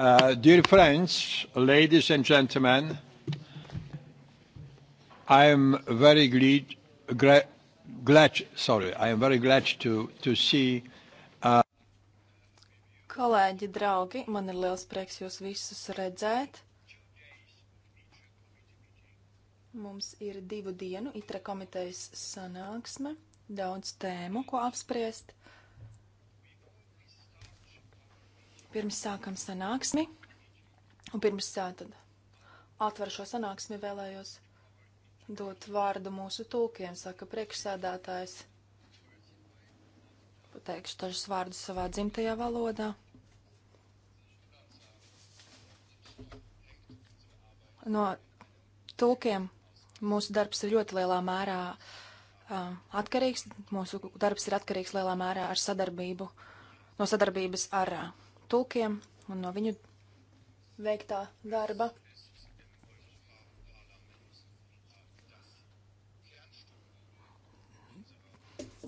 Uh, dear friends, ladies and gentlemen, I am very glad, gra, glad sorry, I am very glad to, to see. Uh... Kolēģi, draugi, man ir liels prieks jūs visus redzēt. Mums ir divu dienu itra komitejas sanāksme, daudz tēmu, ko apspriest. Pirms sākam sanāksmi un pirms tātad atveru šo sanāksmi vēlējos dot vārdu mūsu tulkiem, saka priekšsēdētājs. Pateikšu dažus vārdus savā dzimtajā valodā. No tulkiem mūsu darbs ir ļoti lielā mērā uh, atkarīgs. Mūsu darbs ir atkarīgs lielā mērā ar sadarbību, no sadarbības ar uh, tulkiem un no viņu veiktā darba.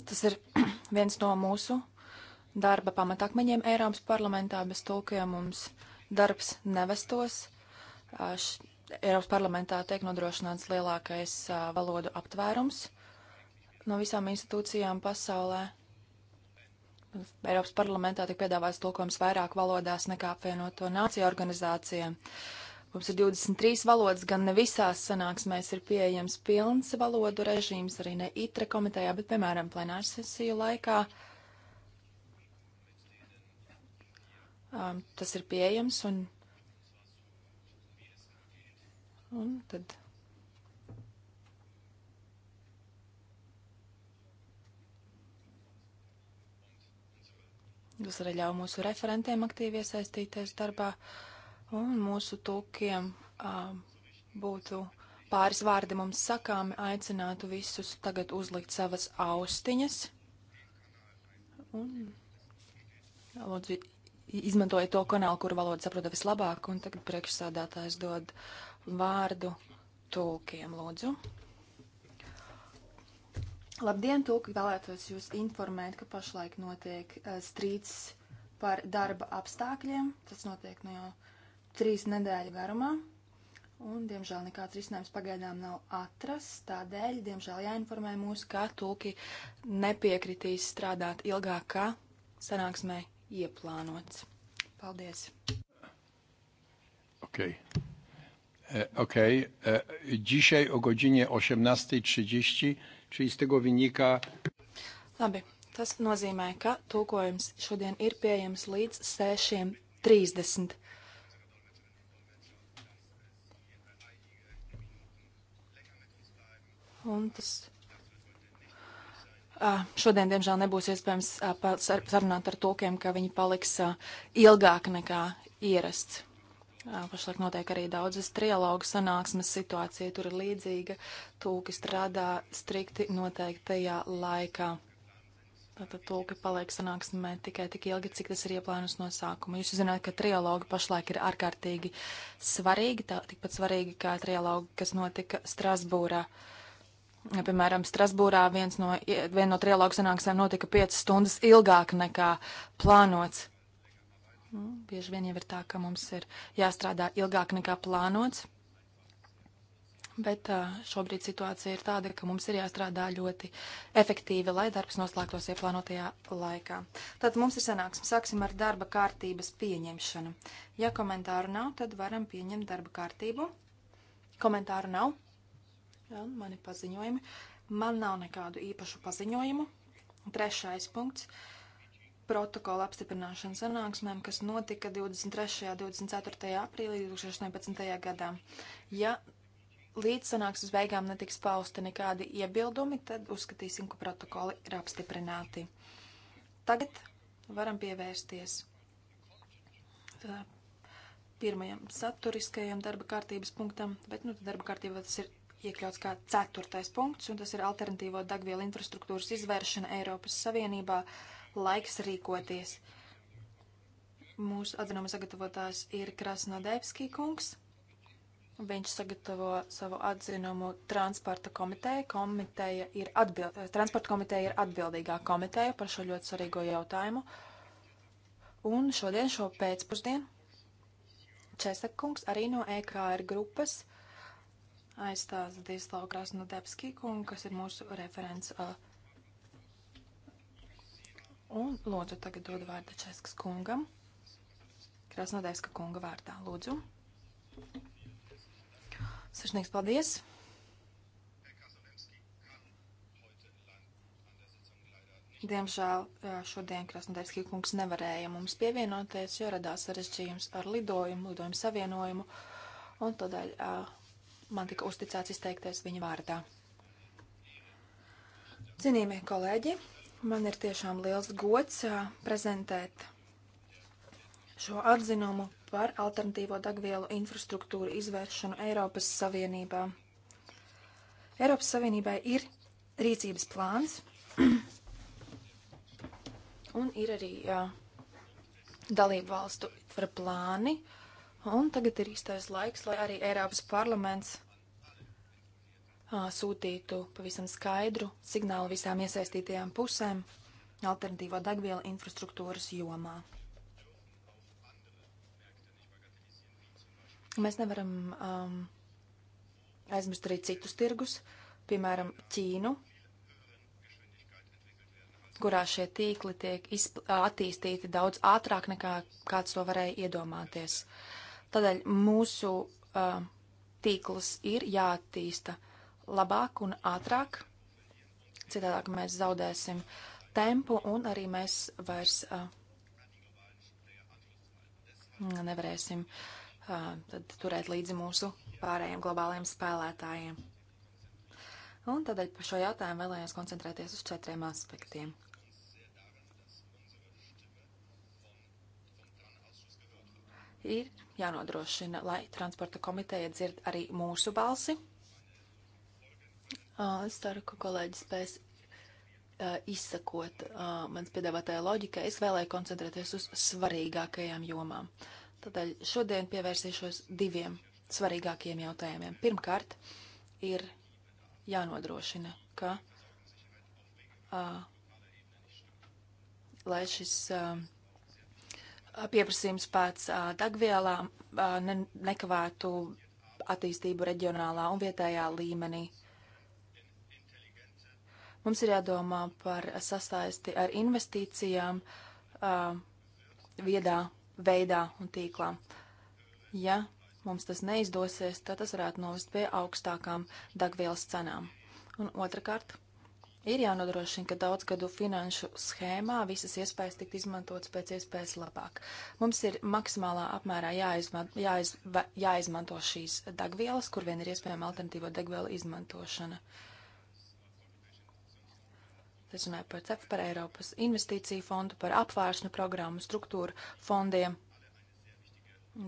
Tas ir viens no mūsu darba pamatakmeņiem Eiropas parlamentā. Bez tulkiem mums darbs nevestos. Eiropas parlamentā tiek nodrošināts lielākais valodu aptvērums no visām institūcijām pasaulē. Eiropas parlamentā tika piedāvāts tulkojums vairāk valodās nekā apvienoto nāciju organizācija. Mums ir 23 valodas, gan ne visās sanāksmēs ir pieejams pilns valodu režīms, arī ne itra komitejā, bet, piemēram, plenārsesiju laikā. Um, tas ir pieejams un, un tad Tas arī ļauj mūsu referentiem aktīvi iesaistīties darbā, un mūsu tūkiem uh, būtu pāris vārdi mums sakāmi, aicinātu visus tagad uzlikt savas austiņas. Un, lūdzu, izmantojiet to kanālu, kuru valodu saprota vislabāk, un tagad priekšsādātājs dod vārdu tūkiem, lūdzu. Labdien, tūk, vēlētos jūs informēt, ka pašlaik notiek uh, strīds par darba apstākļiem. Tas notiek no nu jau trīs nedēļu garumā. Un, diemžēl, nekāds risinājums pagaidām nav atrasts. Tādēļ, diemžēl, jāinformē mūs, ka tulki nepiekritīs strādāt ilgāk, kā sanāksmē ieplānots. Paldies! Okay. Okej. Eh, okay. Eh, dzisiaj o godzinie 18.30 Czyli z tego wynika. Labi, tas nozīmē, ka tulkojums šodien ir pieejams līdz 6.30. Un tas šodien, diemžēl, nebūs iespējams sarunāt ar tulkiem, ka viņi paliks ilgāk nekā ierasts. Pašlaik notiek arī daudzas trialogu sanāksmes situācija, tur ir līdzīga, tūki strādā strikti noteiktajā laikā. Tātad tūki paliek sanāksmē tikai tik ilgi, cik tas ir ieplānos no sākuma. Jūs zināt, ka trialogi pašlaik ir ārkārtīgi svarīgi, tā, tikpat svarīgi kā trialogi, kas notika Strasbūrā. Ja, piemēram, Strasbūrā viens no, viena no trialogu sanāksmēm notika 5 stundas ilgāk nekā plānots. Nu, bieži vien jau ir tā, ka mums ir jāstrādā ilgāk nekā plānots, bet uh, šobrīd situācija ir tāda, ka mums ir jāstrādā ļoti efektīvi, lai darbs noslēgtos ieplānotajā laikā. Tad mums ir sanāksme. Sāksim ar darba kārtības pieņemšanu. Ja komentāru nav, tad varam pieņemt darba kārtību. Komentāru nav. Jā, mani paziņojumi. Man nav nekādu īpašu paziņojumu. Trešais punkts. Uh, protokola apstiprināšanu sanāksmēm, kas notika 23. un 24. aprīlī 2018. gadā. Ja līdz sanāksmes beigām netiks pausti nekādi iebildumi, tad uzskatīsim, ka protokoli ir apstiprināti. Tagad varam pievērsties uh, pirmajam saturiskajam darba kārtības punktam, bet nu, darba kārtībā tas ir iekļauts kā ceturtais punkts, un tas ir alternatīvo dagvielu infrastruktūras izvēršana Eiropas Savienībā. Uh, laiks rīkoties. Mūsu atzinuma sagatavotājs ir Krasnodēpskī kungs. Viņš sagatavo savu atzinumu transporta komiteja. komiteja ir atbild, eh, transporta komiteja ir atbildīgā komiteja par šo ļoti svarīgo jautājumu. Un šodien, šo pēcpusdienu, Česak kungs arī no EKR grupas aizstās Dīslau Krasnodebskī kungu, kas ir mūsu referents uh, Un lūdzu tagad dodu vārdu Českas kungam. Krasnodēvska kunga vārdā. Lūdzu. Sirsnīgs paldies. Diemžēl eh, šodien Krasnodēvski kungs nevarēja mums pievienoties, jo radās sarežģījums ar lidojumu, lidojumu savienojumu, un tādēļ eh, man tika uzticēts izteikties viņa vārdā. Cienījamie kolēģi, Man ir tiešām liels gods prezentēt šo atzinumu par alternatīvo degvielu infrastruktūru izvēršanu Eiropas Savienībā. Eiropas Savienībai ir rīcības plāns un ir arī jā, dalību valstu plāni, un tagad ir īstais laiks, lai arī Eiropas parlaments sūtītu pavisam skaidru signālu visām iesaistītajām pusēm alternatīvo degvielu infrastruktūras jomā. Mēs nevaram um, aizmirst arī citus tirgus, piemēram, Ķīnu, kurā šie tīkli tiek attīstīti daudz ātrāk nekā kāds to varēja iedomāties. Tādēļ mūsu uh, tīkls ir jāattīsta uh, labāk un ātrāk. Citādāk mēs zaudēsim tempu un arī mēs vairs uh, nevarēsim uh, turēt līdzi mūsu pārējiem globālajiem spēlētājiem. Un tādēļ par šo jautājumu vēlējos koncentrēties uz četriem aspektiem. Ir jānodrošina, lai transporta komiteja dzird arī mūsu balsi. Es ceru, ka kolēģi spēs izsakot mans piedāvātajā loģikā. Es vēlēju koncentrēties uz svarīgākajām jomām. Tādēļ šodien pievērsīšos diviem svarīgākiem jautājumiem. Pirmkārt, ir jānodrošina, ka lai šis pieprasījums pēc dagvielām ne, nekavēto attīstību reģionālā un vietējā līmenī. Mums ir jādomā par sasaisti ar investīcijām uh, viedā veidā un tīklā. Ja mums tas neizdosies, tad tas varētu novest pie augstākām dagvielas cenām. Un otrkārt, ir jānodrošina, ka daudzgadu finanšu schēmā visas iespējas tikt izmantotas pēc iespējas labāk. Mums ir maksimālā apmērā jāizman, jāiz, jāizmanto šīs dagvielas, kur vien ir iespējama alternatīvo degvielu izmantošana. Uh, Es runāju par CEF, par Eiropas investīciju fondu, par apvārsnu programmu, struktūru fondiem.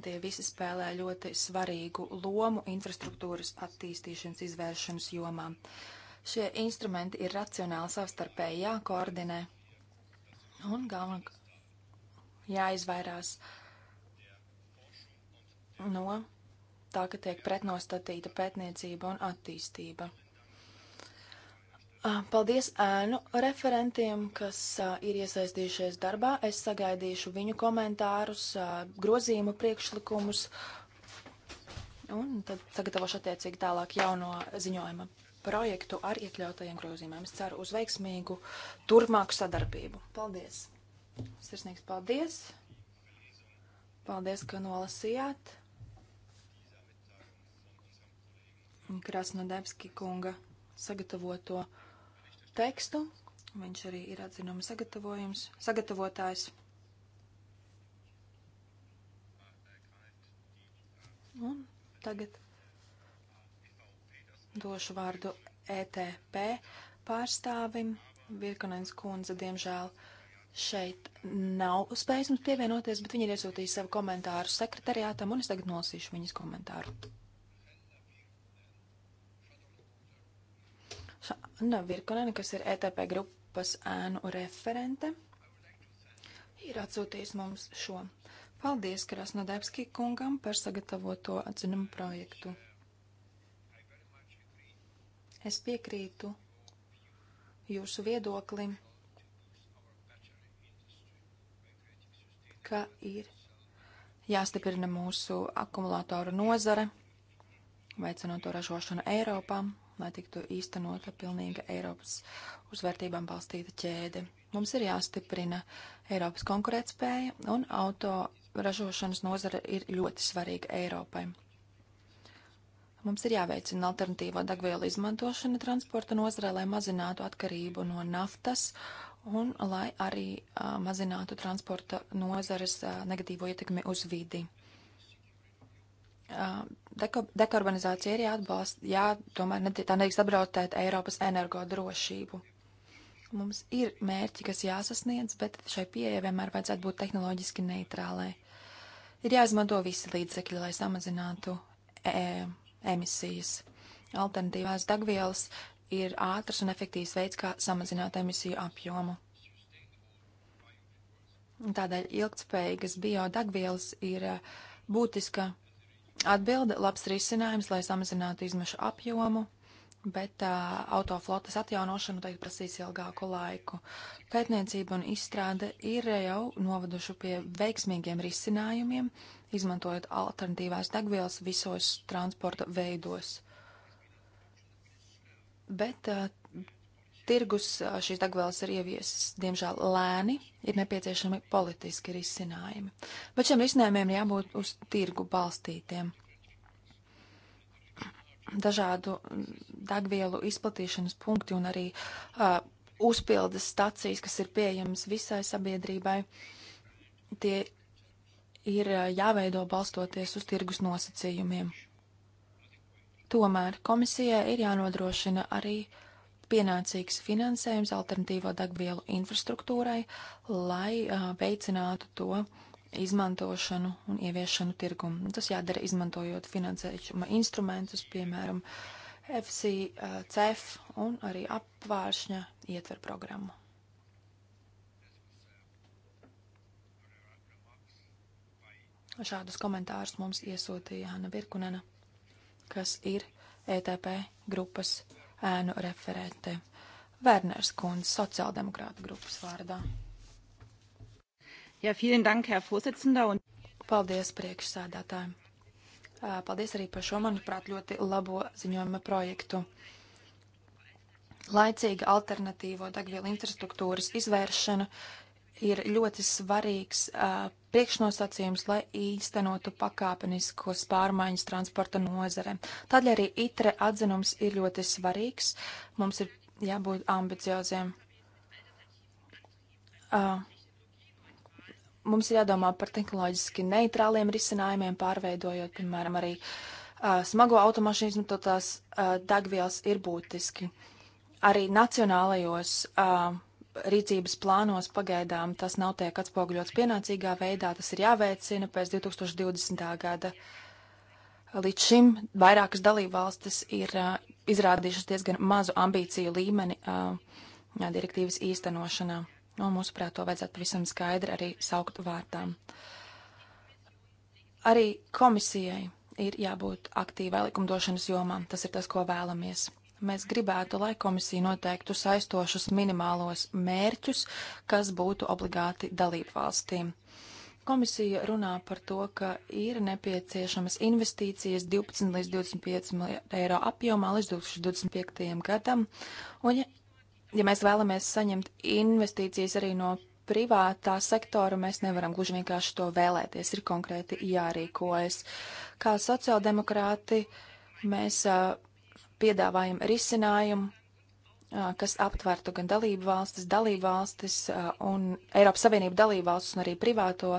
Tie visi spēlē ļoti svarīgu lomu infrastruktūras attīstīšanas izvēršanas jomā. Šie instrumenti ir racionāli savstarpēji jākoordinē un galvenāk jāizvairās no tā, ka tiek pretnostatīta pētniecība un attīstība. Ah, paldies ēnu referentiem, kas ah, ir iesaistījušies darbā. Es sagaidīšu viņu komentārus, ah, grozījumu priekšlikumus un tad sagatavošu attiecīgi tālāk jauno ziņojuma projektu ar iekļautajiem grozījumiem. Es ceru uz veiksmīgu turpmāku sadarbību. Paldies! Sirsnīgs paldies! Paldies, ka nolasījāt! Krasnodebski kunga sagatavoto tekstu. Viņš arī ir atzinuma sagatavojums, sagatavotājs. Un tagad došu vārdu ETP pārstāvim. Virkonens kundze, diemžēl, šeit nav spējis mums pievienoties, bet viņa ir iesūtījusi savu komentāru sekretariātam, un es tagad nolasīšu viņas komentāru. Anna Virkonen, kas ir ETP grupas ēnu referente, ir atsūtījis mums šo. Paldies Krasnodēpski kungam par sagatavoto atzinumu projektu. Es piekrītu jūsu viedoklim, ka ir jāstiprina mūsu akumulātoru nozare, veicinot to ražošanu Eiropām lai tiktu īstenota pilnīga Eiropas uzvērtībām balstīta ķēde. Mums ir jāstiprina Eiropas konkurētspēja, un auto ražošanas nozara ir ļoti svarīga Eiropai. Mums ir jāveicina alternatīvo degvielu izmantošana transporta nozarē, lai mazinātu atkarību no naftas un lai arī a, mazinātu transporta nozares a, negatīvo ietekmi uz vidi. A, deko, dekarbonizācija ir jāatbalsta, jā, tomēr ne, tā nedrīkst apdraudēt Eiropas energodrošību. Mums ir mērķi, kas jāsasniedz, bet šai pieeja vienmēr vajadzētu būt tehnoloģiski neitrālai. Ir jāizmanto visi līdzekļi, lai samazinātu e emisijas. Alternatīvās degvielas ir ātrs un efektīvs veids, kā samazināt emisiju apjomu. Tādēļ ilgtspējīgas biodegvielas ir e, būtiska Atbilde - labs risinājums, lai samazinātu izmešu apjomu, bet uh, autoflotas atjaunošana noteikti prasīs ilgāku laiku. Pētniecība un izstrāde ir jau novaduši pie veiksmīgiem risinājumiem, izmantojot alternatīvās degvielas visos transporta veidos. Bet uh, Tirgus šīs degvielas ir ieviesis, diemžēl, lēni, ir nepieciešami politiski risinājumi. Bet šiem risinājumiem jābūt uz tirgu balstītiem. Dažādu degvielu izplatīšanas punkti un arī uh, uzpildes stacijas, kas ir pieejamas visai sabiedrībai, tie ir uh, jāveido balstoties uz tirgus nosacījumiem. Tomēr komisijai ir jānodrošina arī uh, pienācīgs finansējums alternatīvo degvielu infrastruktūrai, lai uh, veicinātu to izmantošanu un ieviešanu tirgumu. Tas jādara izmantojot finansējuma instrumentus, piemēram, FC, uh, CEF un arī apvāršņa ietver programmu. Šādus komentārus mums iesūtīja Hanna Virkunena, kas ir ETP grupas uh, ēnu referente Werners Kunz, sociāldemokrāta grupas vārdā. Ja, vielen dank, Herr Vorsitzender. Un... Paldies priekšsēdētājiem. Paldies arī par šo, manuprāt, ļoti labo ziņojuma projektu. Laicīga alternatīvo degvielu infrastruktūras izvēršana ir ļoti svarīgs uh, priekšnosacījums, lai īstenotu pakāpeniskos pārmaiņas transporta nozare. Tādēļ arī ITRE atzinums ir ļoti svarīgs. Mums ir jābūt ambicioziem. Uh, mums ir jādomā par tehnoloģiski neitrāliem risinājumiem, pārveidojot, piemēram, arī uh, smago automašīnu izmantotās nu, uh, degvielas ir būtiski. Arī nacionālajos uh, rīcības plānos pagaidām tas nav tiek atspoguļots pienācīgā veidā, tas ir jāveicina pēc 2020. gada. Līdz šim vairākas dalībvalstis ir uh, izrādījušas diezgan mazu ambīciju līmeni uh, direktīvas īstenošanā, un mūsuprāt to vajadzētu pavisam skaidri arī saukt vārtām. Arī komisijai ir jābūt aktīvai likumdošanas jomām, tas ir tas, ko vēlamies. Mēs gribētu, lai komisija noteiktu saistošus minimālos mērķus, kas būtu obligāti dalību valstīm. Komisija runā par to, ka ir nepieciešamas investīcijas 12 līdz 25 miljardu eiro apjomā līdz 2025. gadam, un ja, ja mēs vēlamies saņemt investīcijas arī no privātā sektora mēs nevaram gluži vienkārši to vēlēties, ir konkrēti jārīkojas. Kā sociāldemokrāti mēs uh, piedāvājam risinājumu, kas aptvertu gan dalību valstis, dalību valstis un Eiropas Savienību dalību valstis un arī privāto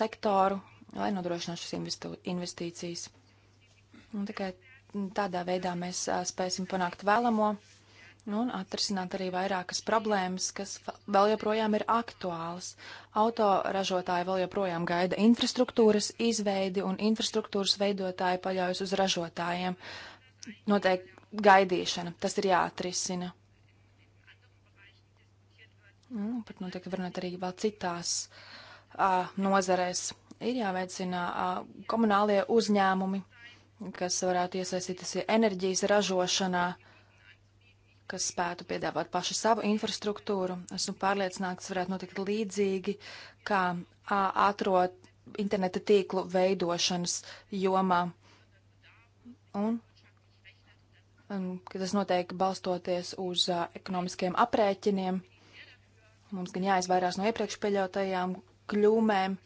sektoru, lai nodrošinātu šīs investīcijas. Un tikai tādā veidā mēs spēsim panākt vēlamo un atrisināt arī vairākas problēmas, kas vēl joprojām ir aktuālas. Autoražotāji vēl joprojām gaida infrastruktūras izveidi, un infrastruktūras veidotāji paļaujas uz ražotājiem. Noteikti gaidīšana. Tas ir jāatrisina. Nu, pat noteikti var runāt arī vēl citās uh, nozarēs. Ir jāveicina uh, komunālie uzņēmumi, kas varētu iesaistīties enerģijas ražošanā, kas spētu piedāvāt paši savu infrastruktūru. Esmu pārliecināts, tas varētu notikt līdzīgi, kā uh, atrot interneta tīklu veidošanas jomā. Un ka tas notiek balstoties uz uh, ekonomiskiem aprēķiniem. Mums gan jāizvairās no iepriekš pieļautajām kļūmēm.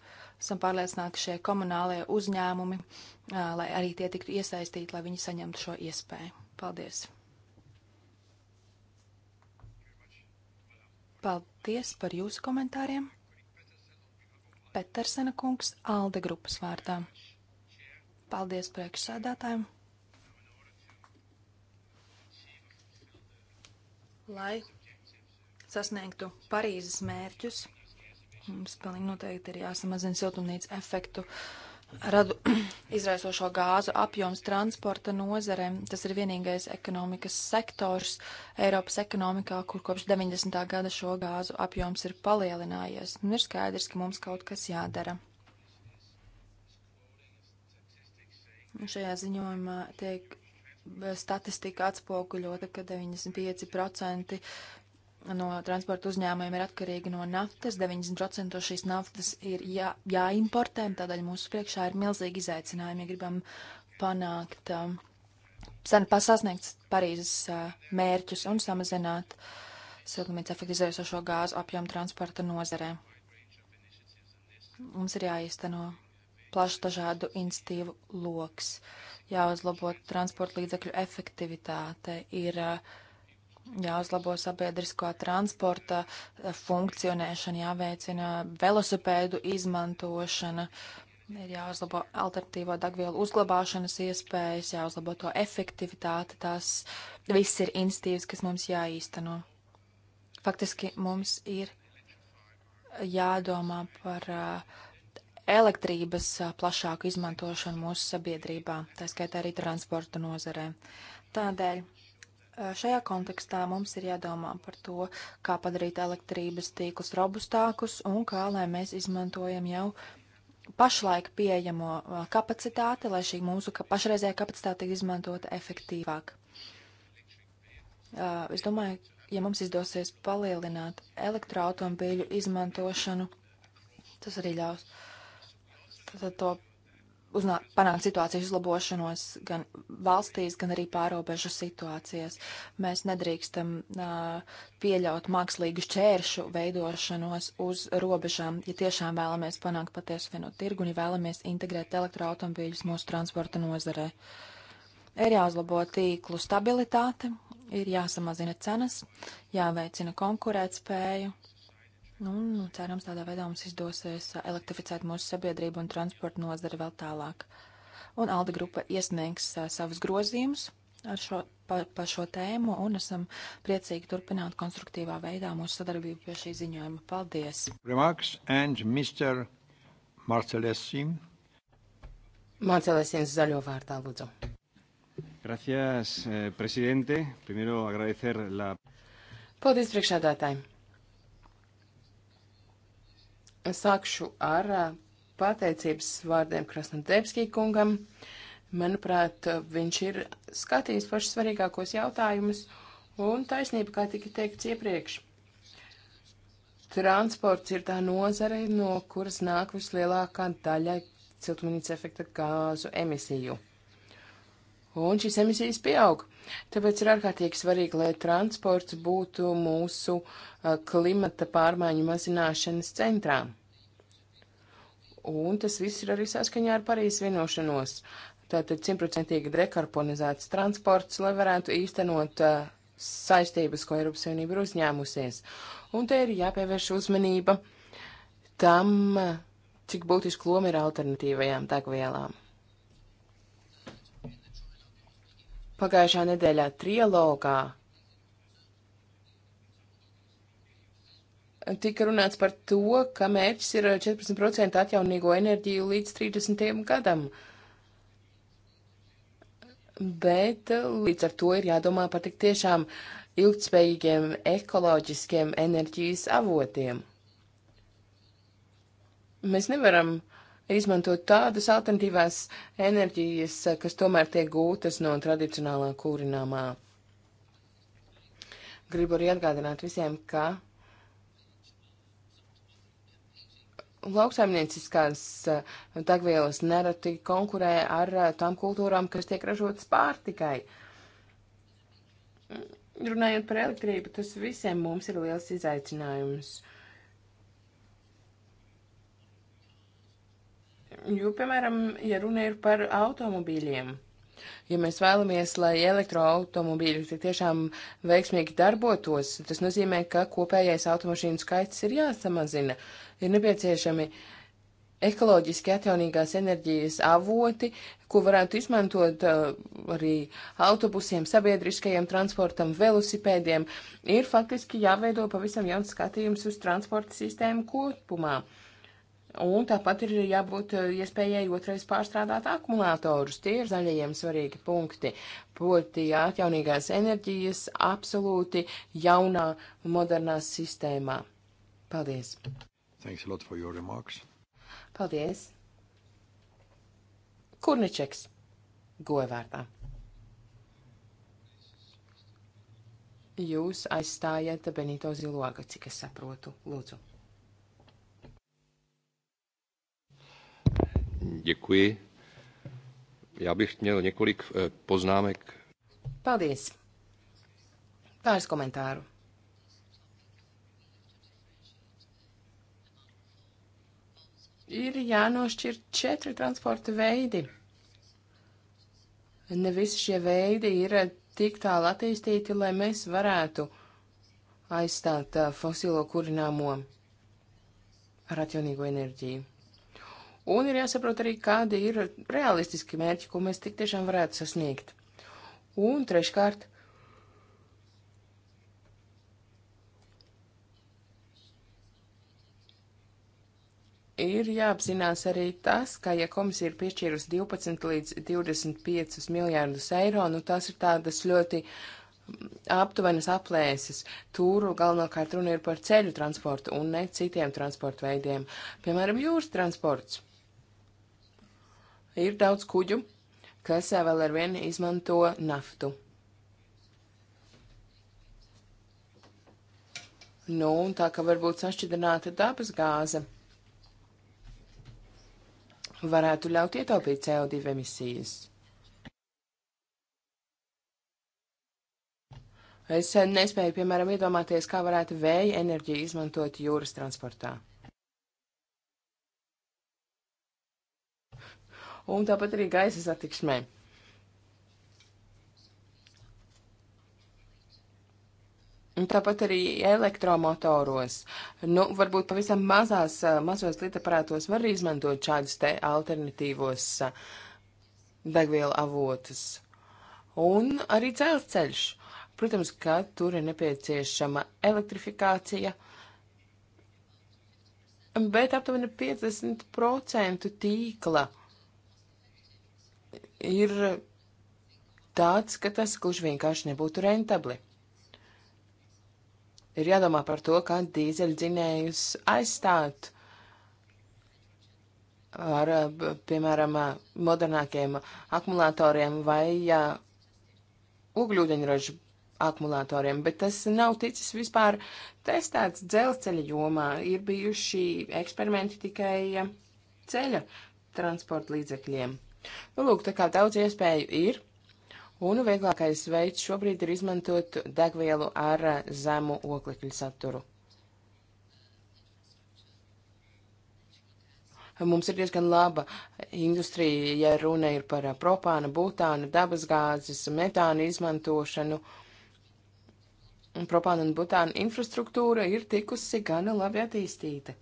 Esam pārliecināti, ka šie komunālie uzņēmumi, uh, lai arī tie tiktu iesaistīti, lai viņi saņemtu šo iespēju. Paldies! Paldies par jūsu komentāriem! Petersena kungs Alde grupas vārdā. Paldies priekšsēdētājiem! lai sasniegtu Parīzes mērķus. Mums pilnīgi noteikti ir jāsamazina siltumnīca efektu radu izraisošo gāzu apjoms transporta nozare. Tas ir vienīgais ekonomikas sektors Eiropas ekonomikā, kur kopš 90. gada šo gāzu apjoms ir palielinājies. Un ir skaidrs, ka mums kaut kas jādara. Un šajā ziņojumā tiek statistika atspoguļota, ka 95% no transporta uzņēmumiem ir atkarīgi no naftas, 90% šīs naftas ir jā, jāimportē, tādēļ mūsu priekšā ir milzīgi izaicinājumi, ja gribam panākt, um, sasniegt Parīzes uh, mērķus un samazināt siltumnīca efektu izraisošo gāzu apjomu transporta nozarē. Mums ir jāīsteno plašs dažādu institīvu loks. Uh, jāuzlabo transporta līdzekļu efektivitāte, ir uh, jāuzlabo sabiedriskā transporta uh, funkcionēšana, jāveicina velosipēdu izmantošana, ir jāuzlabo alternatīvo degvielu uzglabāšanas iespējas, jāuzlabo to efektivitāte. Tās viss ir institīvas, kas mums jāīsteno. Faktiski mums ir jādomā par uh, elektrības plašāku izmantošanu mūsu sabiedrībā, tā skaitā arī transporta nozarē. Tādēļ šajā kontekstā mums ir jādomā par to, kā padarīt elektrības tīklus robustākus un kā lai mēs izmantojam jau pašlaik pieejamo kapacitāti, lai šī mūsu ka pašreizējā kapacitāte tiek izmantota efektīvāk. Es domāju, ja mums izdosies palielināt elektroautomobīļu izmantošanu, tas arī ļaus uh, tad to uznā, panākt situācijas uzlabošanos gan valstīs, gan arī pārobežu situācijas. Mēs nedrīkstam uh, pieļaut mākslīgu šķēršu veidošanos uz robežām, ja tiešām vēlamies panākt patiesu vienotu tirgu un ja vēlamies integrēt elektroautomobīļus mūsu transporta nozarē. Ir jāuzlabo tīklu stabilitāte, ir jāsamazina cenas, jāveicina konkurētspēju Un nu, nu, cerams, tādā veidā mums izdosies uh, elektrificēt mūsu sabiedrību un transportu nozari vēl tālāk. Un Alda grupa iesniegs uh, savus grozījumus ar šo, pa, pa šo tēmu un esam priecīgi turpināt konstruktīvā veidā mūsu sadarbību pie šī ziņojuma. Paldies! Remarks and Mr. Marcelesim. Marcelesim zaļo vārtā, lūdzu. Gracias, eh, presidente. Primero agradecer la. Paldies, priekšādātāji. Sākšu ar pateicības vārdiem Krasnodebskī kungam. Manuprāt, viņš ir skatījis pašus svarīgākos jautājumus un taisnība, kā tika teikts iepriekš. Transports ir tā nozare, no kuras nāk vislielākā daļa siltumnīca efekta gāzu emisiju un šīs emisijas pieaug. Tāpēc ir ārkārtīgi svarīgi, lai transports būtu mūsu uh, klimata pārmaiņu mazināšanas centrā. Un tas viss ir arī saskaņā ar Parīzes vienošanos. Tātad simtprocentīgi dekarbonizēts transports, lai varētu īstenot uh, saistības, ko Eiropas Savienība ir uzņēmusies. Un te ir jāpievērš uzmanība tam, uh, cik būtiski loma ir alternatīvajām degvielām. Pagājušā nedēļā trilogā tika runāts par to, ka mērķis ir 14% atjaunīgo enerģiju līdz 30. gadam. Bet uh, līdz ar to ir jādomā par tik tiešām ilgtspējīgiem ekoloģiskiem enerģijas avotiem. Mēs nevaram uh, izmantot tādas alternatīvās enerģijas, eh, kas tomēr tiek gūtas no tradicionālā kūrināmā. Gribu arī atgādināt visiem, ka lauksaimnieciskās eh, degvielas nereti konkurē ar eh, tām kultūrām, kas tiek ražotas pārtikai. Runājot par elektrību, tas visiem mums ir liels izaicinājums. Uh, Jo, piemēram, ja runa ir par automobīļiem, ja mēs vēlamies, lai elektroautomobīļi tik tiešām veiksmīgi darbotos, tas nozīmē, ka kopējais automašīnu skaits ir jāsamazina. Ir nepieciešami ekoloģiski atjaunīgās enerģijas avoti, ko varētu izmantot uh, arī autobusiem, sabiedriskajiem transportam, velosipēdiem. Ir faktiski jāveido pavisam jauns skatījums uz transporta sistēmu kopumā. Uh, Un tāpat ir jābūt eh, iespējai otrais pārstrādāt akumulātorus. Tie ir zaļajiem svarīgi punkti. Proti atjaunīgās enerģijas absolūti jaunā modernā sistēmā. Paldies! Thanks a lot for your remarks. Paldies! Kurničeks, govērtā. Jūs aizstājat Benito Ziloga, cik es saprotu. Lūdzu. Děkuji. Já bych měl několik eh, poznámek. Paldies. Pāris komentāru. Ir jānošķir četri transporta veidi. Ne visi šie veidi ir tik tālu attīstīti, lai mēs varētu aizstāt eh, fosilo kurināmo ar atjaunīgo enerģiju. Un ir jāsaprot arī, kādi ir realistiski mērķi, ko mēs tik tiešām varētu sasniegt. Un treškārt, ir jāapzinās arī tas, ka, ja komisija ir piešķīrusi 12 līdz 25 miljārdus eiro, nu tās ir tādas ļoti mm, aptuvenas aplēses. Tur galvenokārt runa ir par ceļu transportu un ne citiem transporta veidiem, piemēram, jūras transports ir daudz kuģu, kas eh, vēl ar vienu izmanto naftu. Nu, un tā kā varbūt sašķidrināta dabas gāze varētu ļaut ietaupīt CO2 emisijas. Es eh, nespēju, piemēram, iedomāties, kā varētu vēja enerģiju izmantot jūras transportā. un tāpat arī gaisa satiksmē. Un tāpat arī elektromotoros. Nu, varbūt pavisam mazās, eh, mazos lietaparātos var izmantot šādus te alternatīvos eh, degvielu avotus. Un arī dzelzceļš. Protams, ka tur ir nepieciešama elektrifikācija, bet aptuveni 50% tīkla ir tāds, ka tas gluži vienkārši nebūtu rentabli. Ir jādomā par to, kā dīzeļdzinējus aizstāt ar, piemēram, modernākiem akumulatoriem vai ugļūdeņražu akumulatoriem, bet tas nav ticis vispār testēts dzelzceļa jomā. Ir bijuši eksperimenti tikai ceļa transporta līdzekļiem. Nu, lūk, tā kā daudz iespēju ir, un vieglākais veids šobrīd ir izmantot degvielu ar eh, zemu oglekļu saturu. Mums ir diezgan laba industrija, ja runa ir par eh, propānu, būtānu, dabasgāzes, metānu izmantošanu. Propāna un butāna infrastruktūra ir tikusi gana labi attīstīta.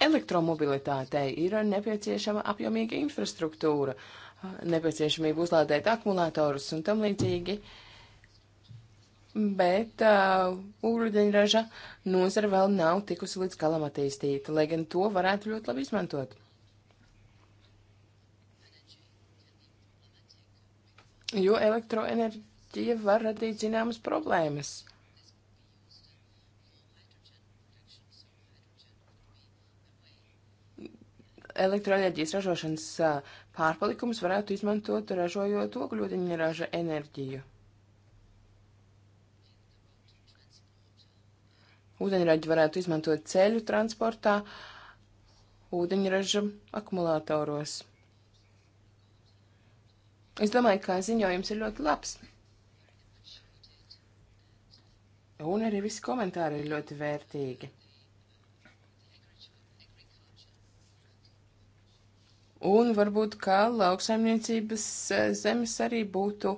Elektromobilitātei ir nepieciešama apjomīga infrastruktūra, nepieciešamība uzlādēt akumulatorus un tam līdzīgi. Bet uh, ūdeņraža nozara vēl nav tikusi līdz galam attīstīta, lai gan to varētu ļoti labi izmantot. Jo elektroenerģija var radīt zināmas problēmas. elektroenerģijas ražošanas pārpalikums varētu izmantot ražojot ogļūdeņraža enerģiju. Ūdeņraģi varētu izmantot ceļu transportā, ūdeņraža akumulātoros. Es domāju, ka ziņojums ir ļoti labs. Un arī visi komentāri ir ļoti vērtīgi. un varbūt, ka lauksaimniecības e, zemes arī būtu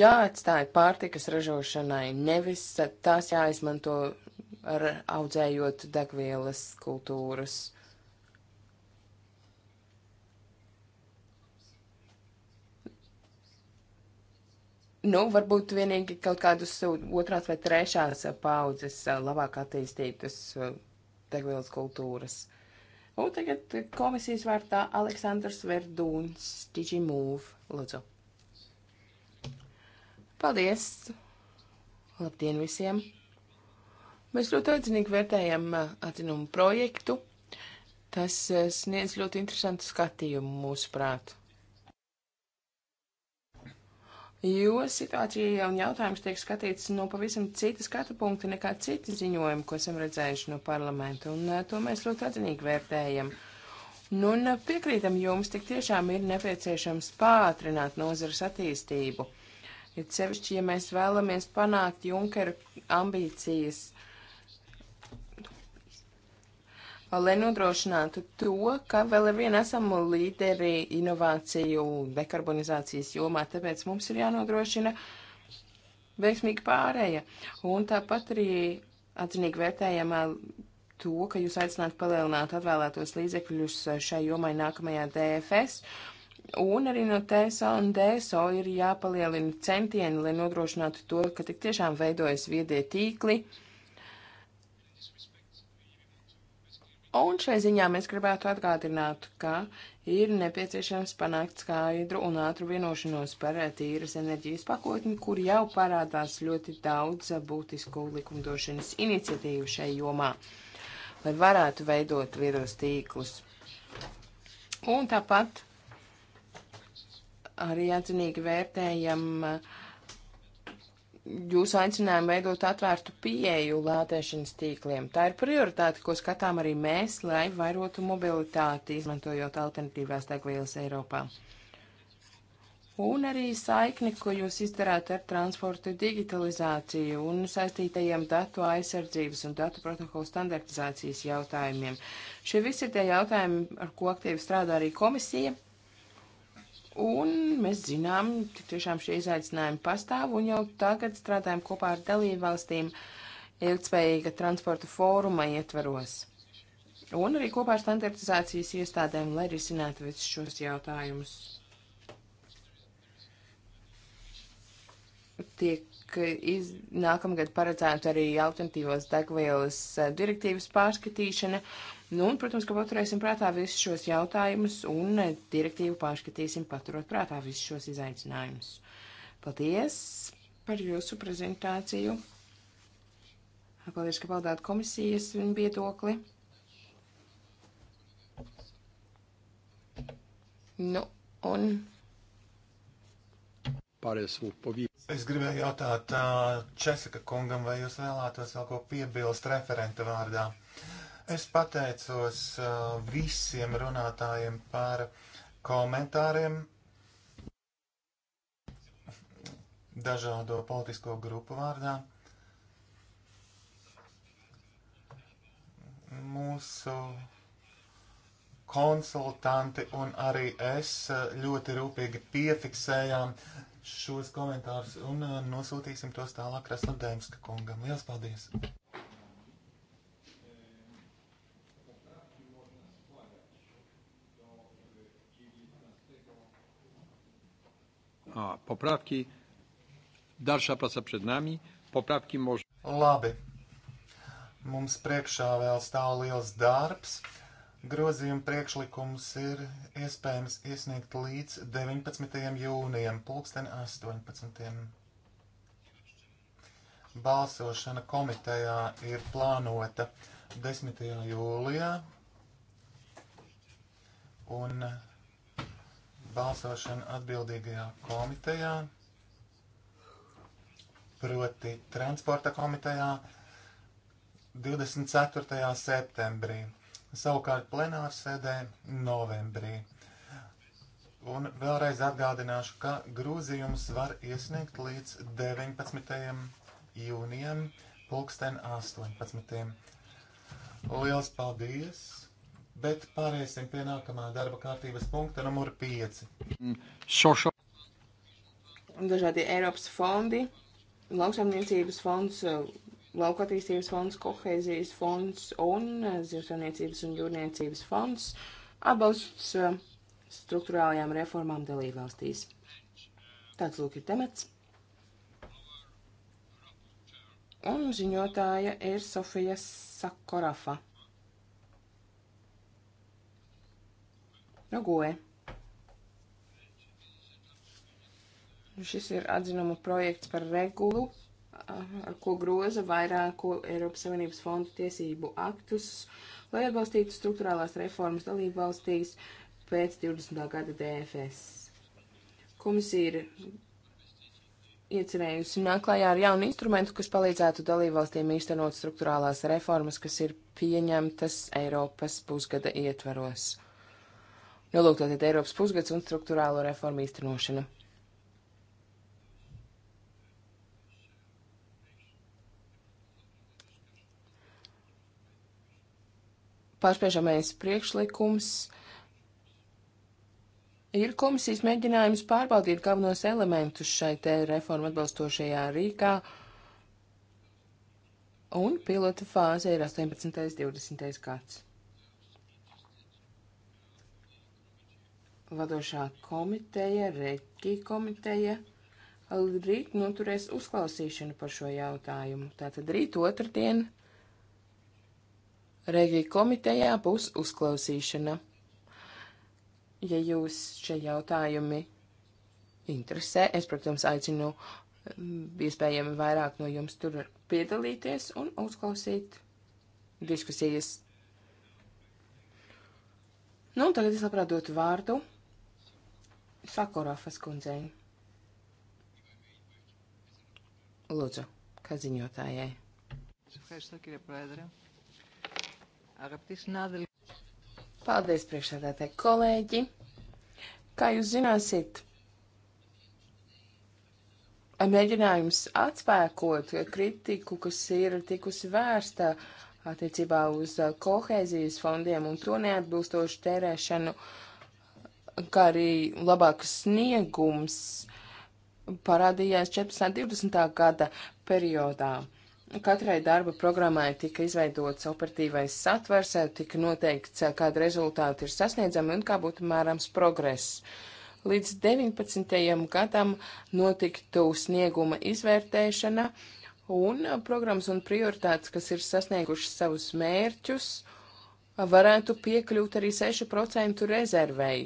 jāatstāja pārtikas ražošanai, nevis tās jāizmanto ar audzējot degvielas kultūras. Nu, varbūt vienīgi kaut kādus otrās vai trešās paudzes e, labāk attīstītas e, degvielas kultūras. Un tagad komisijas vārtā Aleksandrs Verdūns, DigiMove, lūdzu. Paldies! Labdien visiem! Mēs ļoti atzinīgi vērtējam uh, atzinumu projektu. Tas uh, sniedz ļoti interesantu skatījumu mūsu prātu jo situācija un jautājums tiek skatīts no pavisam citas skatu punkta nekā citi ziņojumi, ko esam redzējuši no parlamenta, un eh, to mēs ļoti atzinīgi vērtējam. Nu, un eh, piekrītam jums, tik tiešām ir nepieciešams pātrināt nozares attīstību. Ir sevišķi, ja mēs vēlamies panākt Junkera ambīcijas lai nodrošinātu to, ka vēl ar vienu esam līderi inovāciju dekarbonizācijas jomā, tāpēc mums ir jānodrošina veiksmīga pārēja. Un tāpat arī atzinīgi vērtējamā to, ka jūs aicināt palielināt atvēlētos līdzekļus šai jomai nākamajā DFS. Un arī no TSO un DSO ir jāpalielina centieni, lai nodrošinātu to, ka tik tiešām veidojas viedie tīkli. Uh, Un šai ziņā mēs gribētu atgādināt, ka ir nepieciešams panākt skaidru un ātru vienošanos par tīras enerģijas pakotni, kur jau parādās ļoti daudz būtisku likumdošanas iniciatīvu šai jomā, lai varētu veidot viedos tīklus. Un tāpat arī atzinīgi vērtējam uh, jūsu aicinājumu veidot atvērtu pieeju lētēšanas tīkliem. Tā ir prioritāte, ko skatām arī mēs, lai vairotu mobilitāti, izmantojot alternatīvās degvielas Eiropā. Un arī saikni, ko jūs izdarāt ar transportu digitalizāciju un saistītajiem datu aizsardzības un datu protokolu standartizācijas jautājumiem. Šie visi ir tie jautājumi, ar ko aktīvi strādā arī komisija, Un mēs zinām, ka tiešām šie izaicinājumi pastāv, un jau tagad strādājam kopā ar dalībvalstīm ilgspējīga transporta fóruma ietveros. Un arī kopā ar standartizācijas iestādēm, lai risinātu visus šos jautājumus. Tiek iz, nākamgad paredzēta arī alternatīvos degvielas eh, direktīvas pārskatīšana, uh, Nu, un, protams, ka paturēsim prātā visus šos jautājumus un eh, direktīvu pārskatīsim paturot prātā visus šos izaicinājumus. Paldies par jūsu prezentāciju. Paldies, ka paldāt komisijas un viedokli. Nu, un. Pāriesim pavīd. Es gribēju jautāt Česika kungam, vai jūs vēlētos vēl ko piebilst referenta vārdā? Es pateicos uh, visiem runātājiem par komentāriem dažādo politisko grupu vārdā. Mūsu konsultanti un arī es uh, ļoti rūpīgi piefiksējām šos komentārus un uh, nosūtīsim tos tālāk Krasnodēmska kungam. Lielas paldies! A, poprawki, dalsza praca przed nami, poprawki może. Labi. Mums priekšā vēl stāv liels darbs. Grozījuma priekšlikums ir iespējams iesniegt līdz 19. jūnijam, pulksten 18. Balsošana komitejā ir plānota 10. jūlijā un balsošanu atbildīgajā komitejā, proti transporta komitejā 24. septembrī, savukārt plenāru sēdē novembrī. Un vēlreiz atgādināšu, ka grūzījums var iesniegt līdz 19. jūnijam, pulksten 18. Liels paldies! bet pāriesim pie nākamā darba kārtības punkta, numur 5. Social. Mm, Dažādi Eiropas fondi, lauksaimniecības fonds, lauka attīstības fonds, kohēzijas fonds un eh, zivsaimniecības un jūrniecības fonds atbalsts eh, struktūrālajām reformām dalībvalstīs. Tāds lūk ir temats. Un ziņotāja ir Sofija Sakorafa. no nu, goja. Šis ir atzinuma projekts par regulu, eh, ar ko groza vairāku Eiropas Savienības fondu tiesību aktus, lai atbalstītu struktūrālās reformas dalību valstīs pēc 20. gada DFS. Komisija ir iecerējusi nāklājā ar jaunu instrumentu, kas palīdzētu dalībvalstīm īstenot struktūrālās reformas, kas ir pieņemtas Eiropas pusgada ietvaros. Nolūk, tātad Eiropas pusgads un struktūrālo reformu īstenošana. Pārspēžamais priekšlikums ir komisijas mēģinājums pārbaudīt galvenos elementus šai te reformu atbalstošajā rīkā un pilota fāze ir 18. un 20. gads. vadošā komiteja, Reiki komiteja, rīt noturēs uzklausīšanu par šo jautājumu. Tātad rīt otrdien Reiki komitejā būs uzklausīšana. Ja jūs šie jautājumi interesē, es, protams, aicinu iespējami vairāk no jums tur piedalīties un uzklausīt diskusijas. Nu, tagad es labprāt dotu vārdu Sakorafas kundzei. Lūdzu, kā ziņotājai. Paldies, priekšsēdētāji kolēģi. Kā jūs zināsiet, mēģinājums atspēkot kritiku, kas ir tikusi vērsta attiecībā uz kohēzijas fondiem un to neatbilstošu tērēšanu uh, kā arī labāks sniegums parādījās 14. un 20. gada periodā. Katrai darba programmai tika izveidots operatīvais satvers, tika noteikts, kāda rezultāti ir sasniedzami un kā būtu mērams progress. Līdz 19. gadam notiktu snieguma izvērtēšana un programmas un prioritātes, kas ir sasniegušas savus mērķus, varētu piekļūt arī 6% rezervei.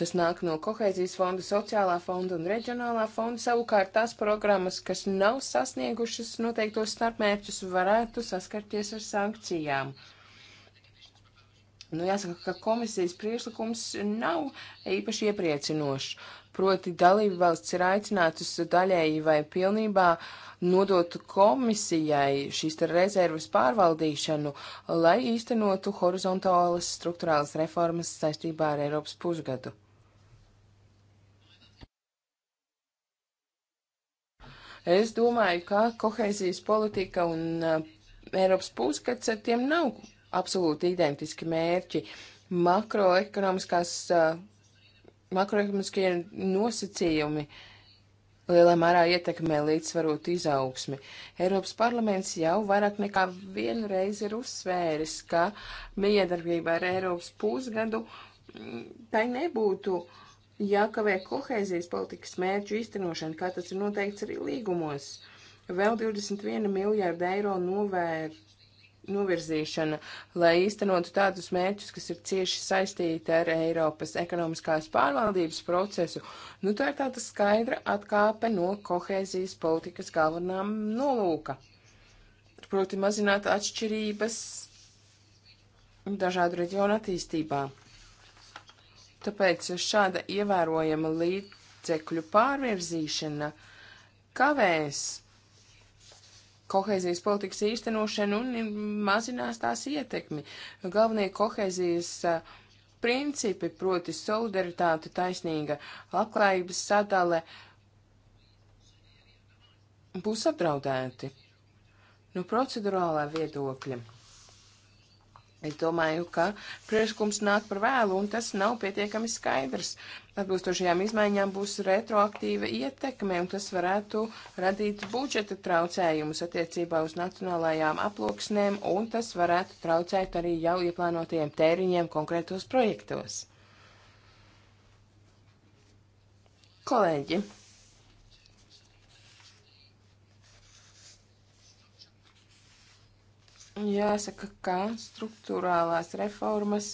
Tas nāk no kohēzijas fonda, sociālā fonda un reģionālā fonda. Savukārt tās programmas, kas nav sasniegušas noteiktos starpmērķus, varētu saskarties ar sankcijām. Nu, jāsaka, ka komisijas priešlikums nav īpaši iepriecinošs proti dalību valsts ir aicinātas daļēji vai pilnībā nodot komisijai šīs rezerves pārvaldīšanu, lai īstenotu horizontālas struktūrālas reformas saistībā ar Eiropas pusgadu. Es domāju, ka kohēzijas politika un uh, Eiropas pusgads ar uh, tiem nav absolūti identiski mērķi. Makroekonomiskās uh, makroekonomiskie nosacījumi lielā mērā ietekmē līdzsvarot izaugsmi. Eiropas parlaments jau vairāk nekā vienu reizi ir uzsvēris, ka miedarbība ar Eiropas pusgadu mm, tai nebūtu jākavē kohēzijas politikas mērķu īstenošana, kā tas ir noteikts arī līgumos. Vēl 21 miljārdu eiro novērt novirzīšana, lai īstenotu tādus mērķus, kas ir cieši saistīti ar Eiropas ekonomiskās pārvaldības procesu. Nu, tā ir tāda skaidra atkāpe no kohēzijas politikas galvenām nolūka. Proti mazināt atšķirības dažādu reģionu attīstībā. Tāpēc šāda ievērojama līdzekļu pārvirzīšana kavēs kohēzijas politikas īstenošanu un mazinās tās ietekmi. Galvenie kohēzijas eh, principi, proti solidaritāte, taisnīga labklājības sadale, būs apdraudēti. No nu, procedurālā viedokļa Es domāju, ka priekšlikums nāk par vēlu, un tas nav pietiekami skaidrs. Atbilstošajām izmaiņām būs retroaktīva ietekme, un tas varētu radīt budžeta traucējumus attiecībā uz nacionālajām aploksnēm, un tas varētu traucēt arī jau ieplānotajiem tēriņiem konkrētos projektos. Kolēģi! Jāsaka, ka struktūrālās reformas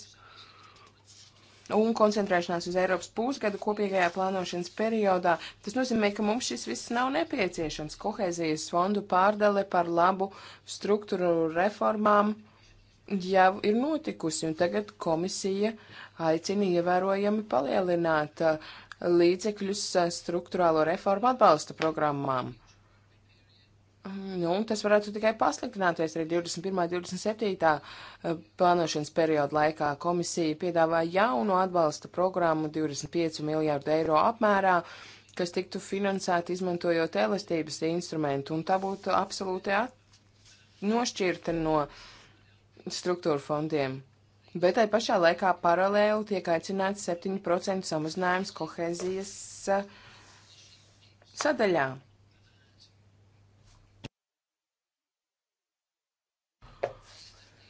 un koncentrēšanās uz Eiropas pusgadu kopīgajā plānošanas periodā, tas nozīmē, ka mums šis viss nav nepieciešams. Kohēzijas fondu pārdale par labu struktūru reformām jau ir notikusi, un tagad komisija aicina ievērojami palielināt uh, līdzekļus uh, struktūrālo reformu atbalsta programmām. Mm, nu, tas varētu tikai pasliktināties arī 21. un 27. plānošanas perioda laikā. Komisija piedāvā jaunu atbalsta programmu 25 miljārdu eiro apmērā, kas tiktu finansēta izmantojot elastības instrumentu, un tā būtu absolūti nošķirta no struktūra fondiem. Bet tai pašā laikā paralēli tiek aicināts 7% samazinājums kohēzijas eh, sadaļā.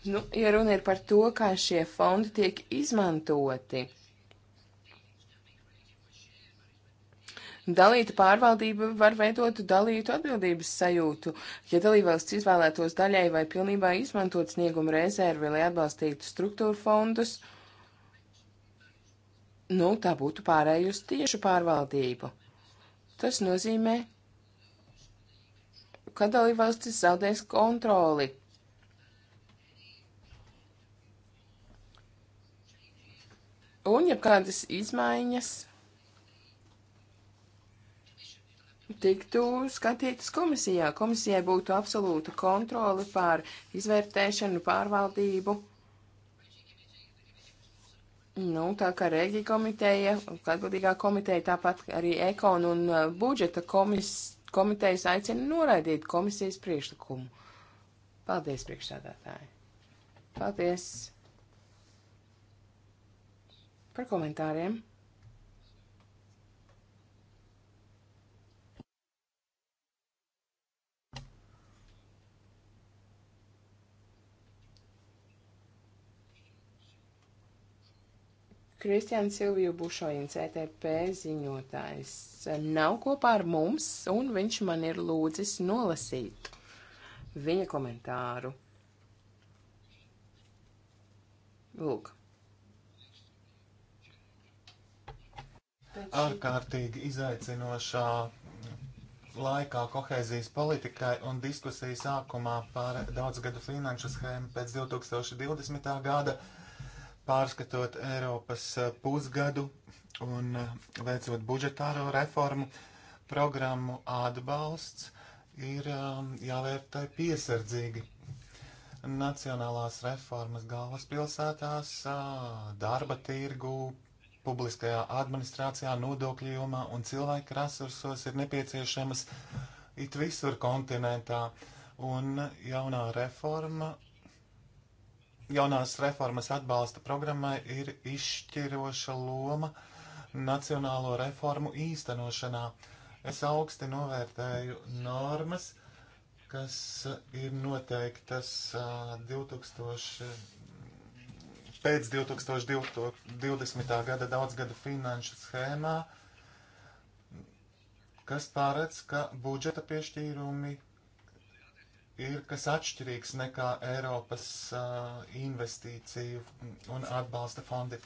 Nu, ja runa ir par to, kā šie fondi tiek izmantoti. Dalīta pārvaldība var veidot dalītu atbildības sajūtu. Ja dalībvalsts izvēlētos daļai vai pilnībā izmantot snieguma rezervi, lai atbalstītu struktūru fondus, nu, tā būtu pārēj uz tiešu pārvaldību. Tas nozīmē, ka dalībvalstis zaudēs kontroli un ja kādas izmaiņas tiktu skatītas komisijā. Komisijai būtu absolūta kontrole pār izvērtēšanu, pārvaldību. Nu, tā kā Rēģija komiteja, atbildīgā komiteja, tāpat arī ekonu un uh, budžeta komis, komitejas aicina noraidīt komisijas priekšlikumu. Paldies, priekšsādātāji! Paldies! par komentāriem. Kristians Silviju Bušojins, ETP ziņotājs, nav kopā ar mums, un viņš man ir lūdzis nolasīt viņa komentāru. Lūk. ārkārtīgi izaicinošā laikā kohēzijas politikai un diskusiju sākumā par daudzgadu finanšu schēmu pēc 2020. gada, pārskatot Eiropas eh, pusgadu un eh, veicot budžetāro reformu, programmu atbalsts ir eh, jāvērtē piesardzīgi. Nacionālās reformas galvaspilsētās, darba tirgū, publiskajā administrācijā, nodokļu jomā un cilvēku resursos ir nepieciešamas it visur kontinentā. Un jaunā reforma, jaunās reformas atbalsta programmai ir izšķiroša loma nacionālo reformu īstenošanā. Es augsti novērtēju normas, kas ir noteiktas 2000 pēc 2020. gada daudzgada finanšu schēmā, kas pārēc, ka budžeta piešķīrumi ir kas atšķirīgs nekā Eiropas uh, investīciju un atbalsta fondi.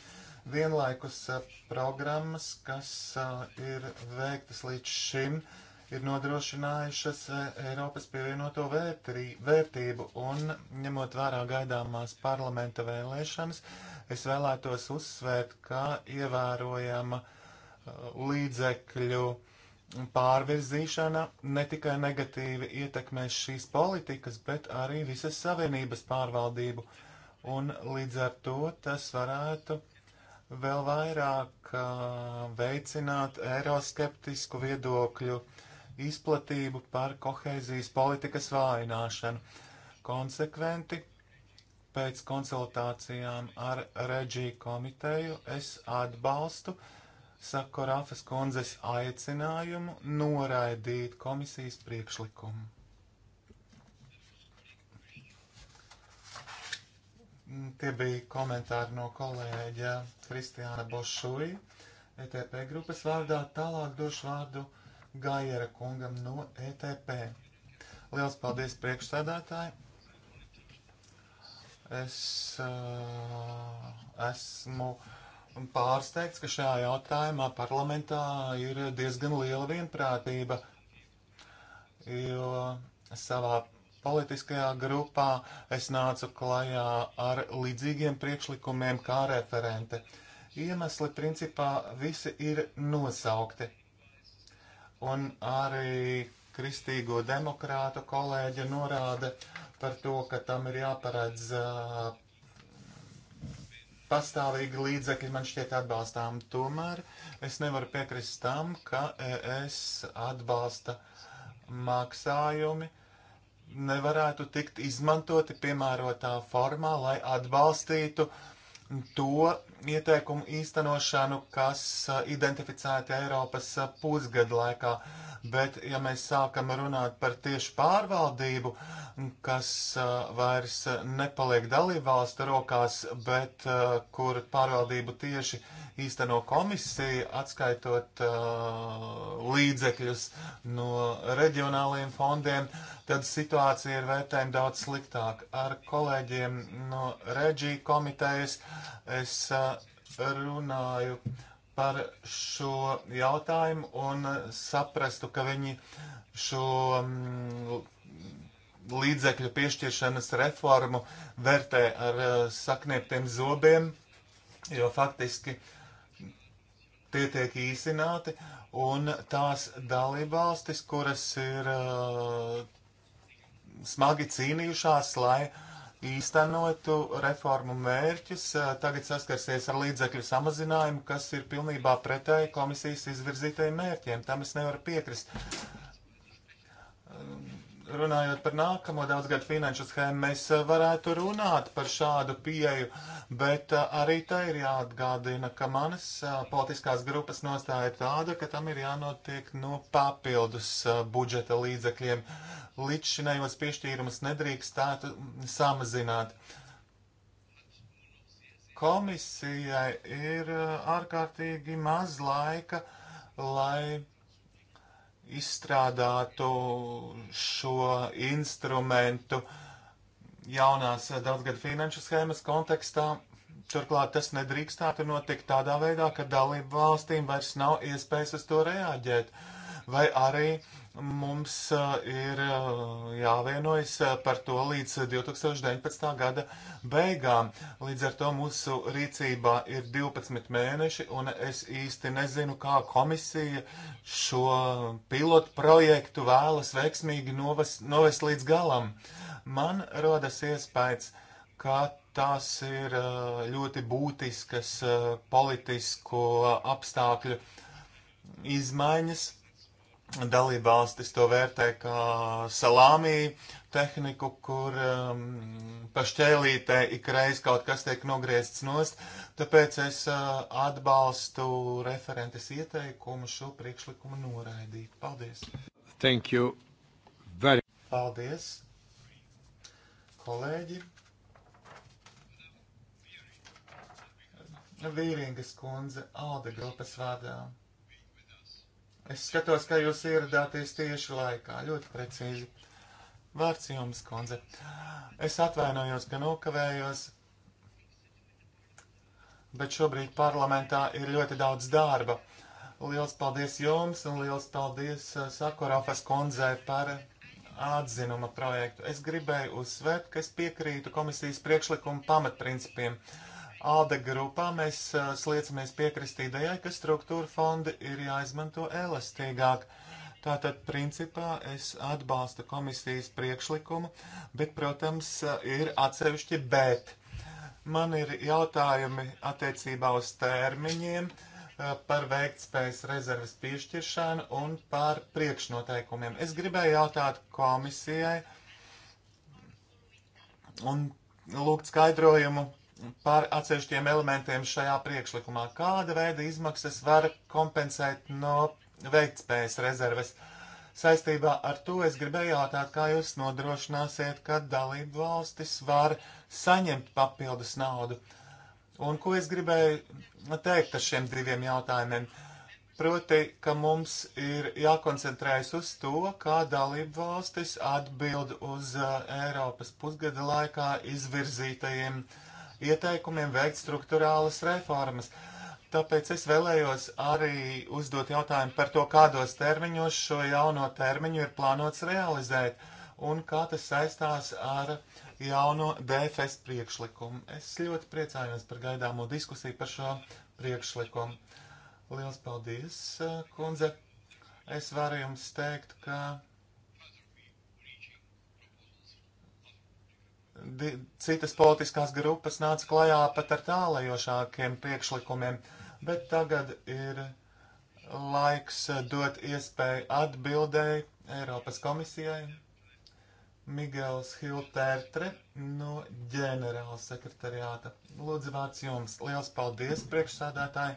Vienlaikus uh, programmas, kas uh, ir veiktas līdz šim, uh, ir nodrošinājušas eh, Eiropas pievienoto vērtri, vērtību un, ņemot vērā gaidāmās parlamenta vēlēšanas, es vēlētos uzsvērt, ka ievērojama eh, līdzekļu pārvirzīšana ne tikai negatīvi ietekmēs šīs politikas, bet arī visas savienības pārvaldību. Un līdz ar to tas varētu vēl vairāk uh, veicināt eiroskeptisku viedokļu uh, izplatību par kohēzijas politikas vājināšanu. Konsekventi pēc konsultācijām ar reģiju komiteju es atbalstu Sakorafas kundzes aicinājumu noraidīt komisijas priekšlikumu. Tie bija komentāri no kolēģa Kristiāna Bošuja, ETP grupas vārdā. Tālāk došu vārdu Gaiera kungam no ETP. Liels paldies priekšsēdētāji! Es uh, esmu pārsteigts, ka šajā jautājumā parlamentā ir diezgan liela vienprātība, jo savā politiskajā grupā es nācu klajā ar līdzīgiem priekšlikumiem kā referente. Iemesli principā visi ir nosaukti un arī kristīgo demokrātu kolēģa norāda par to, ka tam ir jāparedz uh, pastāvīgi līdzekļi, man šķiet atbalstām. Tomēr es nevaru piekrist tam, ka ES atbalsta maksājumi nevarētu tikt izmantoti piemērotā formā, lai atbalstītu uh, to ieteikumu īstenošanu, kas uh, identificēti Eiropas uh, pusgadu laikā. Bet, ja mēs sākam runāt par tiešu pārvaldību, kas uh, vairs nepaliek dalībvalstu rokās, bet kur pārvaldību tieši uh, īsteno komisija, atskaitot uh, līdzekļus no reģionāliem fondiem, tad situācija ir vērtējama daudz sliktāk. Ar kolēģiem no reģija komitejas es uh, runāju par šo jautājumu un saprastu, ka viņi šo um, līdzekļu piešķiršanas reformu vērtē ar uh, saknieptiem zobiem, jo faktiski uh, tie tiek īstenāti, un tās dalībvalstis, kuras ir uh, smagi cīnījušās, lai īstenotu reformu mērķus, uh, tagad saskarsies ar līdzekļu samazinājumu, kas ir pilnībā pretēji komisijas izvirzītajiem mērķiem. Tam es nevaru piekrist runājot par nākamo daudzgadu finanšu schēmu, mēs eh, varētu runāt par šādu pieeju, bet eh, arī te ir jāatgādina, ka manas eh, politiskās grupas nostāja ir tāda, ka tam ir jānotiek no papildus budžeta līdzekļiem. Līdz šinējos piešķīrumus nedrīkstētu samazināt. Komisijai ir ārkārtīgi maz laika, lai izstrādātu šo instrumentu jaunās daudzgad finanšu schēmas kontekstā. Turklāt tas nedrīkstētu notikt tādā veidā, ka dalību valstīm vairs nav iespējas uz to reaģēt. Vai arī uh, Mums uh, ir uh, jāvienojas uh, par to līdz 2019. gada beigām. Līdz ar to mūsu rīcībā ir 12 mēneši, un es īsti nezinu, kā komisija šo pilotu projektu vēlas veiksmīgi novest, novest līdz galam. Man rodas iespējas, ka tās ir ļoti būtiskas politisko apstākļu izmaiņas dalībvalstis to vērtē kā salāmī tehniku, kur um, pašķēlītē ikreiz kaut kas tiek nogriezts nost, tāpēc es uh, atbalstu referentes ieteikumu šo priekšlikumu noraidīt. Paldies! Thank you very much! Paldies! Kolēģi! Vīringas kundze Alde grupas vārdā. Es skatos, ka jūs ieradāties tieši laikā, ļoti precīzi. Vārds jums, kundze. Es atvainojos, ka nokavējos, bet šobrīd parlamentā ir ļoti daudz darba. Liels paldies jums un liels paldies uh, Sakorafas kundzei par atzinuma projektu. Es gribēju uzsvērt, ka es piekrītu komisijas priekšlikuma pamatprincipiem. Uh, ALDE grupā mēs sliecamies piekrist idejai, ka struktūra fondi ir jāizmanto elastīgāk. Tātad, principā, es atbalstu komisijas priekšlikumu, bet, protams, ir atsevišķi bet. Man ir jautājumi attiecībā uz termiņiem, par veiktspējas rezerves piešķiršanu un par priekšnoteikumiem. Es gribēju jautāt komisijai un lūgt skaidrojumu par atsevišķiem elementiem šajā priekšlikumā. Kāda veida izmaksas var kompensēt no veiktspējas rezerves? Saistībā ar to es gribēju jautāt, kā jūs nodrošināsiet, ka dalību valstis var saņemt papildus naudu. Un ko es gribēju teikt ar šiem diviem jautājumiem? Proti, ka mums ir jākoncentrējas uz to, kā dalību valstis atbild uz uh, Eiropas pusgada laikā izvirzītajiem uh, ieteikumiem veikt struktūrālas reformas. Tāpēc es vēlējos arī uzdot jautājumu par to, kādos termiņos šo jauno termiņu ir plānots realizēt un kā tas saistās ar jauno DFS priekšlikumu. Es ļoti priecājos par gaidāmo diskusiju par šo priekšlikumu. Liels paldies, kundze! Es varu jums teikt, ka citas politiskās grupas nāca klajā pat ar tālajošākiem priekšlikumiem, bet tagad ir laiks dot iespēju atbildēji Eiropas komisijai. Migels Hiltērtre no ģenerāla sekretariāta. Lūdzu, vārds jums. Liels paldies, priekšsādātāji,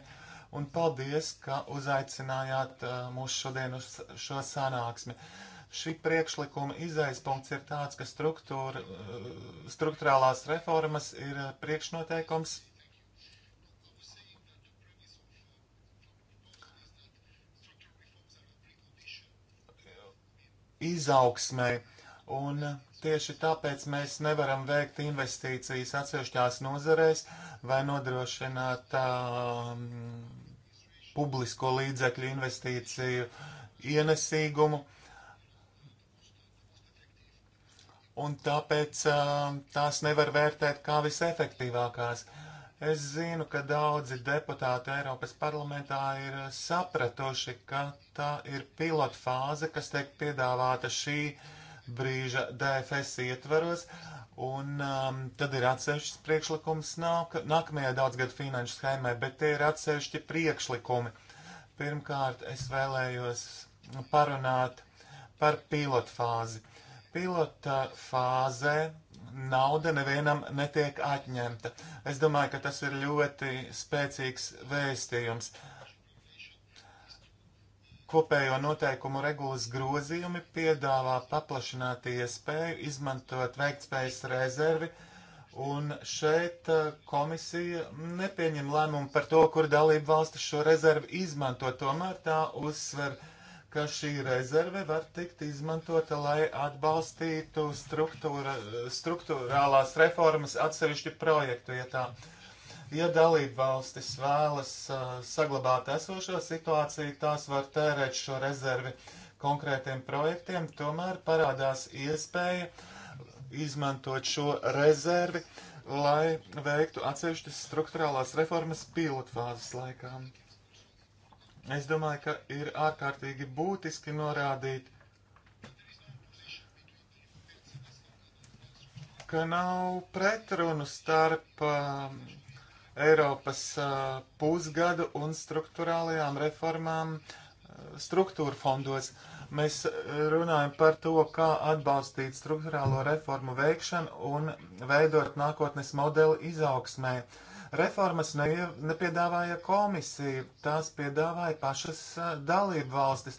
un paldies, ka uzaicinājāt uh, mūs šodien uz šo sanāksmi. Uh, Šī priekšlikuma izējas punkts ir tāds, ka struktūra, eh, struktūrālās reformas ir eh, priekšnoteikums. Izaugsmai. Un tieši tāpēc mēs nevaram veikt investīcijas atsevišķās nozarēs vai nodrošināt um, publisko līdzekļu investīciju ienesīgumu. Uh, un tāpēc uh, tās nevar vērtēt kā visefektīvākās. Es zinu, ka daudzi deputāti Eiropas parlamentā ir sapratuši, ka tā ir pilota fāze, kas tiek piedāvāta šī brīža DFS ietvaros, un um, tad ir atsevišķs priekšlikums nāk, nākamajai daudzgadu finanšu schēmai, bet tie ir atsevišķi priekšlikumi. Pirmkārt, es vēlējos parunāt par pilota fāzi. Uh, Pilota fāzē nauda nevienam netiek atņemta. Es domāju, ka tas ir ļoti spēcīgs vēstījums. Kopējo noteikumu regulas grozījumi piedāvā paplašināt iespēju izmantot veiktspējas rezervi, un šeit uh, komisija nepieņem lēmumu par to, kur dalību valstis šo rezervi izmanto. Tomēr tā uzsver, ka ka šī rezerve var tikt izmantota, lai atbalstītu struktūra, struktūrālās reformas atsevišķu projektu vietā. Ja dalība valstis vēlas uh, saglabāt esošo situāciju, tās var tērēt šo rezervi konkrētiem projektiem, tomēr parādās iespēja izmantot šo rezervi, lai veiktu atsevišķas struktūrālās reformas pilotfāzes laikām. Es domāju, ka ir ārkārtīgi būtiski norādīt, ka nav pretrunu starp uh, Eiropas uh, pusgadu un struktūrālajām reformām uh, struktūra fondos. Mēs uh, runājam par to, kā atbalstīt struktūrālo reformu veikšanu un veidot nākotnes modeli izaugsmē. Uh, Reformas ne, nepiedāvāja komisija, tās piedāvāja pašas dalību valstis.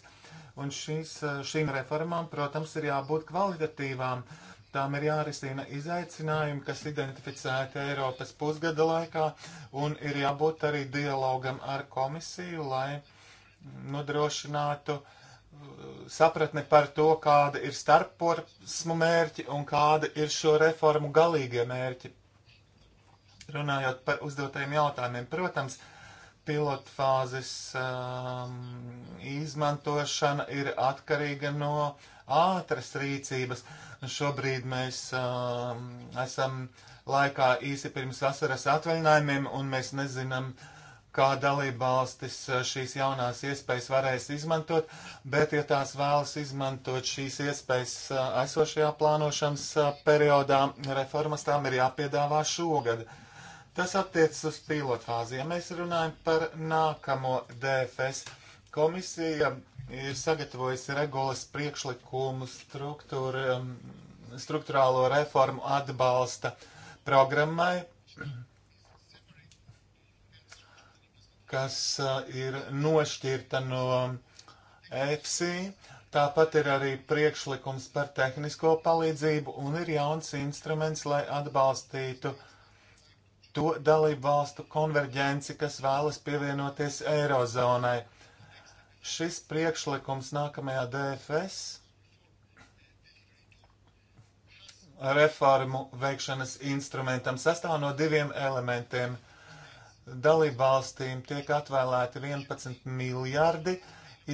Un šīs, šīm reformām, protams, ir jābūt kvalitatīvām. Tām ir jārisina izaicinājumi, kas identificēti Eiropas pusgada laikā, un ir jābūt arī dialogam ar komisiju, lai nodrošinātu sapratni par to, kāda ir starpposmu mērķi un kāda ir šo reformu galīgie mērķi. Runājot par uzdotajiem jautājumiem, protams, pilotfāzes um, izmantošana ir atkarīga no ātras rīcības. Šobrīd mēs um, esam laikā īsi pirms vasaras atvaļinājumiem, un mēs nezinām, kā dalībvalstis uh, šīs jaunās iespējas varēs izmantot, bet, ja tās vēlas izmantot šīs iespējas uh, esošajā plānošanas uh, periodā, reformas tām ir jāpiedāvā šogad. Uh, Tas attiecas uz pilotfāzi. Ja mēs runājam par nākamo DFS, komisija ir sagatavojusi regulas priekšlikumu struktūra, um, struktūrālo reformu atbalsta programmai, kas uh, ir nošķirta no EFSI. Tāpat ir arī priekšlikums par tehnisko palīdzību un ir jauns instruments, lai atbalstītu uh, to dalību valstu konverģenci, kas vēlas pievienoties Eirozonai. Šis priekšlikums nākamajā DFS reformu veikšanas instrumentam sastāv no diviem elementiem. Dalību valstīm tiek atvēlēti 11 miljardi,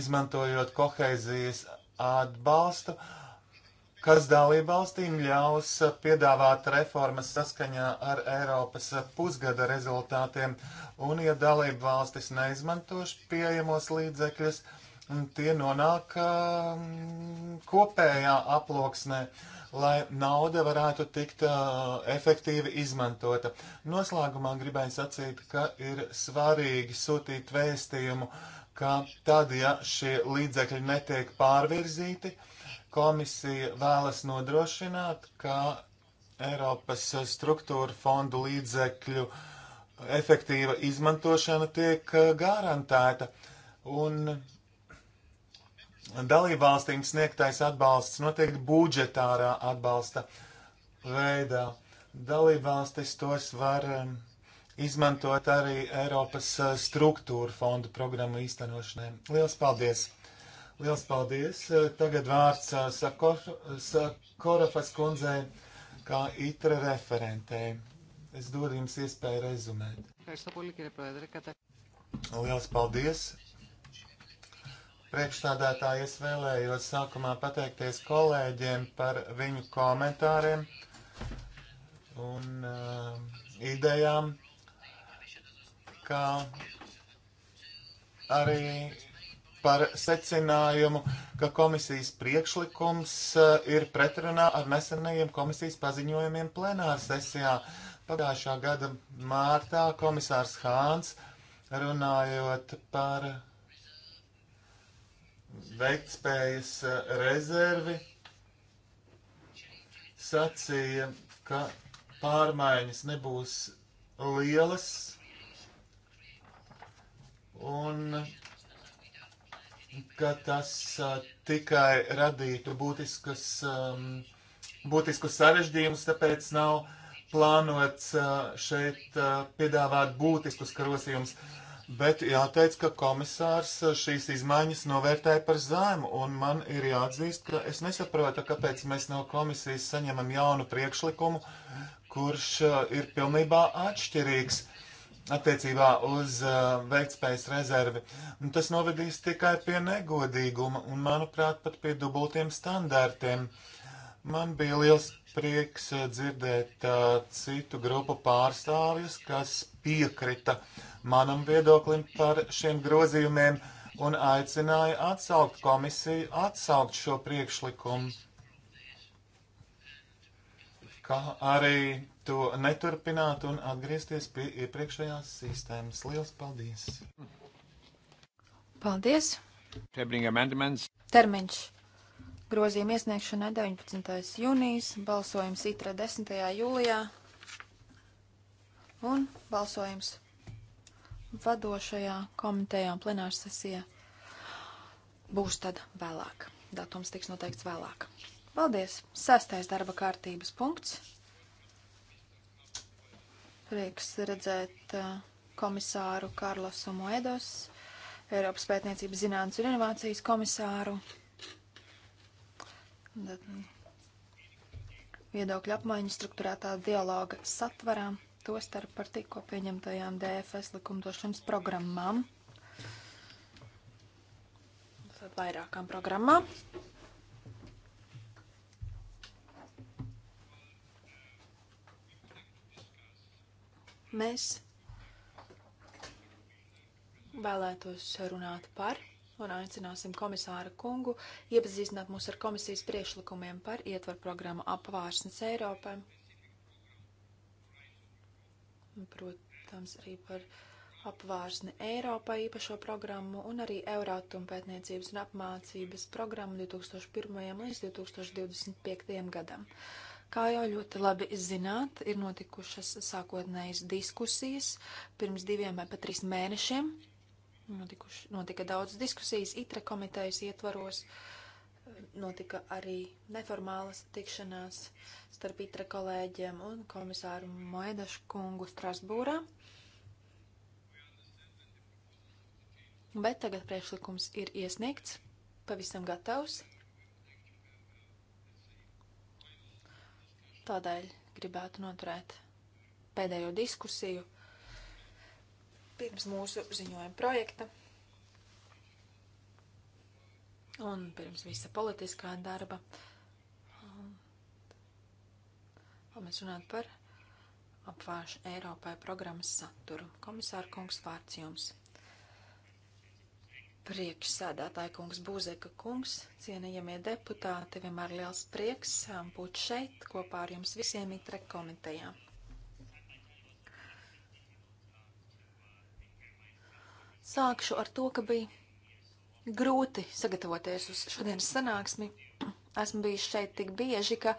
izmantojot koheizijas atbalstu, uh, kas dalībvalstīm ļaus piedāvāt reformas saskaņā ar Eiropas pusgada rezultātiem, un ja dalībvalstis neizmantoš pieejamos līdzekļus, tie nonāk um, kopējā aploksnē, lai nauda varētu tikt uh, efektīvi izmantota. Noslēgumā gribēju sacīt, ka ir svarīgi sūtīt vēstījumu, ka tad, ja šie līdzekļi netiek pārvirzīti, uh, Komisija vēlas nodrošināt, ka Eiropas struktūra fondu līdzekļu efektīva izmantošana tiek eh, garantēta, un dalībvalstīm sniegtais atbalsts notiek budžetārā atbalsta veidā. Dalībvalstis tos var eh, izmantot arī Eiropas eh, struktūra fondu programmu īstenošanai. Lielas paldies! Liels paldies! Tagad vārds Sakorafas kundzei, kā itra referentei. Es dodu jums iespēju rezumēt. Liels paldies! Priekšstādātāji es vēlējos sākumā pateikties kolēģiem par viņu komentāriem un uh, idejām, kā arī par secinājumu, ka komisijas priekšlikums eh, ir pretrunā ar nesenajiem komisijas paziņojumiem plenāra sesijā. Pagājušā gada mārtā komisārs Hāns runājot par veiktspējas eh, rezervi sacīja, ka pārmaiņas nebūs lielas un ka tas a, tikai radītu būtiskus, um, būtiskus sarežģījumus, tāpēc nav plānots a, šeit a, piedāvāt būtiskus krosījumus. Bet jāteic, ka komisārs šīs izmaiņas novērtēja par zēmu, un man ir jāatzīst, ka es nesaprotu, kāpēc mēs no komisijas saņemam jaunu priekšlikumu, kurš ir pilnībā atšķirīgs attiecībā uz uh, veiktspējas rezervi. Un nu, tas novedīs tikai pie negodīguma un, manuprāt, pat pie dubultiem standartiem. Man bija liels prieks uh, dzirdēt uh, citu grupu pārstāvjus, kas piekrita manam viedoklim par šiem grozījumiem un aicināja atsaukt komisiju, atsaukt šo priekšlikumu kā arī to neturpināt un atgriezties pie iepriekšējās sistēmas. Lielas paldies! Paldies! Termiņš. Grozījuma iesniegšanai 19. jūnijas, balsojums ITRA 10. jūlijā un balsojums vadošajā komitejā un plenārsesijā būs tad vēlāk. Datums tiks noteikts vēlāk. Paldies! Sastais darba kārtības punkts. Prieks redzēt uh, komisāru Karlosu Moedos, Eiropas pētniecības zinātnes un inovācijas komisāru. Mm, viedokļu apmaiņu struktūrētā dialoga satvarā, to starp par tikko pieņemtajām DFS likumdošanas programmām. Tad vairākām programmām. Mēs vēlētos runāt par un aicināsim komisāru kungu iepazīstināt mūs ar komisijas priekšlikumiem par ietvaru programmu apvārsnes Eiropai. Protams, arī par apvārsni Eiropai īpašo programmu un arī Eurātuma pētniecības un apmācības programmu 2001. līdz 2025. gadam. Kā jau ļoti labi zināt, ir notikušas sākotnējas diskusijas pirms diviem vai pat trīs mēnešiem. Notikuši, notika daudz diskusijas ITRE komitejas ietvaros, notika arī neformālas tikšanās starp ITRE kolēģiem un komisāru Moedašu kungu Strasbūrā. Bet tagad priekšlikums ir iesniegts, pavisam gatavs. Tādēļ gribētu noturēt pēdējo diskusiju pirms mūsu ziņojuma projekta un pirms visa politiskā darba. Un um, mēs runājam par apvāršu Eiropai programmas saturu. Komisāra kungs vārds jums. Priekšsādātāja kungs Būzeka kungs, cienījamie deputāti, vienmēr liels prieks um, būt šeit kopā ar jums visiem itre komitejā. Sākšu ar to, ka bija grūti sagatavoties uz šodienas sanāksmi. Esmu bijis šeit tik bieži, ka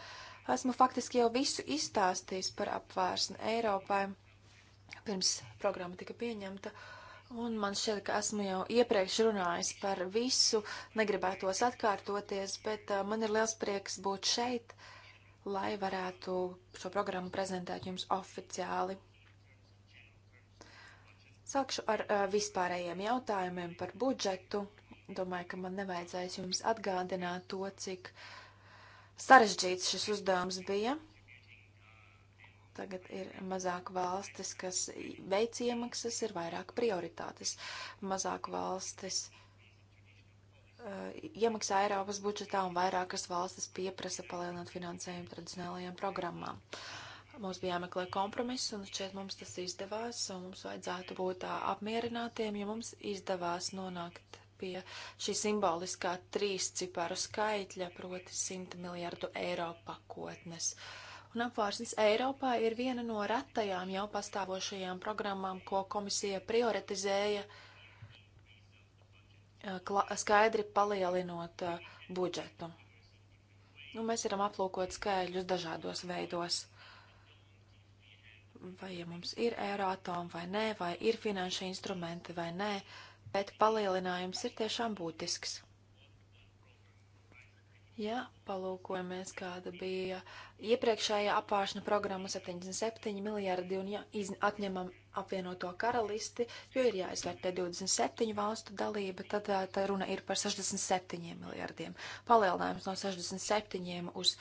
esmu faktiski jau visu izstāstījis par apvārsni Eiropai, pirms programma tika pieņemta. Uh, Un man šķiet, ka esmu jau iepriekš runājis par visu, negribētos atkārtoties, bet uh, man ir liels prieks būt šeit, lai varētu šo programmu prezentēt jums oficiāli. Sākšu ar uh, vispārējiem jautājumiem par budžetu. Domāju, ka man nevajadzēs jums atgādināt to, cik sarežģīts šis uzdevums bija. Tagad ir mazāk valstis, kas veic iemaksas, ir vairāk prioritātes. Mazāk valstis uh, iemaksā Eiropas budžetā un vairākas valstis pieprasa palielināt finansējumu tradicionālajām programmām. Mums bija jāmeklē kompromiss, un šķiet mums tas izdevās, un mums vajadzētu būt tā uh, apmierinātiem, ja mums izdevās nonākt pie šī simboliskā trīs ciparu skaitļa, proti 100 miljardu eiro pakotnes. Uh, Un apvārsnes Eiropā ir viena no retajām jau pastāvošajām programmām, ko komisija prioritizēja eh, skaidri palielinot eh, budžetu. Nu, mēs varam aplūkot skaidrus dažādos veidos. Vai ja mums ir eirātoma vai nē, vai ir finanšu instrumenti vai nē, bet palielinājums ir tiešām būtisks. Ja palūkojamies, kāda bija iepriekšējā apvāršana programma 77 miljardi un ja atņemam apvienoto karalisti, jo ir jāizvērtē 27 valstu dalība, tad tā runa ir par 67 miljardiem. Palielinājums no 67 uz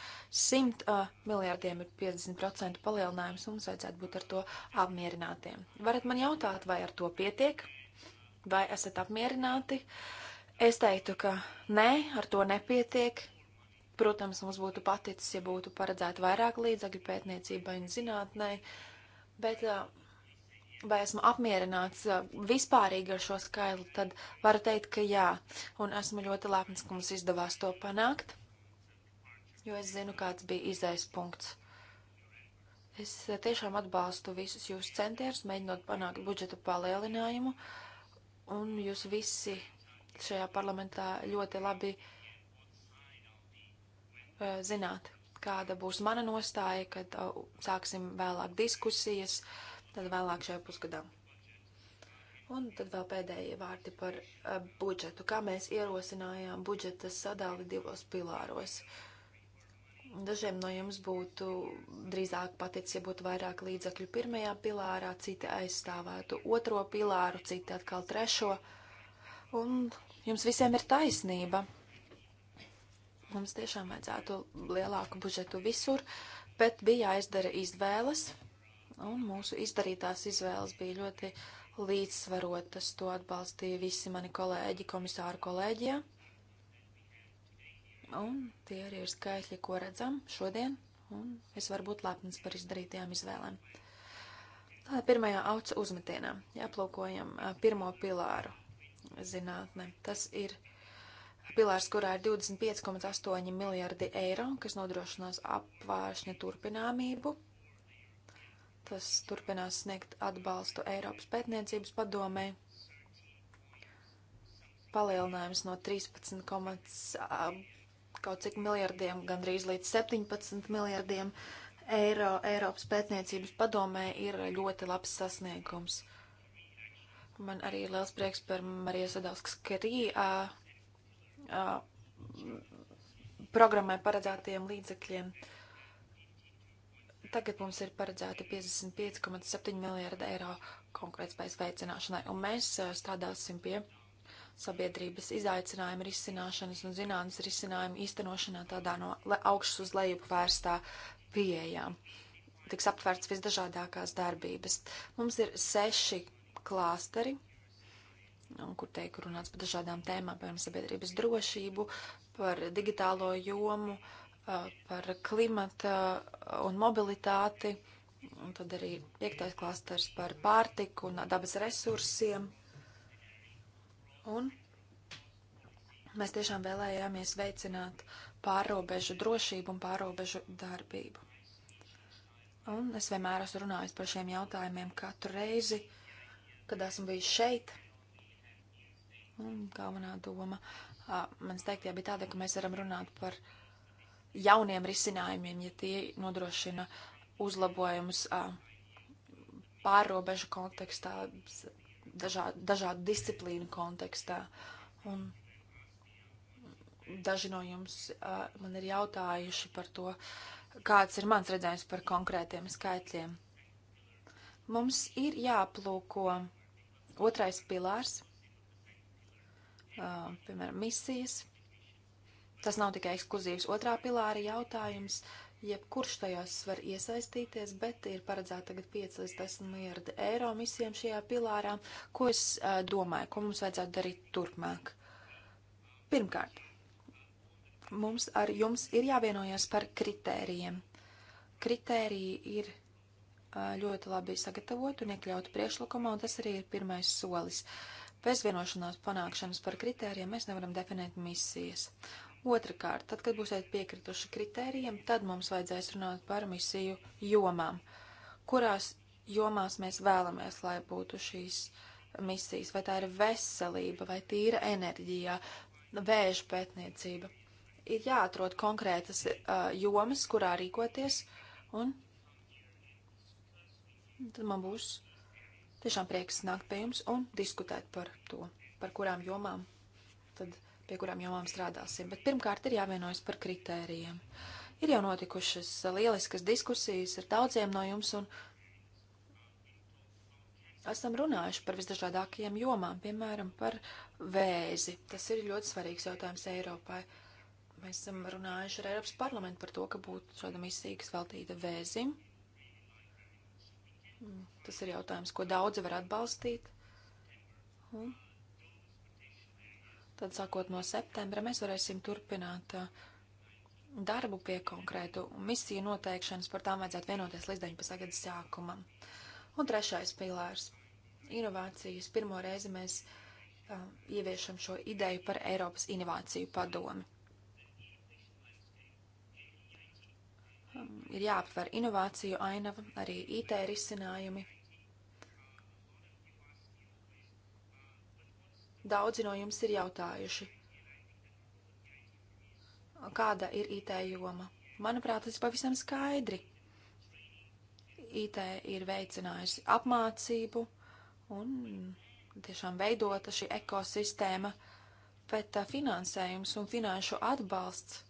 100 uh, miljardiem ir 50% palielinājums, un mums vajadzētu būt ar to apmierinātiem. Varat man jautāt, vai ar to pietiek? Vai esat apmierināti? Es teiktu, ka nē, ar to nepietiek Protams, mums būtu paticis, ja būtu paredzēta vairāk līdzekļu pētniecībai un zinātnei, bet vai esmu apmierināts vispārīgi ar šo skaitli, tad varu teikt, ka jā, un esmu ļoti lepns, ka mums izdevās to panākt, jo es zinu, kāds bija izējas punkts. Es tiešām atbalstu visus jūsu centienus, mēģinot panākt budžeta palielinājumu, un jūs visi šajā parlamentā ļoti labi uh, Uh, zināt, kāda būs mana nostāja, kad uh, sāksim vēlāk diskusijas, tad vēlāk šajā pusgadā. Un tad vēl pēdējie vārti par uh, budžetu. Kā mēs ierosinājām budžeta sadali divos pilāros. Dažiem no jums būtu drīzāk paticis, ja būtu vairāk līdzakļu pirmajā pilārā, citi aizstāvētu otro pilāru, citi atkal trešo. Un jums visiem ir taisnība. Mums tiešām vajadzētu lielāku budžetu visur, bet bija jāizdara izvēles, un mūsu izdarītās izvēles bija ļoti līdzsvarotas. To atbalstīja visi mani kolēģi, komisāru kolēģijā. Un tie arī ir skaitļi, ko redzam šodien, un es varu būt lepns par izdarītajām izvēlēm. Tā ir pirmajā auca uzmetienā. Jāplūkojam pirmo pilāru zinātne. Tas ir pilārs, kurā ir 25,8 miljardi eiro, kas nodrošinās apvāršņa turpināmību. Tas turpinās sniegt atbalstu Eiropas pētniecības padomē. Palielinājums no 13, kaut cik miljardiem, gandrīz līdz 17 miljardiem eiro Eiropas pētniecības padomē ir ļoti labs sasniegums. Man arī liels prieks par Marijas Sadalskas Kerī uh, programmai paredzētajiem līdzekļiem. Tagad mums ir paredzēti 55,7 miljārdi eiro konkurētspējas veicināšanai, un mēs strādāsim pie sabiedrības izaicinājumu risināšanas un zinātnes risinājumu īstenošanā tādā no augšas uz leju vērstā pieejā. Tiks aptvērts visdažādākās darbības. Mums ir seši klāsteri, kur teiktu runāts par dažādām tēmām, piemēram, sabiedrības drošību, par digitālo jomu, par klimata un mobilitāti, un tad arī piektais klasters par pārtiku un dabas resursiem. Un mēs tiešām vēlējāmies veicināt pārobežu drošību un pārobežu darbību. Un es vienmēr esmu runājis par šiem jautājumiem katru reizi, kad esmu bijis šeit Un galvenā doma manas teiktajā bija tāda, ka mēs varam runāt par jauniem risinājumiem, ja tie nodrošina uzlabojumus pārrobežu kontekstā, dažā, dažādu disciplīnu kontekstā. Un daži no jums man ir jautājuši par to, kāds ir mans redzējums par konkrētiem skaitļiem. Mums ir jāplūko otrais pilārs piemēram, misijas. Tas nav tikai ekskluzīvs otrā pilāra jautājums, jebkurš tajos var iesaistīties, bet ir paredzēta tagad 5 līdz 10 miljardi eiro misijām šajā pilārā. Ko es domāju, ko mums vajadzētu darīt turpmāk? Pirmkārt, mums ar jums ir jāvienojas par kritērijiem. Kritēriji ir ļoti labi sagatavoti un iekļauti priekšlikumā, un tas arī ir pirmais solis. Uh, Bez vienošanās panākšanas par kritērijiem mēs nevaram definēt misijas. Otrakārt, tad, kad būsiet piekrituši kritērijiem, tad mums vajadzēs runāt par misiju jomām, kurās jomās mēs vēlamies, lai būtu šīs misijas, vai tā ir veselība, vai tīra enerģija, vēža pētniecība. Ir jāatrod konkrētas uh, jomas, kurā rīkoties, un tad man būs uh, Tiešām prieks nākt pie jums un diskutēt par to, par kurām jomām tad pie kurām jomām strādāsim. Bet pirmkārt ir jāvienojas par kritērijiem. Ir jau notikušas lieliskas diskusijas ar daudziem no jums un esam runājuši par visdažādākajām jomām, piemēram, par vēzi. Tas ir ļoti svarīgs jautājums Eiropai. Mēs esam runājuši ar Eiropas parlamentu par to, ka būtu šāda misija, kas veltīta vēzim. Tas ir jautājums, ko daudzi var atbalstīt. Un tad, sākot no septembra, mēs varēsim turpināt uh, darbu pie konkrētu misiju noteikšanas. Par tām vajadzētu vienoties līdz 19. gada sākumam. Un trešais pilārs - inovācijas. Pirmo reizi mēs uh, ieviešam šo ideju par Eiropas inovāciju padomi. Um, ir jāaptver inovāciju ainava, arī IT risinājumi. Daudzi no jums ir jautājuši, kāda ir IT joma. Manuprāt, tas ir pavisam skaidri. IT ir veicinājusi apmācību un tiešām veidota šī ekosistēma, bet uh, finansējums un finanšu atbalsts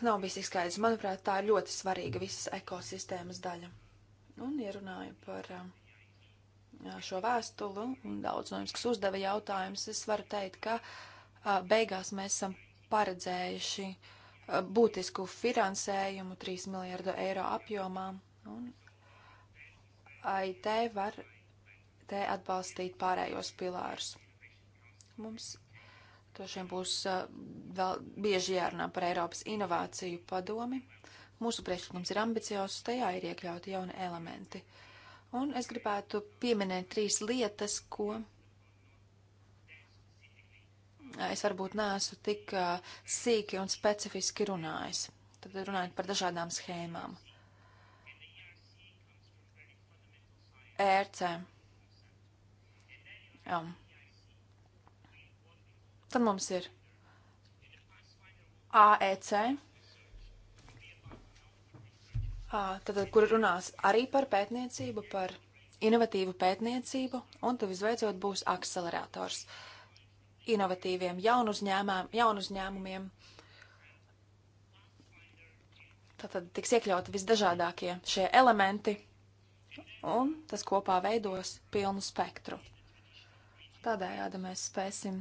nav bijis tik skaidrs. Manuprāt, tā ir ļoti svarīga visas ekosistēmas daļa. Un ierunāju par šo vēstuli, un daudz no jums, kas uzdeva jautājumus, es varu teikt, ka beigās mēs esam paredzējuši būtisku finansējumu 3 miljardu eiro apjomā, un AIT var te atbalstīt pārējos pilārus. Mums Tošiem būs vēl bieži jārunā par Eiropas inovāciju padomi. Mūsu priekšlikums ir ambiciozs, tajā ir iekļauti jauni elementi. Un es gribētu pieminēt trīs lietas, ko es varbūt neesmu tik sīki un specifiski runājis. Tad runājot par dažādām schēmām. ERC. Um, Tad mums ir AEC, tad, kur runās arī par pētniecību, par inovatīvu pētniecību, un tad visbeidzot būs akcelerators inovatīviem jaunu, uzņēmām, jaunu uzņēmumiem. Tātad tiks iekļauti visdažādākie šie elementi, un tas kopā veidos pilnu spektru. Tādējādi mēs spēsim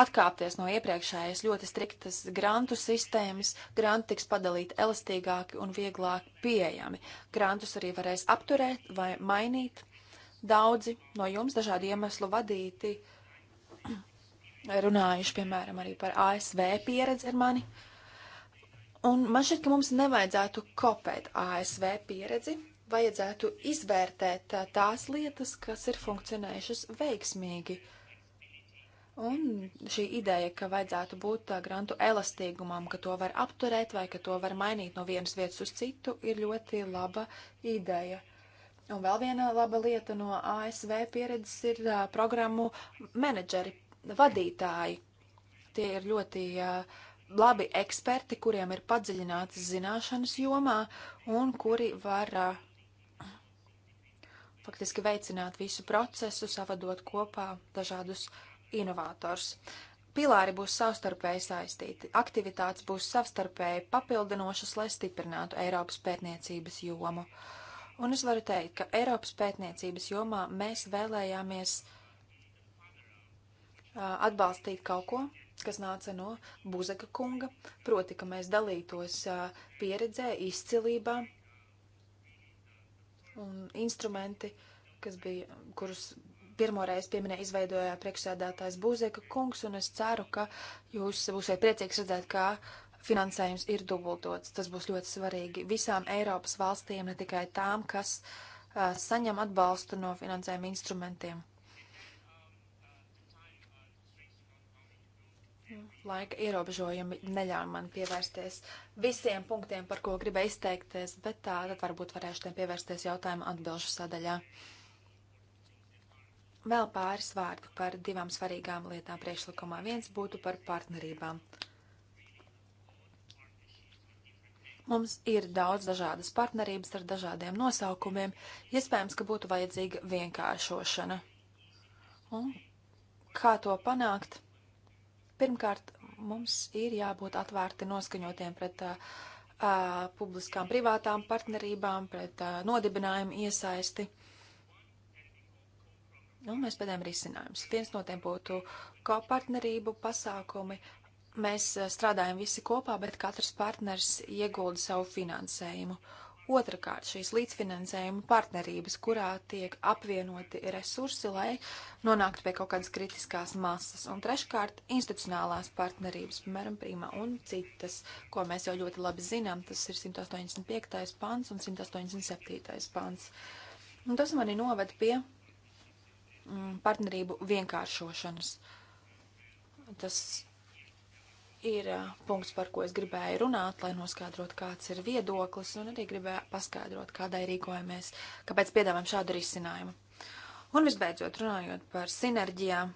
atkāpties no iepriekšējās ļoti striktas grantu sistēmas. Granti tiks padalīti elastīgāki un vieglāk pieejami. Grantus arī varēs apturēt vai mainīt. Daudzi no jums dažādu iemeslu vadīti runājuši, piemēram, arī par ASV pieredzi ar mani. Un man šķiet, ka mums nevajadzētu kopēt ASV pieredzi, vajadzētu izvērtēt tās lietas, kas ir funkcionējušas veiksmīgi. Uh, Un šī ideja, ka vajadzētu būt uh, grantu elastīgumam, ka to var apturēt vai ka to var mainīt no vienas vietas uz citu, ir ļoti laba ideja. Un vēl viena laba lieta no ASV pieredzes ir uh, programmu menedžeri, vadītāji. Tie ir ļoti uh, labi eksperti, kuriem ir padziļinātas zināšanas jomā un kuri var uh, faktiski veicināt visu procesu, savadot kopā dažādus uh, inovators. Pilāri būs savstarpēji saistīti, aktivitātes būs savstarpēji papildinošas, lai stiprinātu Eiropas pētniecības jomu. Un es varu teikt, ka Eiropas pētniecības jomā mēs vēlējāmies atbalstīt kaut ko, kas nāca no Buzaka kunga, proti, ka mēs dalītos pieredzē, izcilībā un instrumenti, kas bija, kurus pirmoreiz pieminēja izveidoja priekšsēdētājs Būzeka kungs, un es ceru, ka jūs būsiet priecīgs redzēt, kā finansējums ir dubultots. Tas būs ļoti svarīgi visām Eiropas valstīm, ne tikai tām, kas uh, saņem atbalstu no finansējuma instrumentiem. Laika ierobežojumi neļauj man pievērsties visiem punktiem, par ko gribēju izteikties, bet tā tad varbūt varēšu tiem pievērsties jautājumu atbilžu sadaļā. Uh, Vēl pāris vārdu par divām svarīgām lietām priekšlikumā. Viens būtu par partnerībām. Mums ir daudz dažādas partnerības ar dažādiem nosaukumiem. Iespējams, ka būtu vajadzīga vienkāršošana. Un kā to panākt? Pirmkārt, mums ir jābūt atvērti noskaņotiem pret uh, publiskām privātām partnerībām, pret uh, nodibinājumu iesaisti. Uh, Nu, mēs pēdējām risinājumus. Viens no tiem būtu kā partnerību pasākumi. Mēs eh, strādājam visi kopā, bet katrs partners iegulda savu finansējumu. Otrakārt, šīs līdzfinansējuma partnerības, kurā tiek apvienoti resursi, lai nonāktu pie kaut kādas kritiskās masas. Un treškārt, institucionālās partnerības, piemēram, Prīma un citas, ko mēs jau ļoti labi zinām, tas ir 185. pants un 187. pants. Un tas mani noved pie Mm, partnerību vienkāršošanas. Tas ir uh, punkts, par ko es gribēju runāt, lai noskaidrotu, kāds ir viedoklis, un arī gribēju paskaidrot, kādai rīkojamies, kāpēc piedāvājam šādu risinājumu. Un visbeidzot, runājot par sinerģijām,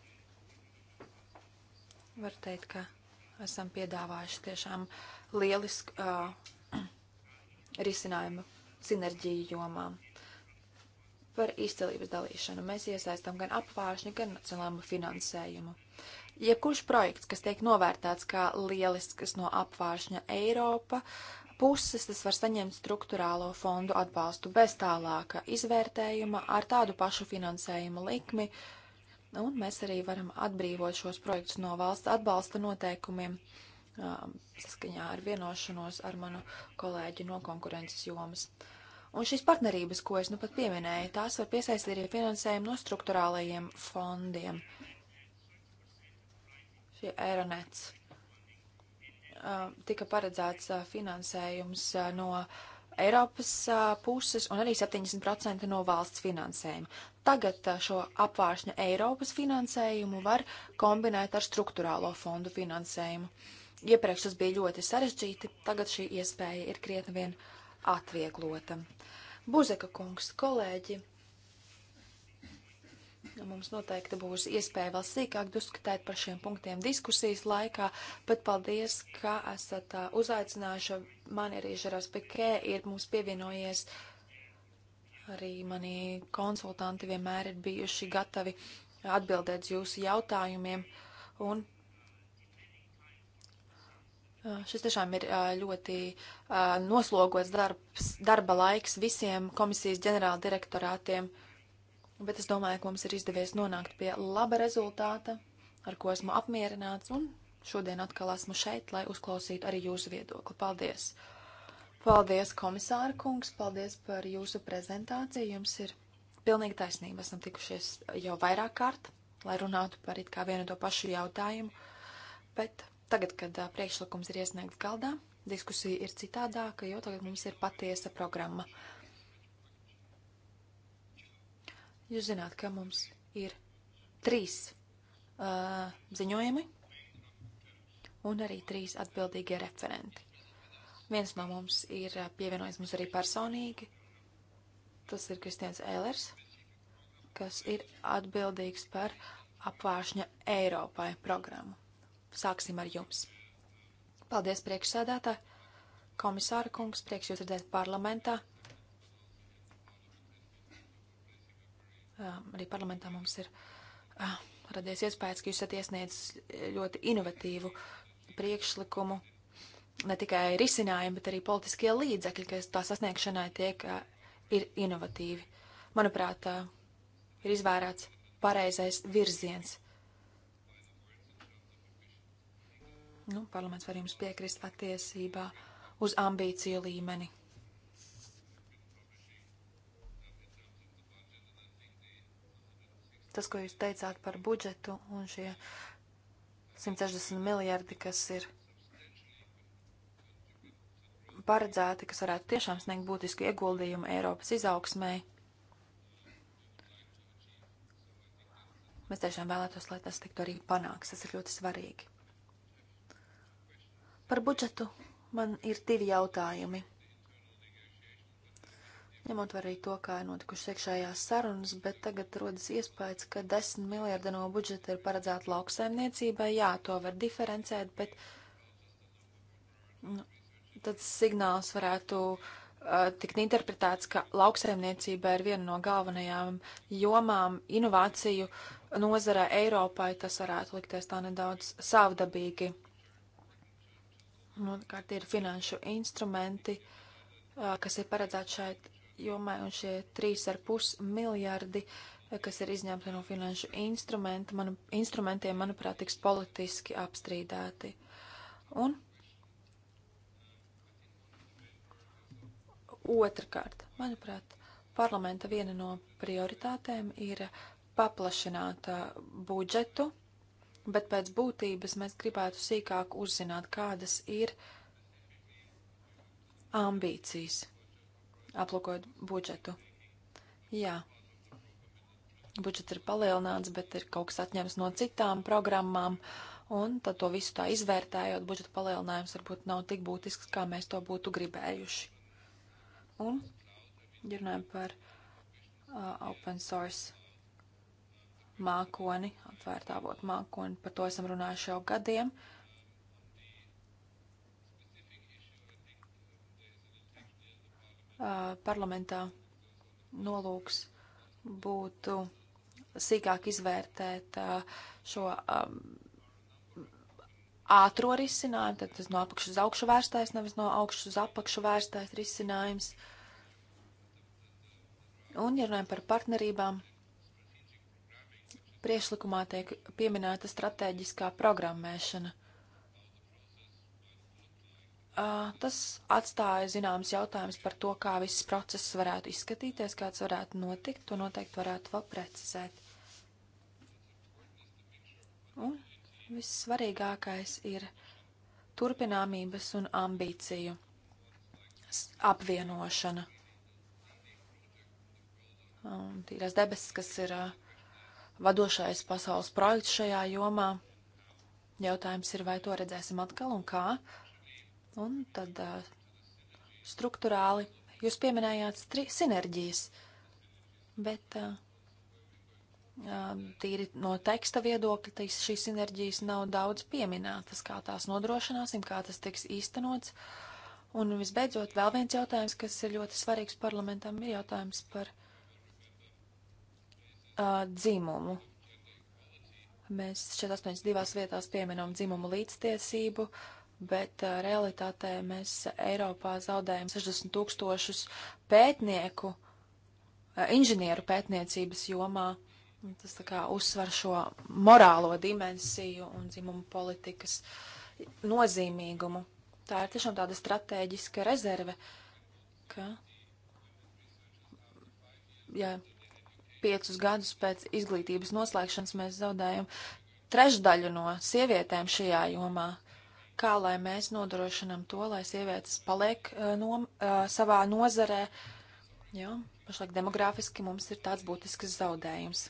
var teikt, ka esam piedāvājuši tiešām lielisku uh, risinājumu sinerģiju jomām par izcelības dalīšanu. Mēs iesaistām gan apvāršņu, gan nacionālu finansējumu. Jebkurš projekts, kas tiek novērtēts kā lielisks no apvāršņa Eiropa, puses tas var saņemt struktūrālo fondu atbalstu bez tālāka izvērtējuma ar tādu pašu finansējumu likmi, un mēs arī varam atbrīvot šos projektus no valsts atbalsta noteikumiem saskaņā ar vienošanos ar manu kolēģi no konkurences jomas. Uh, Un šīs partnerības, ko es nu pat pieminēju, tās var piesaistīt arī finansējumu no struktūrālajiem fondiem. Šie Eironets. Tika paredzēts finansējums no Eiropas puses un arī 70% no valsts finansējuma. Tagad šo apvāršņa Eiropas finansējumu var kombinēt ar struktūrālo fondu finansējumu. Iepriekš tas bija ļoti sarežģīti, tagad šī iespēja ir krietni vien uh, atvieglota. Buzeka kungs, kolēģi, mums noteikti būs iespēja vēl sīkāk diskutēt par šiem punktiem diskusijas laikā, bet paldies, ka esat uzaicinājuši. Man arī Žeras Pikē ir mums pievienojies. Arī mani konsultanti vienmēr ir bijuši gatavi atbildēt jūsu jautājumiem un Šis tiešām ir ļoti noslogots darbs, darba laiks visiem komisijas ģenerāla direktorātiem, bet es domāju, ka mums ir izdevies nonākt pie laba rezultāta, ar ko esmu apmierināts, un šodien atkal esmu šeit, lai uzklausītu arī jūsu viedokli. Paldies! Paldies, komisāra kungs, paldies par jūsu prezentāciju. Jums ir pilnīgi taisnība, esam tikušies jau vairāk kārt, lai runātu par it kā vienu to pašu jautājumu, bet Tagad, kad priekšlikums ir iesniegts galdā, diskusija ir citādāka, jo tagad mums ir patiesa programma. Jūs zināt, ka mums ir trīs uh, ziņojumi un arī trīs atbildīgie referenti. Viens no mums ir pievienojis mums arī personīgi. Tas ir Kristians Ēlers, kas ir atbildīgs par apvāršņa Eiropai programmu. Sāksim ar jums. Paldies, priekšsēdētāji! Komisāra kungs, prieks jūs redzēt parlamentā. Arī parlamentā mums ir radies iespējas, ka jūs esat iesniedzis ļoti inovatīvu priekšlikumu, ne tikai risinājumi, bet arī politiskie līdzekļi, kas tā sasniegšanai tiek, ir inovatīvi. Manuprāt, ir izvērāts pareizais virziens. Nu, parlaments var jums piekrist attiecībā uz ambīciju līmeni. Tas, ko jūs teicāt par budžetu un šie 160 miljardi, kas ir paredzēti, kas varētu tiešām sniegt būtisku ieguldījumu Eiropas izaugsmēji. Mēs tiešām vēlētos, lai tas tiktu arī panāks. Tas ir ļoti svarīgi. Par budžetu man ir divi jautājumi. Ņemot vērā to, kā ir notikušas iekšējās sarunas, bet tagad rodas iespējas, ka 10 miljardi no budžeta ir paredzēta lauksaimniecībai. Jā, to var diferencēt, bet nu, tad signāls varētu uh, tikt interpretēts, ka lauksaimniecība ir viena no galvenajām jomām inovāciju nozarē Eiropai, tas varētu likties tā nedaudz savdabīgi. Un nu, otrkārt ir finanšu instrumenti, kas ir paredzēti šeit jomai, un šie 3,5 miljardi, kas ir izņemti no finanšu instrumenta, manu, instrumentiem, manuprāt, tiks politiski apstrīdēti. Un otrkārt, manuprāt, parlamenta viena no prioritātēm ir paplašināt budžetu bet pēc būtības mēs gribētu sīkāk uzzināt, kādas ir ambīcijas, aplūkojot budžetu. Jā, budžets ir palielināts, bet ir kaut kas atņemts no citām programmām, un tad to visu tā izvērtējot, budžeta palielinājums varbūt nav tik būtisks, kā mēs to būtu gribējuši. Un, ja runājam par uh, open source mākoni, atvērtā avot mākoni, par to esam runājuši jau gadiem. Uh, parlamentā nolūks būtu sīkāk izvērtēt uh, šo um, ātro risinājumu, tad tas no apakšas uz augšu vērstais, nevis no augšas uz apakšu vērstais risinājums. Un, ja runājam par partnerībām, Priešlikumā tiek pieminēta strateģiskā programmēšana. Tas atstāja zināms jautājums par to, kā viss process varētu izskatīties, kāds varētu notikt, to noteikti varētu vēl precizēt. Un vissvarīgākais ir turpināmības un ambīciju apvienošana. Un tīras debesis, kas ir uh, vadošais pasaules projekts šajā jomā. Jautājums ir, vai to redzēsim atkal un kā. Un tad uh, struktūrāli jūs pieminējāt sinerģijas, bet uh, tīri no teksta viedokļa šīs sinerģijas nav daudz pieminētas, kā tās nodrošināsim, kā tas tiks īstenots. Un visbeidzot, vēl viens jautājums, kas ir ļoti svarīgs parlamentam, ir jautājums par uh, uh, dzimumu. Mēs šeit 82 vietās pieminam dzimumu līdztiesību, bet uh, realitātē mēs Eiropā zaudējam 60 tūkstošus pētnieku, uh, inženieru pētniecības jomā. Tas tā kā uzsver šo morālo dimensiju un dzimumu politikas nozīmīgumu. Tā ir tiešām tāda stratēģiska rezerve, ka, ja piecus gadus pēc izglītības noslēgšanas mēs zaudējam trešdaļu no sievietēm šajā jomā. Kā lai mēs nodrošinam to, lai sievietes paliek uh, nom, uh, savā nozarē? Jo, pašlaik demogrāfiski mums ir tāds būtisks zaudējums.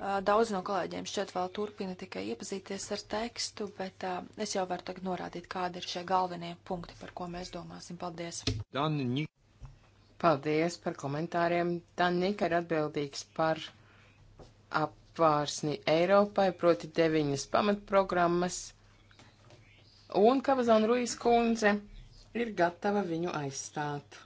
Uh, daudz no kolēģiem šķiet vēl turpina tikai iepazīties ar tekstu, bet uh, es jau varu tagad norādīt, kādi ir šie galvenie punkti, par ko mēs domāsim. Paldies! Dani. Paldies par komentāriem. Danika ir atbildīgs par apvārsni Eiropai, proti deviņas pamatprogrammas. Un Kavazona Ruijas kundze ir gatava viņu aizstāt.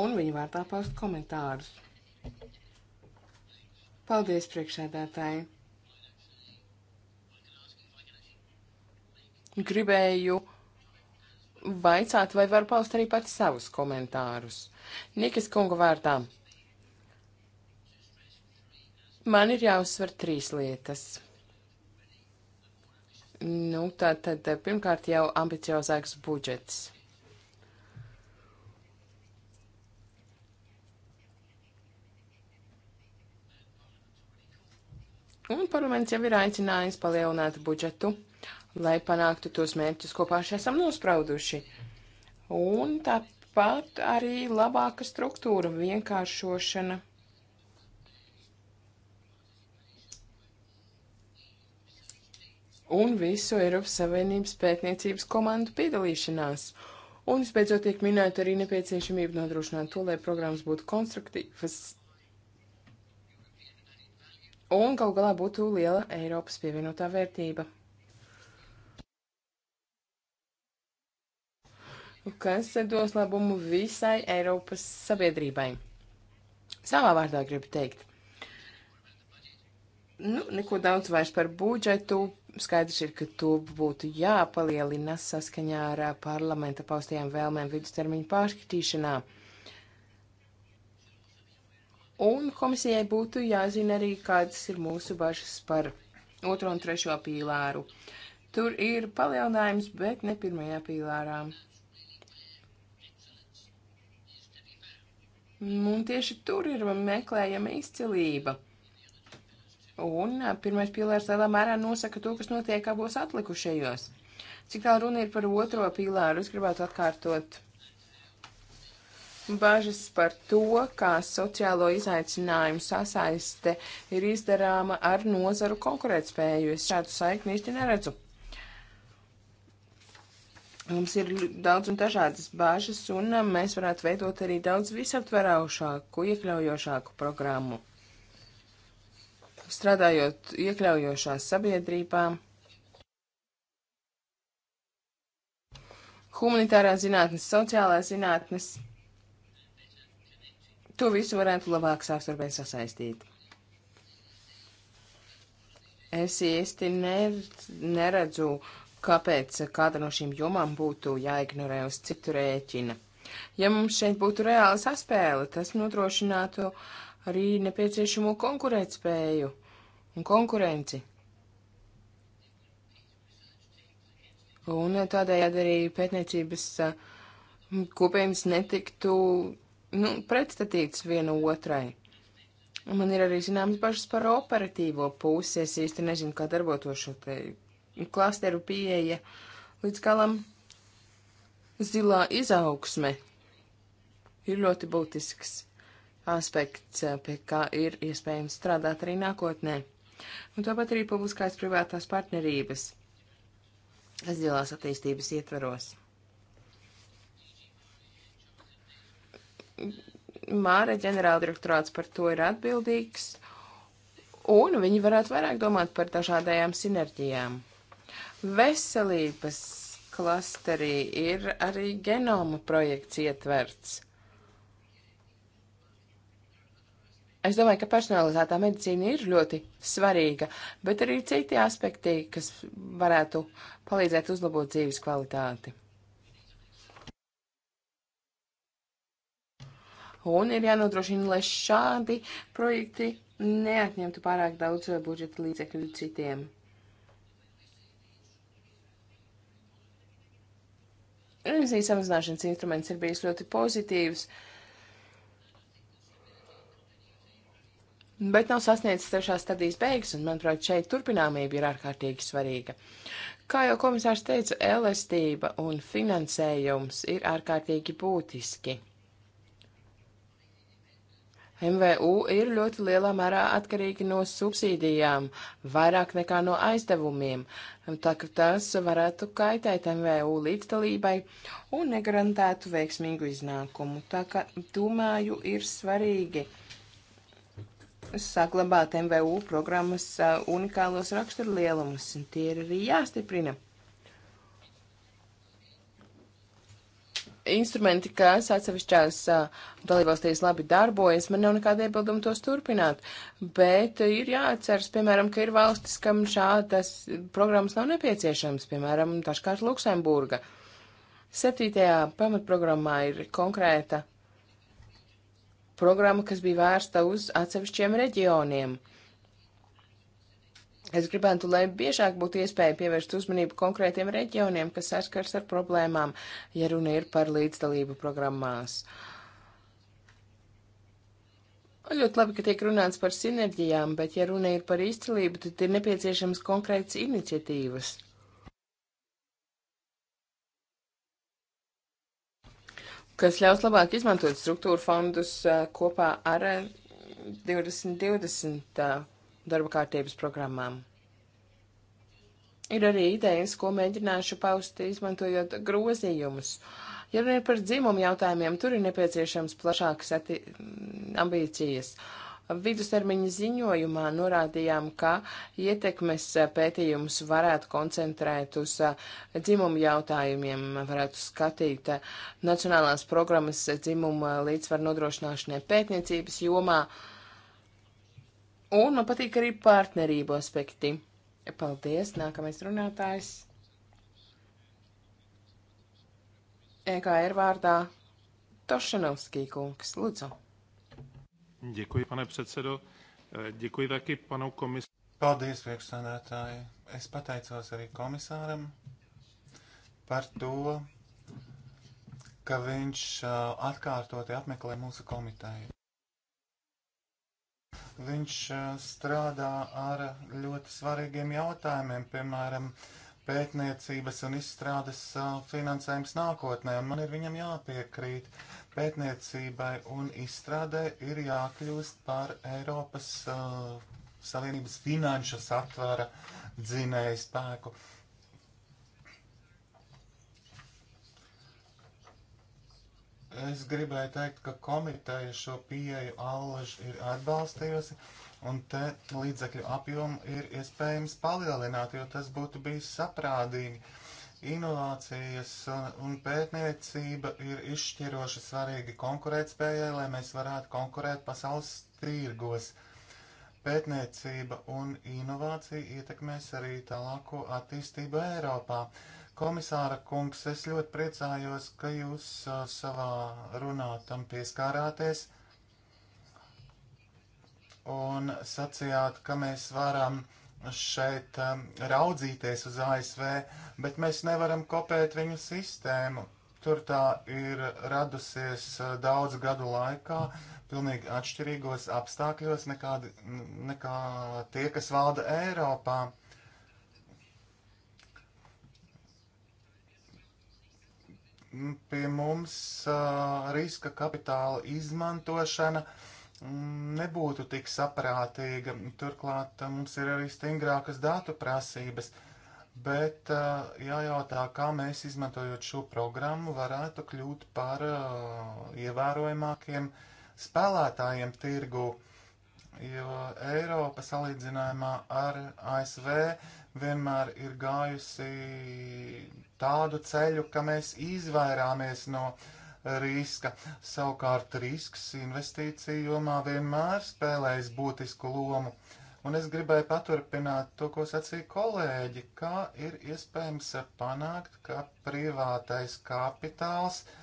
Un viņa vārtā paust komentārus. Paldies priekšēdētāji. Gribēju vaicāt, vai varu paust arī pats savus komentārus. Nikas kunga vārdā. Man ir jāuzsver trīs lietas. Nu, tā tad eh, pirmkārt jau ambiciozāks budžets. Un parlaments jau ir aicinājis palielināt budžetu lai panāktu tos mērķus, ko paši esam nosprauduši. Un tāpat arī labāka struktūra, vienkāršošana. Un visu Eiropas Savienības pētniecības komandu piedalīšanās. Un, visbeidzot, tiek minēta arī nepieciešamība nodrošināt to, lai programmas būtu konstruktīvas un galu galā būtu liela Eiropas pievienotā vērtība. kas dos labumu visai Eiropas sabiedrībai. Savā vārdā gribu teikt. Nu, neko daudz vairs par budžetu. Skaidrs ir, ka to būtu jāpalielina saskaņā ar parlamenta paustajām vēlmēm vidustermiņu pārskatīšanā. Un komisijai būtu jāzina arī, kādas ir mūsu bažas par otro un trešo pīlāru. Tur ir palielinājums, bet ne pirmajā pīlārā. Un tieši tur ir meklējama izcilība. Un pirmais pilārs lielā mērā nosaka to, kas notiek abos atlikušajos. Cik tālu runa ir par otro pilāru, es gribētu atkārtot bažas par to, kā sociālo izaicinājumu sasaiste ir izdarāma ar nozaru konkurētspēju. Es šādu saikni īsti neredzu. Mums ir daudz un dažādas bāžas, un uh, mēs varētu veidot arī daudz visaptveraušāku, iekļaujošāku programmu. Strādājot iekļaujošās sabiedrībā, humanitārās zinātnes, sociālās zinātnes, to visu varētu labāk savstarpēji sasaistīt. Es īsti neredzu. Uh, kāpēc kāda no šīm jomām būtu jāignorē uz citu rēķina. Ja mums šeit būtu reāla saspēle, tas nodrošinātu arī nepieciešamo konkurētspēju un konkurenci. Un tādējādi arī pētniecības kopējums netiktu nu, pretstatīts viena otrai. Man ir arī zināmas bažas par operatīvo pusi. Es īsti nezinu, kā darbotos šo te klasteru pieeja līdz galam zilā izaugsme ir ļoti būtisks aspekts, eh, pie kā ir iespējams strādāt arī nākotnē. Un tāpat arī publiskās privātās partnerības zilās attīstības ietveros. Māra ģenerāldirektorāts par to ir atbildīgs, un viņi varētu vairāk domāt par dažādajām sinerģijām. Veselības klasterī ir arī genoma projekts ietverts. Es domāju, ka personalizētā medicīna ir ļoti svarīga, bet arī citi aspekti, kas varētu palīdzēt uzlabot dzīves kvalitāti. Un ir jānodrošina, lai šādi projekti neatņemtu pārāk daudz budžeta līdzekļu citiem. Emisiju samazināšanas instruments ir bijis ļoti pozitīvs, bet nav sasniedzis trešās stadijas beigas, un, manuprāt, šeit turpināmība ir ārkārtīgi svarīga. Kā jau komisārs teica, elastība un finansējums ir ārkārtīgi būtiski. MVU ir ļoti lielā mērā atkarīgi no subsīdijām, vairāk nekā no aizdevumiem, tā ka tas varētu kaitēt MVU līdzdalībai un negarantētu veiksmīgu iznākumu. Tā ka, domāju, ir svarīgi saglabāt MVU programmas uh, unikālos raksturlielumus, un tie ir arī jāstiprina. instrumenti, kas atsevišķās dalībvalstīs labi darbojas, man nav nekāda iebilduma tos turpināt, bet ir jāatceras, piemēram, ka ir valstis, kam šādas programmas nav nepieciešams, piemēram, dažkārt Luksemburga. Septītajā pamatprogrammā ir konkrēta programma, kas bija vērsta uz atsevišķiem reģioniem. Es gribētu, lai biežāk būtu iespēja pievērst uzmanību konkrētiem reģioniem, kas saskars ar problēmām, ja runa ir par līdzdalību programmās. Ļoti labi, ka tiek runāts par sinerģijām, bet ja runa ir par izcilību, tad ir nepieciešams konkrēts iniciatīvas. kas ļaus labāk izmantot struktūra fondus kopā ar 2020 darba kārtības programmām. Ir arī idejas, ko mēģināšu paust, izmantojot grozījumus. Ja runa ir par dzimumu jautājumiem, tur ir nepieciešams plašākas ambīcijas. Vidustermiņa ziņojumā norādījām, ka ietekmes pētījumus varētu koncentrēt uz dzimumu jautājumiem, varētu skatīt nacionālās programmas dzimuma līdzsvaru nodrošināšanai pētniecības jomā. Uh, Un man patīk arī partnerību aspekti. Paldies, nākamais runātājs. EKR vārdā Tošanovský kungs. Lūdzu. Děkuji, pane předsedo. E, děkuji taky panu komisāru. Paldies, priekšsādātāji. Es pateicos arī komisāram par to, ka viņš e, atkārtoti apmeklē mūsu komiteju. Viņš strādā ar ļoti svarīgiem jautājumiem, piemēram, pētniecības un izstrādes finansējums nākotnē, un man ir viņam jāpiekrīt. Pētniecībai un izstrādē ir jākļūst par Eiropas uh, Savienības finanšu satvara dzinēju spēku. Uh, Es gribēju teikt, ka komiteja šo pieeju allaž ir atbalstījusi, un te līdzekļu apjomu ir iespējams palielināt, jo tas būtu bijis saprādīgi. Inovācijas un, un pētniecība ir izšķiroši svarīgi konkurētspējai, lai mēs varētu konkurēt pasaules tirgos. Pētniecība un inovācija ietekmēs arī tālāko attīstību Eiropā. Uh, Komisāra kungs, es ļoti priecājos, ka jūs uh, savā runā tam pieskārāties un sacījāt, ka mēs varam šeit um, raudzīties uz ASV, bet mēs nevaram kopēt viņu sistēmu. Tur tā ir radusies uh, daudz gadu laikā, pilnīgi atšķirīgos apstākļos nekā, nekā tie, kas valda Eiropā. pie mums uh, riska kapitāla izmantošana mm, nebūtu tik saprātīga. Turklāt uh, mums ir arī stingrākas datu prasības, bet uh, jājautā, kā mēs izmantojot šo programmu varētu kļūt par ievērojamākiem spēlētājiem tirgu jo Eiropa salīdzinājumā ar ASV vienmēr ir gājusi tādu ceļu, ka mēs izvairāmies no riska. Savukārt risks investīciju jomā vienmēr spēlējis būtisku lomu. Un es gribēju paturpināt to, ko sacīja kolēģi, kā ir iespējams panākt, ka privātais kapitāls uh,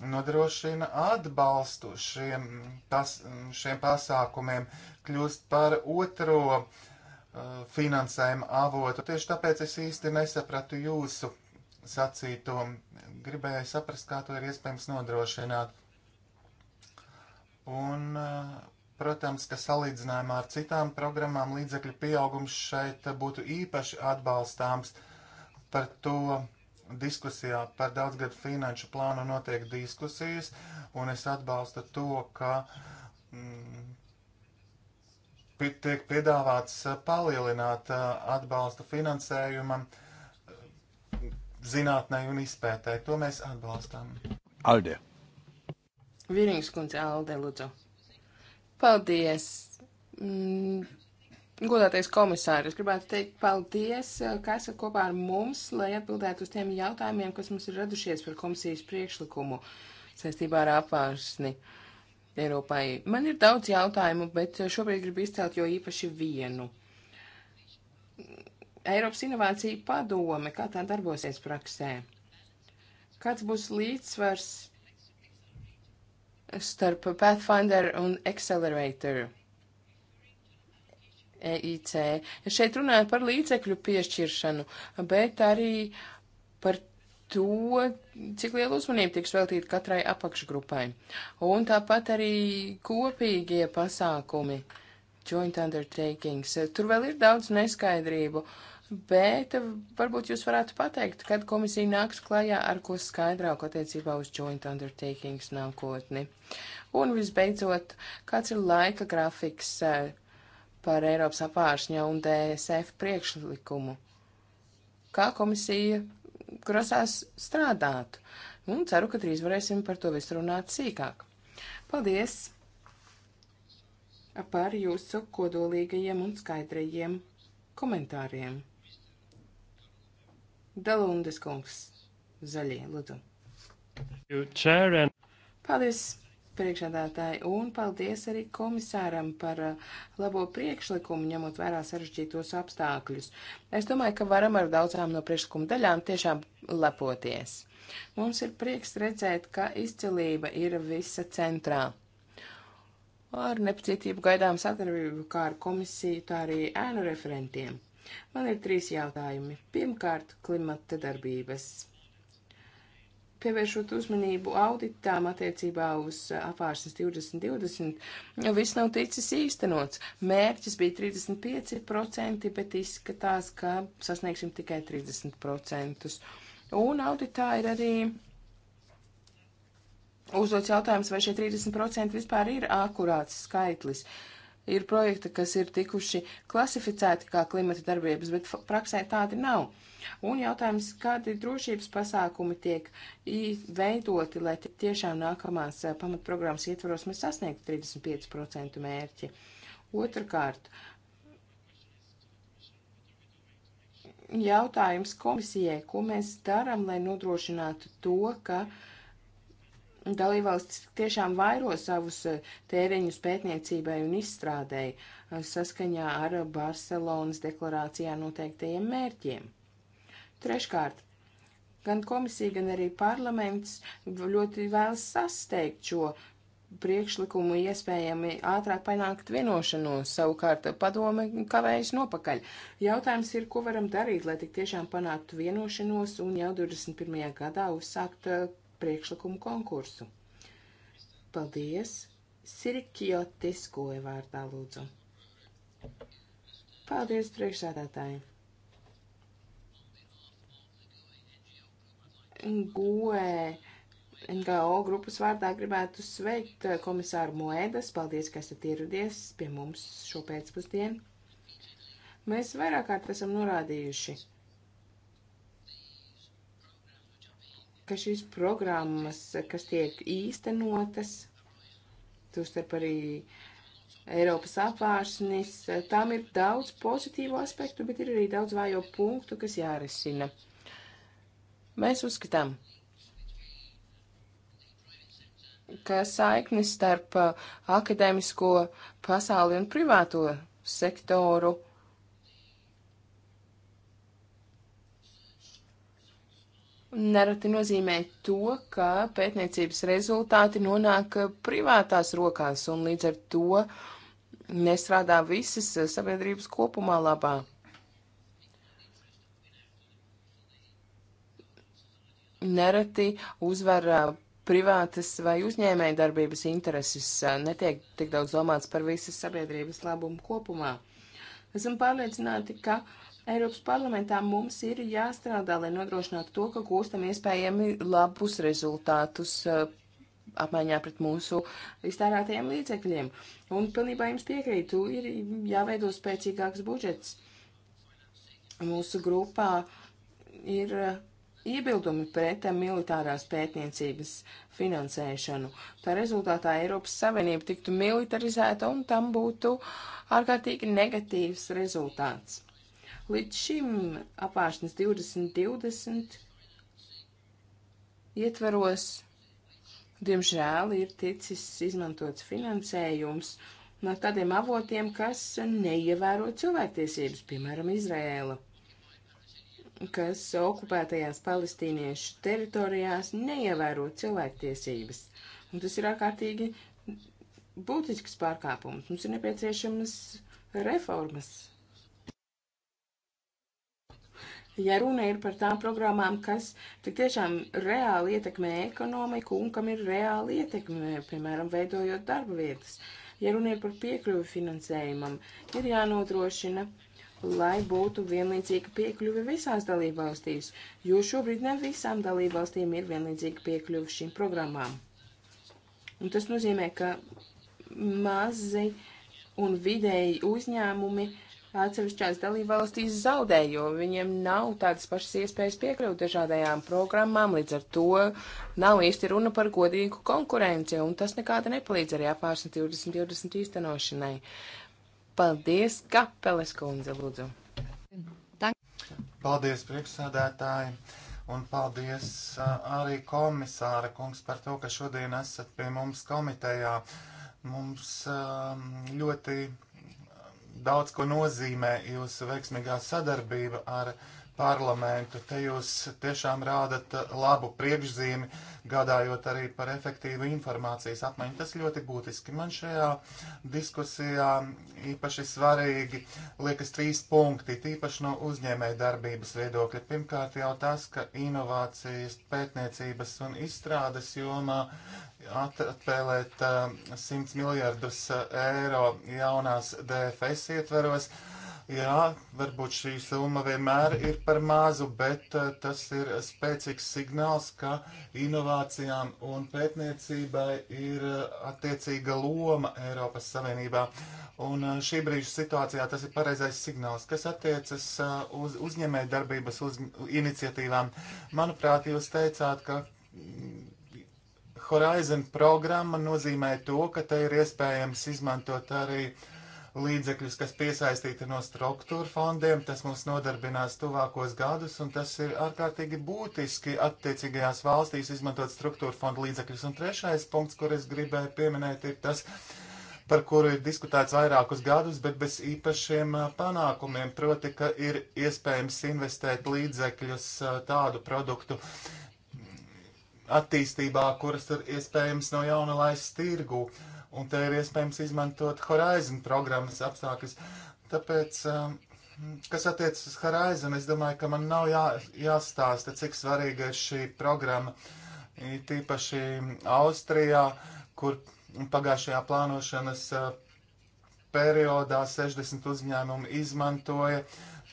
nodrošina atbalstu šiem, tas, šiem pasākumiem, kļūst par otro uh, finansējuma avotu. Tieši tāpēc es īsti nesapratu jūsu sacīto. Gribēju saprast, kā to ir iespējams nodrošināt. Un, uh, protams, ka salīdzinājumā ar citām programmām līdzekļu pieaugums šeit būtu īpaši atbalstāms par to, diskusijā par daudzgadu finanšu plānu notiek diskusijas, un es atbalstu to, ka mm, tiek piedāvāts palielināt atbalstu finansējumam zinātnē un izpētē. To mēs atbalstām. Alde. Vienīgs kundze Alde, lūdzu. Paldies. Mm Godātais komisāri, es gribētu teikt paldies, eh, ka esat kopā ar mums, lai atbildētu uz tiem jautājumiem, kas mums ir radušies par komisijas priekšlikumu saistībā ar apvārsni Eiropai. Man ir daudz jautājumu, bet šobrīd gribu izcelt jo īpaši vienu. Eiropas inovācija padome, kā tā darbosies praksē? Kāds būs līdzsvars starp Pathfinder un Accelerator? EIC. Es šeit runāju par līdzekļu piešķiršanu, bet arī par to, cik liela uzmanība tiks veltīta katrai apakšgrupai. Un tāpat arī kopīgie pasākumi, joint undertakings. Tur vēl ir daudz neskaidrību, bet varbūt jūs varētu pateikt, kad komisija nāks klajā ar ko skaidrāku attiecībā uz joint undertakings nākotni. Un visbeidzot, kāds ir laika grafiks par Eiropas apvāršņa un DSF priekšlikumu. Kā komisija grasās strādāt? Un nu, ceru, ka drīz varēsim par to visu runāt sīkāk. Paldies par jūsu kodolīgajiem un skaidrajiem komentāriem. Dalundes kungs, zaļie, lūdzu. Paldies! priekšādātāji, un paldies arī komisāram par uh, labo priekšlikumu, ņemot vērā sarežģītos apstākļus. Es domāju, ka varam ar daudzām no priekšlikuma daļām tiešām lepoties. Mums ir prieks redzēt, ka izcilība ir visa centrā. Ar nepacietību gaidām sadarbību kā ar komisiju, tā arī ēnu referentiem. Man ir trīs jautājumi. Pirmkārt, klimata darbības pievēršot uzmanību auditām attiecībā uz eh, apvārsnes 2020, viss nav ticis īstenots. Mērķis bija 35%, bet izskatās, ka sasniegsim tikai 30%. Un auditā ir arī uzdots jautājums, vai šie 30% vispār ir akurāts skaitlis. Uh, ir projekti, kas ir tikuši klasificēti kā klimata darbības, bet praksē tādi nav. Un jautājums, kādi drošības pasākumi tiek veidoti, lai tiešām nākamās pamatprogrammas ietvaros mēs sasniegtu 35% mērķi. Otrakārt, jautājums komisijai, ko mēs darām, lai nodrošinātu to, ka uh, dalībvalstis tiešām vairo savus eh, tēriņus pētniecībai un izstrādēji eh, saskaņā ar Barcelonas deklarācijā noteiktajiem mērķiem. Treškārt, gan komisija, gan arī parlaments ļoti vēlas sasteigt šo priekšlikumu iespējami ātrāk panākt vienošanos, savukārt padome kavējas nopakaļ. Jautājums ir, ko varam darīt, lai tik tiešām panāktu vienošanos un jau 21. gadā uzsākt eh, priekšlikumu konkursu. Paldies! Sirikjotis, ko vārdā lūdzu. Paldies, priekšsēdētāji! Goe! NGO grupas vārdā gribētu sveikt eh, komisāru Moedas. Paldies, ka esat ieradies pie mums šo pēcpusdienu. Mēs vairāk kārt esam norādījuši, ka šīs programmas, kas tiek īstenotas, tostarp arī Eiropas apvāršanis, tām ir daudz pozitīvu aspektu, bet ir arī daudz vājo punktu, kas jārisina. Mēs uzskatām, ka saiknis starp uh, akadēmisko pasauli un privāto sektoru – nereti nozīmē to, ka pētniecības rezultāti nonāk privātās rokās un līdz ar to nestrādā visas sabiedrības kopumā labā. Nereti uzvar privātas vai uzņēmēja darbības intereses netiek tik daudz domāts par visas sabiedrības labumu kopumā. Esam pārliecināti, ka uh, Eiropas parlamentā mums ir jāstrādā, lai nodrošinātu to, ka gūstam iespējami labus rezultātus eh, apmaiņā pret mūsu iztērētajiem līdzekļiem. Un pilnībā jums piekrītu, ir jāveido spēcīgāks budžets. Mūsu grupā ir eh, iebildumi pret militārās pētniecības finansēšanu. Tā rezultātā Eiropas Savienība tiktu militarizēta un tam būtu ārkārtīgi negatīvs rezultāts. Līdz šim apāršņas 2020 ietvaros, diemžēl, ir ticis izmantots finansējums no tādiem avotiem, kas neievēro cilvēktiesības, piemēram, Izrēla kas okupētajās palestīniešu teritorijās neievēro cilvēktiesības. Un tas ir ārkārtīgi būtisks pārkāpums. Mums ir nepieciešamas reformas ja runa ir par tām programmām, kas tik tiešām reāli ietekmē ekonomiku un kam ir reāli ietekme, piemēram, veidojot darba vietas. Ja runa ir par piekļuvi finansējumam, ir jānodrošina, lai būtu vienlīdzīga piekļuve visās dalībvalstīs, jo šobrīd ne visām dalībvalstīm ir vienlīdzīga piekļuve šīm programmām. Un tas nozīmē, ka mazi un vidēji uzņēmumi uh, atsevišķās dalībvalstīs zaudē, jo viņiem nav tādas pašas iespējas piekļūt dažādajām programmām, līdz ar to nav īsti runa par godīgu konkurenci, un tas nekāda nepalīdz arī apvārsni 2020 īstenošanai. Paldies, Kapeles kundze, lūdzu. Paldies, priekšsādātāji, un paldies arī komisāra kungs par to, ka šodien esat pie mums komitejā. Mums ļoti daudz ko nozīmē jūsu veiksmīgā sadarbība ar parlamentu. Te jūs tiešām rādat labu priekšzīmi, gādājot arī par efektīvu informācijas apmaiņu. Tas ļoti būtiski. Man šajā diskusijā īpaši svarīgi liekas trīs punkti, tīpaši no uzņēmēja darbības viedokļa. Pirmkārt jau tas, ka inovācijas pētniecības un izstrādes jomā atspēlēt um, uh, 100 miljardus eiro jaunās DFS ietveros. Uh, Jā, varbūt šī summa vienmēr ir par mazu, bet eh, tas ir spēcīgs signāls, ka inovācijām un pētniecībai ir eh, attiecīga loma Eiropas Savienībā. Un eh, šī brīža situācijā tas ir pareizais signāls, kas attiecas uz uzņēmē darbības uz iniciatīvām. Manuprāt, jūs teicāt, ka mm, Horizon programma nozīmē to, ka te ir iespējams izmantot arī uh, līdzekļus, kas piesaistīti no struktūra fondiem. Tas mums nodarbinās tuvākos gadus, un tas ir ārkārtīgi būtiski attiecīgajās valstīs izmantot struktūra fondu līdzekļus. Un trešais punkts, kur es gribēju pieminēt, ir tas, par kuru ir diskutēts vairākus gadus, bet bez īpašiem panākumiem, proti, ka ir iespējams investēt līdzekļus tādu produktu attīstībā, kuras ir iespējams no jauna laist tirgu. Uh, un te ir iespējams izmantot Horizon programmas apstākļus. Tāpēc, um, kas attiecas uz Horizon, es domāju, ka man nav jā, jāstāsta, cik svarīga ir šī programma, tīpaši Austrijā, kur pagājušajā plānošanas uh, periodā 60 uzņēmumu izmantoja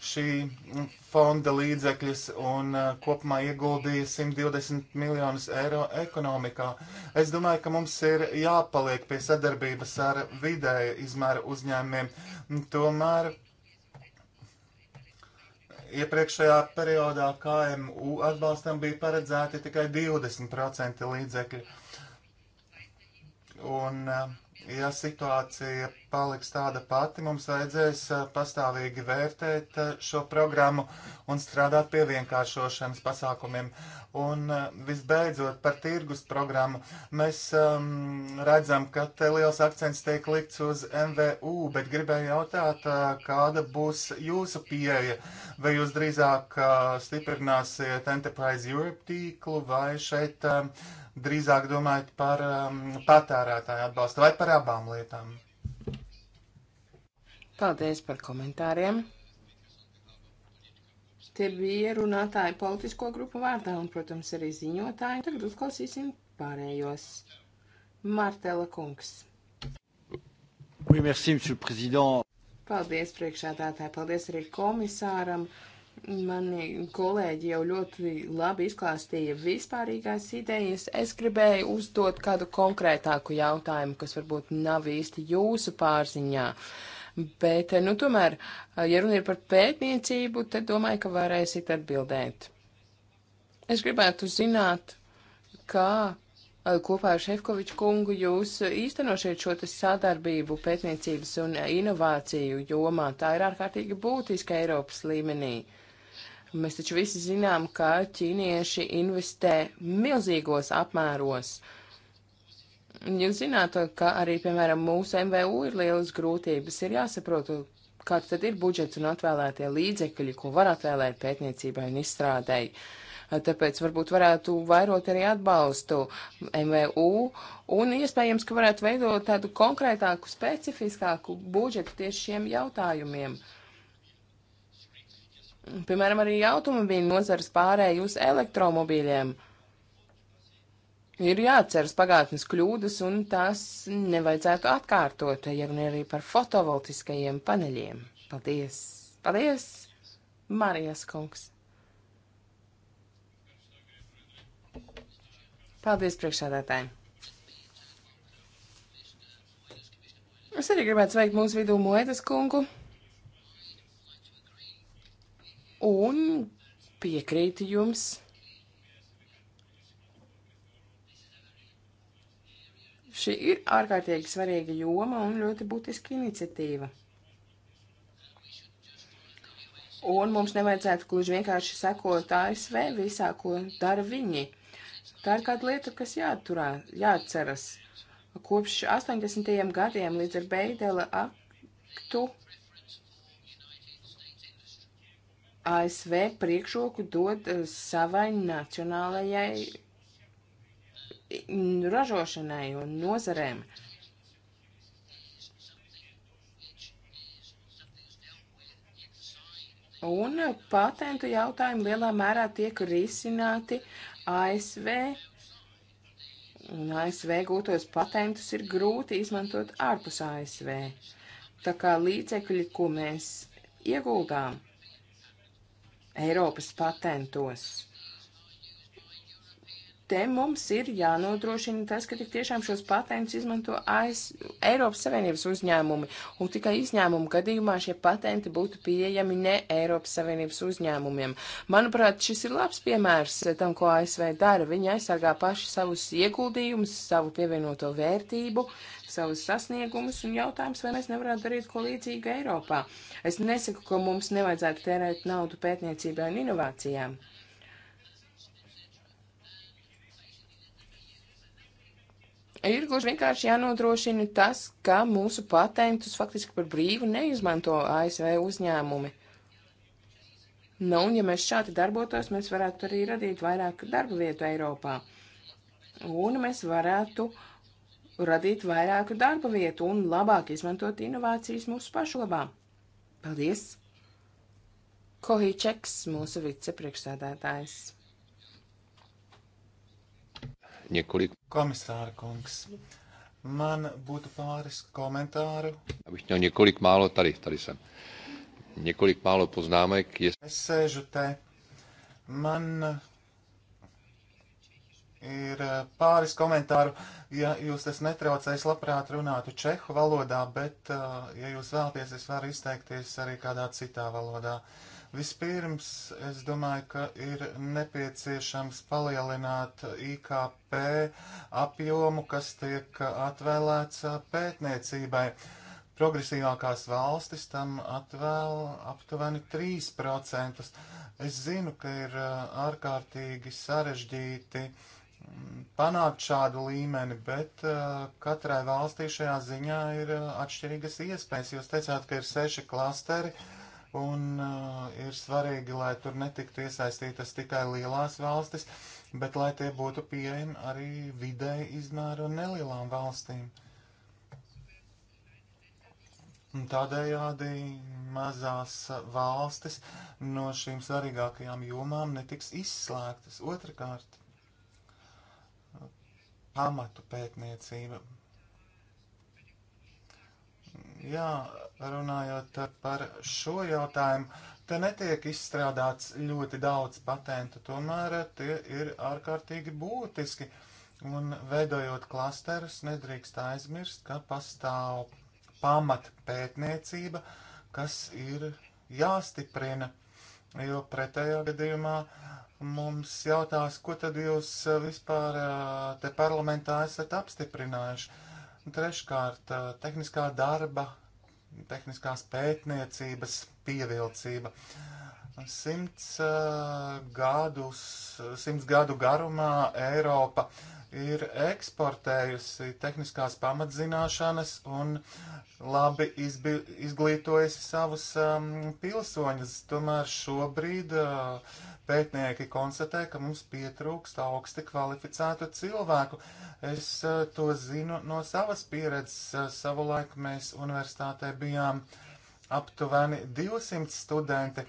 šī fonda līdzekļus un eh, kopumā ieguldīja 120 miljonus eiro ekonomikā. Es domāju, ka mums ir jāpaliek pie sadarbības ar vidēja izmēra uzņēmumiem. Tomēr iepriekšējā periodā KMU atbalstam bija paredzēti tikai 20% līdzekļu. Un uh, ja situācija paliks tāda pati, mums vajadzēs eh, pastāvīgi vērtēt eh, šo programmu un strādāt pie vienkāršošanas pasākumiem. Un eh, visbeidzot par tirgus programmu. Mēs um, redzam, ka te liels akcents tiek likts uz MVU, bet gribēju jautāt, kāda būs jūsu pieeja? Vai jūs drīzāk uh, stiprināsiet Enterprise Europe tīklu vai šeit? Um, uh, drīzāk domājat par um, patērētāju atbalstu vai par abām lietām? Paldies par komentāriem. Te bija runātāji politisko grupu vārdā un, protams, arī ziņotāji. Tagad uzklausīsim pārējos. Martela kungs. Oui, merci, Paldies priekšādātāji, paldies arī komisāram Mani kolēģi jau ļoti labi izklāstīja vispārīgās idejas. Es gribēju uzdot kādu konkrētāku jautājumu, kas varbūt nav īsti jūsu pārziņā. Bet, nu, tomēr, ja runa ir par pētniecību, tad domāju, ka varēsit atbildēt. Es gribētu zināt, kā eh, kopā ar Šefkoviču kungu jūs īstenošiet šo sadarbību pētniecības un inovāciju jomā. Tā ir ārkārtīgi būtiska Eiropas līmenī. Mēs taču visi zinām, ka ķīnieši investē milzīgos apmēros. Jūs zināt, ka arī, piemēram, mūsu MVU ir lielas grūtības. Ir jāsaprot, kāds tad ir budžets un atvēlētie līdzekļi, ko var atvēlēt pētniecībai un izstrādēji. Tāpēc varbūt varētu vairot arī atbalstu MVU un iespējams, ka varētu veidot tādu konkrētāku, specifiskāku budžetu tieši šiem jautājumiem. Uh, Piemēram, arī automobīļu nozars pārēja uz elektromobīļiem. Ir jāatceras pagātnes kļūdas, un tās nevajadzētu atkārtot, ja runa arī par fotovoltiskajiem paneļiem. Paldies! Paldies, Marijas kungs! Paldies priekšādātājiem! Es arī gribētu sveikt mūsu vidū Moedas kungu. Un piekrītu jums. Šī ir ārkārtīgi svarīga joma un ļoti būtiska iniciatīva. Un mums nevajadzētu gluži vienkārši sekot ASV visā, ko dara viņi. Tā ir kāda lieta, kas jāturā, jāatceras. Kopš 80. gadiem līdz ar Beidela aktu ASV priekšroku dod eh, savai nacionālajai ražošanai un nozarēm. Un patentu jautājumi lielā mērā tiek risināti ASV. Un ASV gūtos patentus ir grūti izmantot ārpus ASV. Tā kā līdzekļi, ko mēs ieguldām, Eiropas patentos. Te mums ir jānodrošina tas, ka tik tiešām šos patentus izmanto AS, Eiropas Savienības uzņēmumi, un tikai izņēmumu gadījumā šie patenti būtu pieejami ne Eiropas Savienības uzņēmumiem. Manuprāt, šis ir labs piemērs tam, ko ASV dara. Viņi aizsargā paši savus ieguldījumus, savu pievienoto vērtību. Uh, savus sasniegumus, un jautājums, vai mēs nevarētu darīt ko līdzīgu Eiropā. Es nesaku, ka mums nevajadzētu tērēt naudu pētniecībai un inovācijām. Ir gluži vienkārši jānodrošina tas, ka mūsu patentus faktiski par brīvu neizmanto ASV uzņēmumi. Nu, un ja mēs šādi darbotos, mēs varētu arī radīt vairāk darba vietu Eiropā. Un mēs varētu uh, radīt vairāk darba vietu un labāk izmantot inovācijas mūsu pašu labā. Paldies! Kohīčeks, mūsu vicepriekšsēdētājs. Několik... Komisāra kungs, man būtu pāris komentāru. Abych měl několik málo, tady, tady jsem, několik málo poznámek. Je... Es sēžu te. Man ir eh, pāris komentāru. Ja jūs tas netraucēs, labprāt runātu čehu valodā, bet, eh, ja jūs vēlaties, es varu izteikties arī kādā citā valodā. Vispirms, es domāju, ka ir nepieciešams palielināt eh, IKP apjomu, kas tiek atvēlēts pētniecībai. Progresīvākās valstis tam atvēl aptuveni 3%. Es zinu, ka ir ārkārtīgi sarežģīti uh, panākt šādu līmeni, bet uh, katrai valstī šajā ziņā ir uh, atšķirīgas iespējas. Jūs teicāt, ka ir seši klasteri un uh, ir svarīgi, lai tur netiktu iesaistītas tikai lielās valstis, bet lai tie būtu pieejami arī vidēji izmēru un nelielām valstīm. Un tādējādi mazās valstis no šīm svarīgākajām jomām netiks izslēgtas. Otrakārt, pamatu pētniecība. Jā, runājot par šo jautājumu, te netiek izstrādāts ļoti daudz patentu, tomēr tie ir ārkārtīgi būtiski. Un veidojot klasterus, nedrīkst aizmirst, ka pastāv pamat pētniecība, kas ir jāstiprina, jo pretējā gadījumā uh, mums jautās, ko tad jūs eh, vispār eh, te parlamentā esat apstiprinājuši. Treškārt, eh, tehniskā darba, tehniskās pētniecības pievilcība. Simts gadus, simts gadu garumā Eiropa ir eksportējusi tehniskās pamatzināšanas un labi izbi, izglītojusi savus um, pilsoņus. Tomēr šobrīd uh, Pētnieki konstatē, ka mums pietrūkst augsti kvalificētu cilvēku. Es uh, to zinu no savas pieredzes. Uh, savulaik mēs universitātē bijām aptuveni 200 studenti,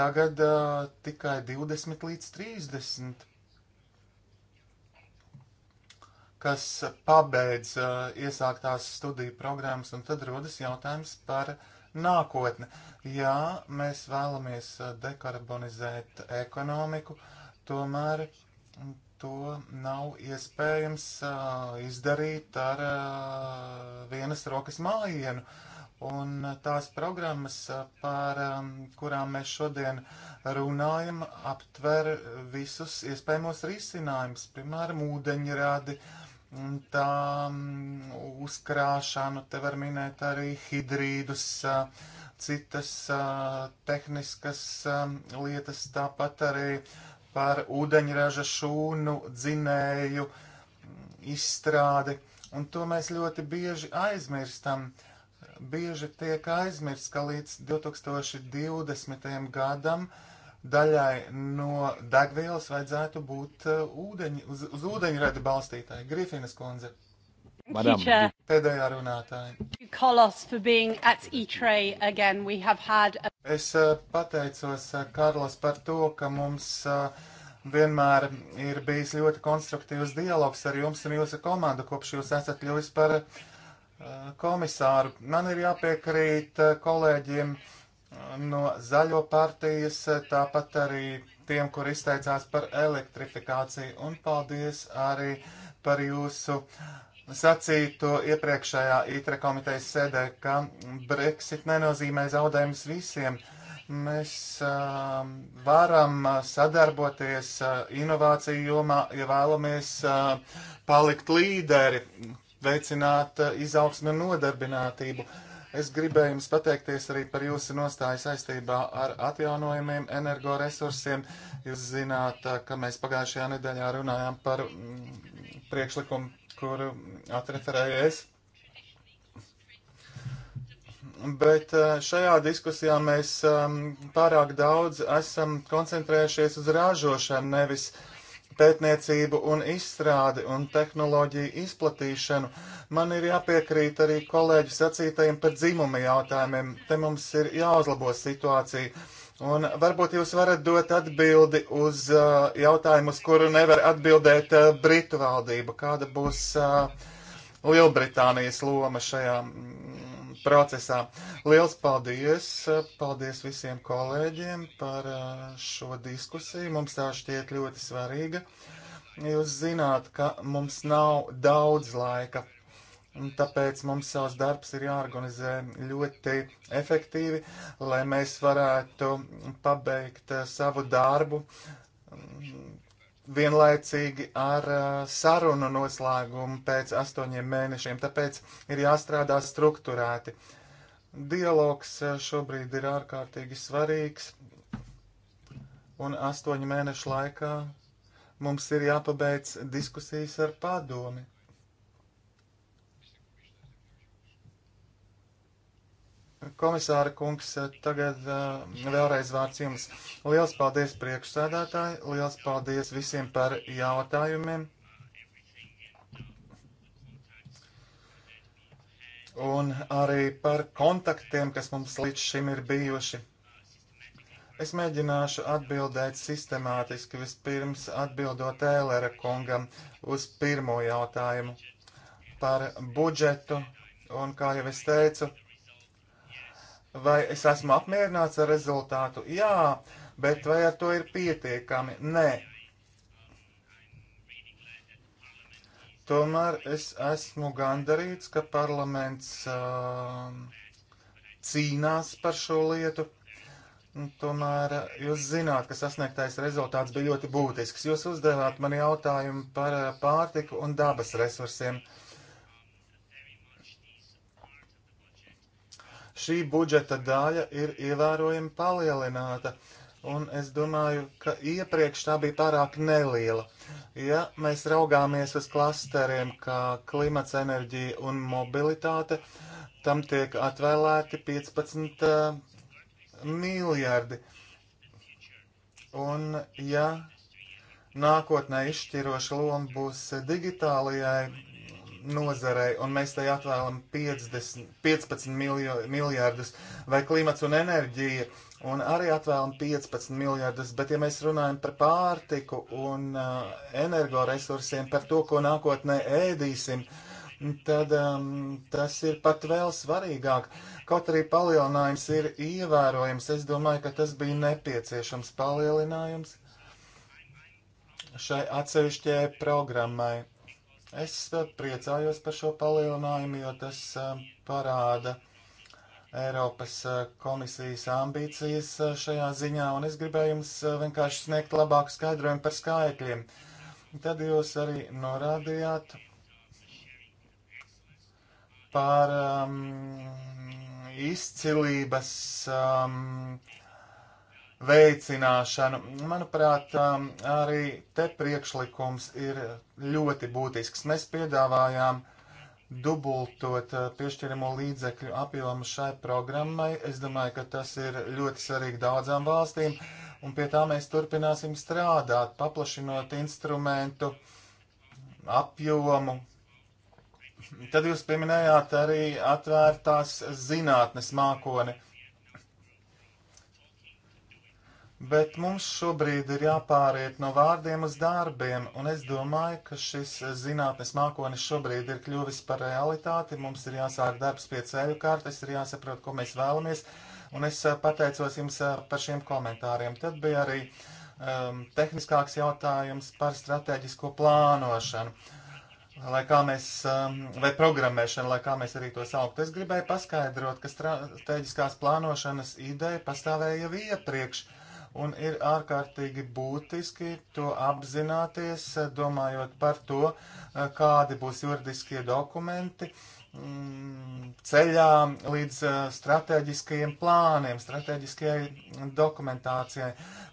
tagad uh, tikai 20 līdz 30 kas pabeidz uh, iesāktās studiju programmas, un tad rodas jautājums par nākotni. Uh, Jā, mēs vēlamies uh, dekarbonizēt ekonomiku, tomēr to nav iespējams uh, izdarīt ar uh, vienas rokas mājienu. Un uh, tās programmas, uh, par um, kurām mēs šodien runājam, aptver visus iespējamos risinājumus, piemēram, ūdeņradi, tā um, uzkrāšanu, te var minēt arī hidrīdus, uh, citas uh, tehniskas um, lietas, tāpat arī par ūdeņraža šūnu dzinēju mm, izstrādi. Un to mēs ļoti bieži aizmirstam. Bieži tiek aizmirsts, ka līdz 2020. gadam daļai no degvielas vajadzētu būt ūdeņ, uz, uz ūdeņradi balstītāji. Grifinas koncepts. Madam, pēdējā runātāja. Es eh, pateicos eh, Karlos par to, ka mums eh, vienmēr ir bijis ļoti konstruktīvs dialogs ar jums un jūsu komandu, kopš jūs esat kļuvis par komisāru. Man ir jāpiekrīt kolēģiem no Zaļo partijas, tāpat arī tiem, kur izteicās par elektrifikāciju, un paldies arī par jūsu uh, sacītu iepriekšējā ITRE komitejas sēdē, ka Brexit nenozīmē zaudējumus visiem. Mēs um, uh, varam sadarboties uh, inovāciju jomā, ja vēlamies uh, palikt līderi, veicināt uh, izaugsmu un nodarbinātību. Es gribēju jums pateikties arī par jūsu nostāju saistībā ar atjaunojumiem energoresursiem. Jūs zināt, uh, ka mēs pagājušajā nedēļā runājām par mm, priekšlikumu kuru atreferēju es. Bet eh, šajā diskusijā mēs ehm, pārāk daudz esam koncentrējušies uz ražošanu, nevis pētniecību un izstrādi un tehnoloģiju izplatīšanu. Man ir jāpiekrīt arī kolēģi sacītajiem par dzimumu jautājumiem. Te mums ir jāuzlabo situācija. Un varbūt jūs varat dot atbildi uz uh, jautājumu, uz kuru nevar atbildēt uh, Britu valdība. Kāda būs uh, Lielbritānijas loma šajā mm, procesā? Liels paldies! Uh, paldies visiem kolēģiem par uh, šo diskusiju. Mums tā šķiet ļoti svarīga. Jūs zināt, ka mums nav daudz laika Tāpēc mums savs darbs ir jāorganizē ļoti efektīvi, lai mēs varētu pabeigt eh, savu darbu mm, vienlaicīgi ar eh, sarunu noslēgumu pēc astoņiem mēnešiem. Tāpēc ir jāstrādā struktūrēti. Dialogs eh, šobrīd ir ārkārtīgi svarīgs, un astoņu mēnešu laikā mums ir jāpabeidz diskusijas ar padomi Komisāra kungs, tagad eh, vēlreiz vārds jums. Liels paldies priekšsēdētāji, liels paldies visiem par jautājumiem. Un arī par kontaktiem, kas mums līdz šim ir bijuši. Es mēģināšu atbildēt sistemātiski vispirms atbildot Ēlera kungam uz pirmo jautājumu par budžetu. Un kā jau es teicu, Vai es esmu apmierināts ar rezultātu? Jā, bet vai ar to ir pietiekami? Nē. Tomēr es esmu gandarīts, ka parlaments uh, cīnās par šo lietu. Tomēr uh, jūs zināt, ka sasniegtais rezultāts bija ļoti būtisks. Jūs uzdevāt man jautājumu par uh, pārtiku un dabas resursiem. Uh, Šī budžeta daļa ir ievērojami palielināta, un es domāju, ka iepriekš tā bija pārāk neliela. Ja mēs raugāmies uz klasteriem kā klimats, enerģija un mobilitāte, tam tiek atvēlēti 15 uh, eh, miljardi. Un, ja nākotnē izšķiroša loma būs digitālajai nozarei, un mēs tai atvēlam 50, 15 miljo, miljārdus, vai klimats un enerģija, un arī atvēlam 15 miljārdus, bet ja mēs runājam par pārtiku un uh, energoresursiem, par to, ko nākotnē ēdīsim, tad um, tas ir pat vēl svarīgāk. Kaut arī palielinājums ir ievērojams, es domāju, ka tas bija nepieciešams palielinājums šai atsevišķajai programmai Es eh, priecājos par šo palielinājumu, jo tas eh, parāda Eiropas eh, komisijas ambīcijas šajā ziņā, un es gribēju jums vienkārši sniegt labāku skaidrojumu par skaitļiem. Tad jūs arī norādījāt par um, izcilības um, uh, veicināšanu. Manuprāt, um, arī te priekšlikums ir ļoti būtisks. Mēs piedāvājām dubultot uh, piešķiramo līdzekļu apjomu šai programmai. Es domāju, ka tas ir ļoti svarīgi daudzām valstīm, un pie tā mēs turpināsim strādāt, paplašinot instrumentu apjomu. Tad jūs pieminējāt arī atvērtās zinātnes mākoni. Bet mums šobrīd ir jāpāriet no vārdiem uz darbiem, un es domāju, ka šis zinātnes mākonis šobrīd ir kļuvis par realitāti. Mums ir jāsāk darbs pie ceļu kārtas, ir jāsaprot, ko mēs vēlamies, un es pateicos jums par šiem komentāriem. Tad bija arī um, tehniskāks jautājums par strateģisko plānošanu. Lai kā mēs, um, vai programmēšana, lai kā mēs arī to sauktu, es gribēju paskaidrot, ka strateģiskās plānošanas ideja pastāvēja jau iepriekš. Uh, un ir ārkārtīgi būtiski to apzināties, domājot par to, eh, kādi būs juridiskie dokumenti mm, ceļā līdz eh, strateģiskajiem plāniem, strateģiskajai dokumentācijai.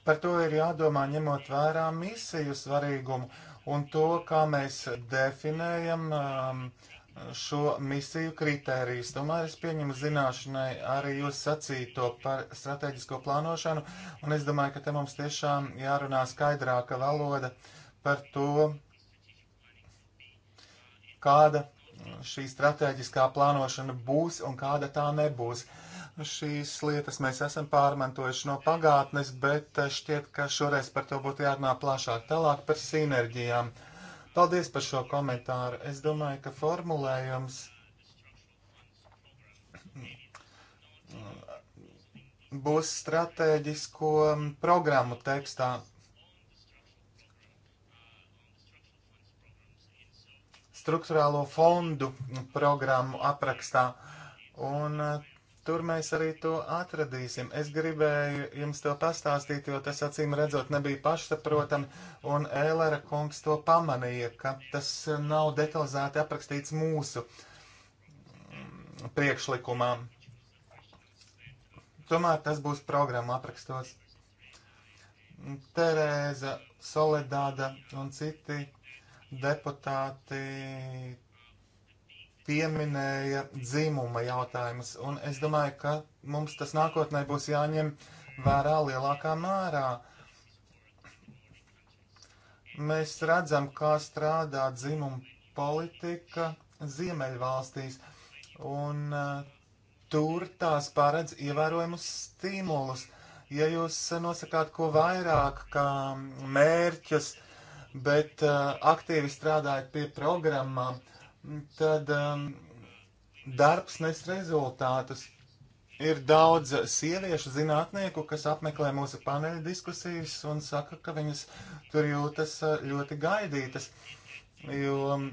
Par to ir jādomā ņemot vērā misiju svarīgumu un to, kā mēs definējam uh, šo misiju kritērijus. Tomēr es pieņemu zināšanai arī jūs sacīto par strateģisko plānošanu, un es domāju, ka te mums tiešām jārunā skaidrāka valoda par to, kāda šī strateģiskā plānošana būs un kāda tā nebūs. Šīs lietas mēs esam pārmantojuši no pagātnes, bet šķiet, ka šoreiz par to būtu jārunā plašāk. Tālāk par sinerģijām. Uh, Paldies par šo komentāru. Es domāju, ka formulējums mm, būs stratēģisko programmu tekstā. Struktūrālo fondu programmu aprakstā. Un Tur mēs arī to atradīsim. Es gribēju jums to pastāstīt, jo tas acīm redzot nebija pašsaprotami, un Ēlera kungs to pamanīja, ka tas nav detalizēti aprakstīts mūsu priekšlikumā. Tomēr tas būs programma aprakstos. Terēza, Soledāda un citi deputāti pieminēja dzīmuma jautājumus, un es domāju, ka mums tas nākotnē būs jāņem vērā lielākā mērā. Mēs redzam, kā strādā dzimuma politika Ziemeļvalstīs, un uh, tur tās paredz ievērojumus stimulus. Ja jūs nosakāt ko vairāk kā mērķus, bet uh, aktīvi strādājat pie programmām, uh, tad um, darbs nes rezultātus. Ir daudz sieviešu zinātnieku, kas apmeklē mūsu paneļa diskusijas un saka, ka viņas tur jūtas uh, ļoti gaidītas, jo um,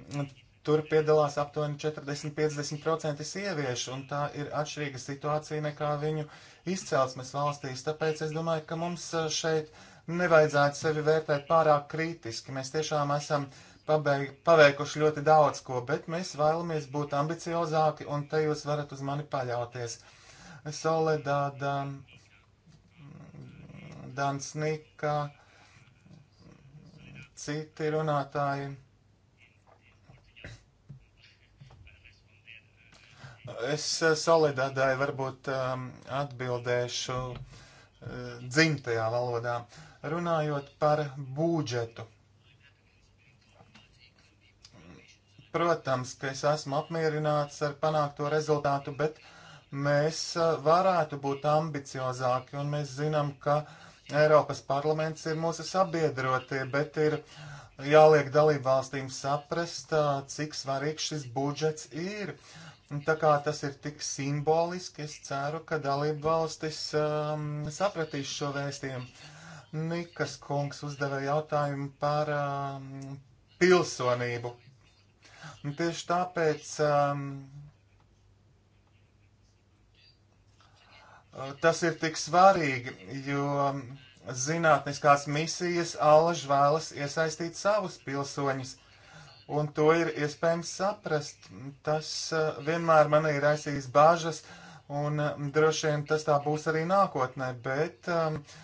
tur piedalās aptuveni 40-50% sieviešu, un tā ir atšķirīga situācija nekā viņu izcelsmes valstīs. Tāpēc es domāju, ka mums uh, šeit nevajadzētu sevi vērtēt pārāk kritiski. Mēs tiešām esam uh, pabeig, paveikuši ļoti daudz ko, bet mēs vēlamies būt ambiciozāki, un te jūs varat uz mani paļauties. Soledāda, um, Dansnika, citi runātāji. Es uh, solidādāju varbūt um, atbildēšu uh, dzimtajā valodā. Runājot par budžetu, Protams, ka es esmu apmierināts ar panākto rezultātu, bet mēs eh, varētu būt ambiciozāki, un mēs zinām, ka Eiropas parlaments ir mūsu sabiedrotie, bet ir jāliek dalību valstīm saprast, eh, cik svarīgs šis budžets ir. Un tā kā tas ir tik simboliski, es ceru, ka dalību valstis um, sapratīs šo vēstījumu. Nikas kungs uzdeva jautājumu par um, pilsonību. Un nu, tieši tāpēc um, tas ir tik svarīgi, jo zinātniskās misijas allaž vēlas iesaistīt savus pilsoņus. Un to ir iespējams saprast. Tas uh, vienmēr man ir aizsījis bāžas, un uh, droši vien tas tā būs arī nākotnē. Bet um, uh,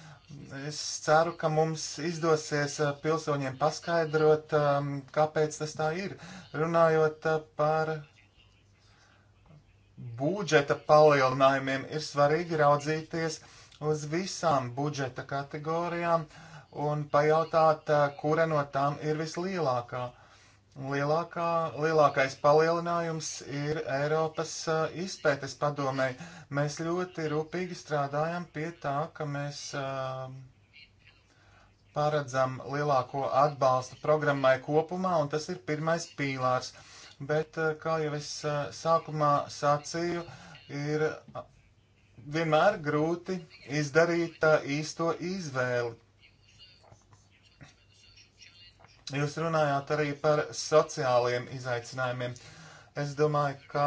Es ceru, ka mums izdosies eh, pilsoņiem paskaidrot, ehm, kāpēc tas tā ir. Runājot eh, par budžeta palielinājumiem, ir svarīgi raudzīties uz visām budžeta kategorijām un pajautāt, eh, kura no tām ir vislielākā. Lielākā, lielākais palielinājums ir Eiropas uh, izpētes padomē. Mēs ļoti rūpīgi strādājam pie tā, ka mēs uh, paredzam lielāko atbalstu programmai kopumā, un tas ir pirmais pīlārs. Bet, eh, kā jau es sākumā sacīju, ir vienmēr grūti izdarīt īsto izvēli. Jūs runājāt arī par sociālajiem izaicinājumiem. Es domāju, ka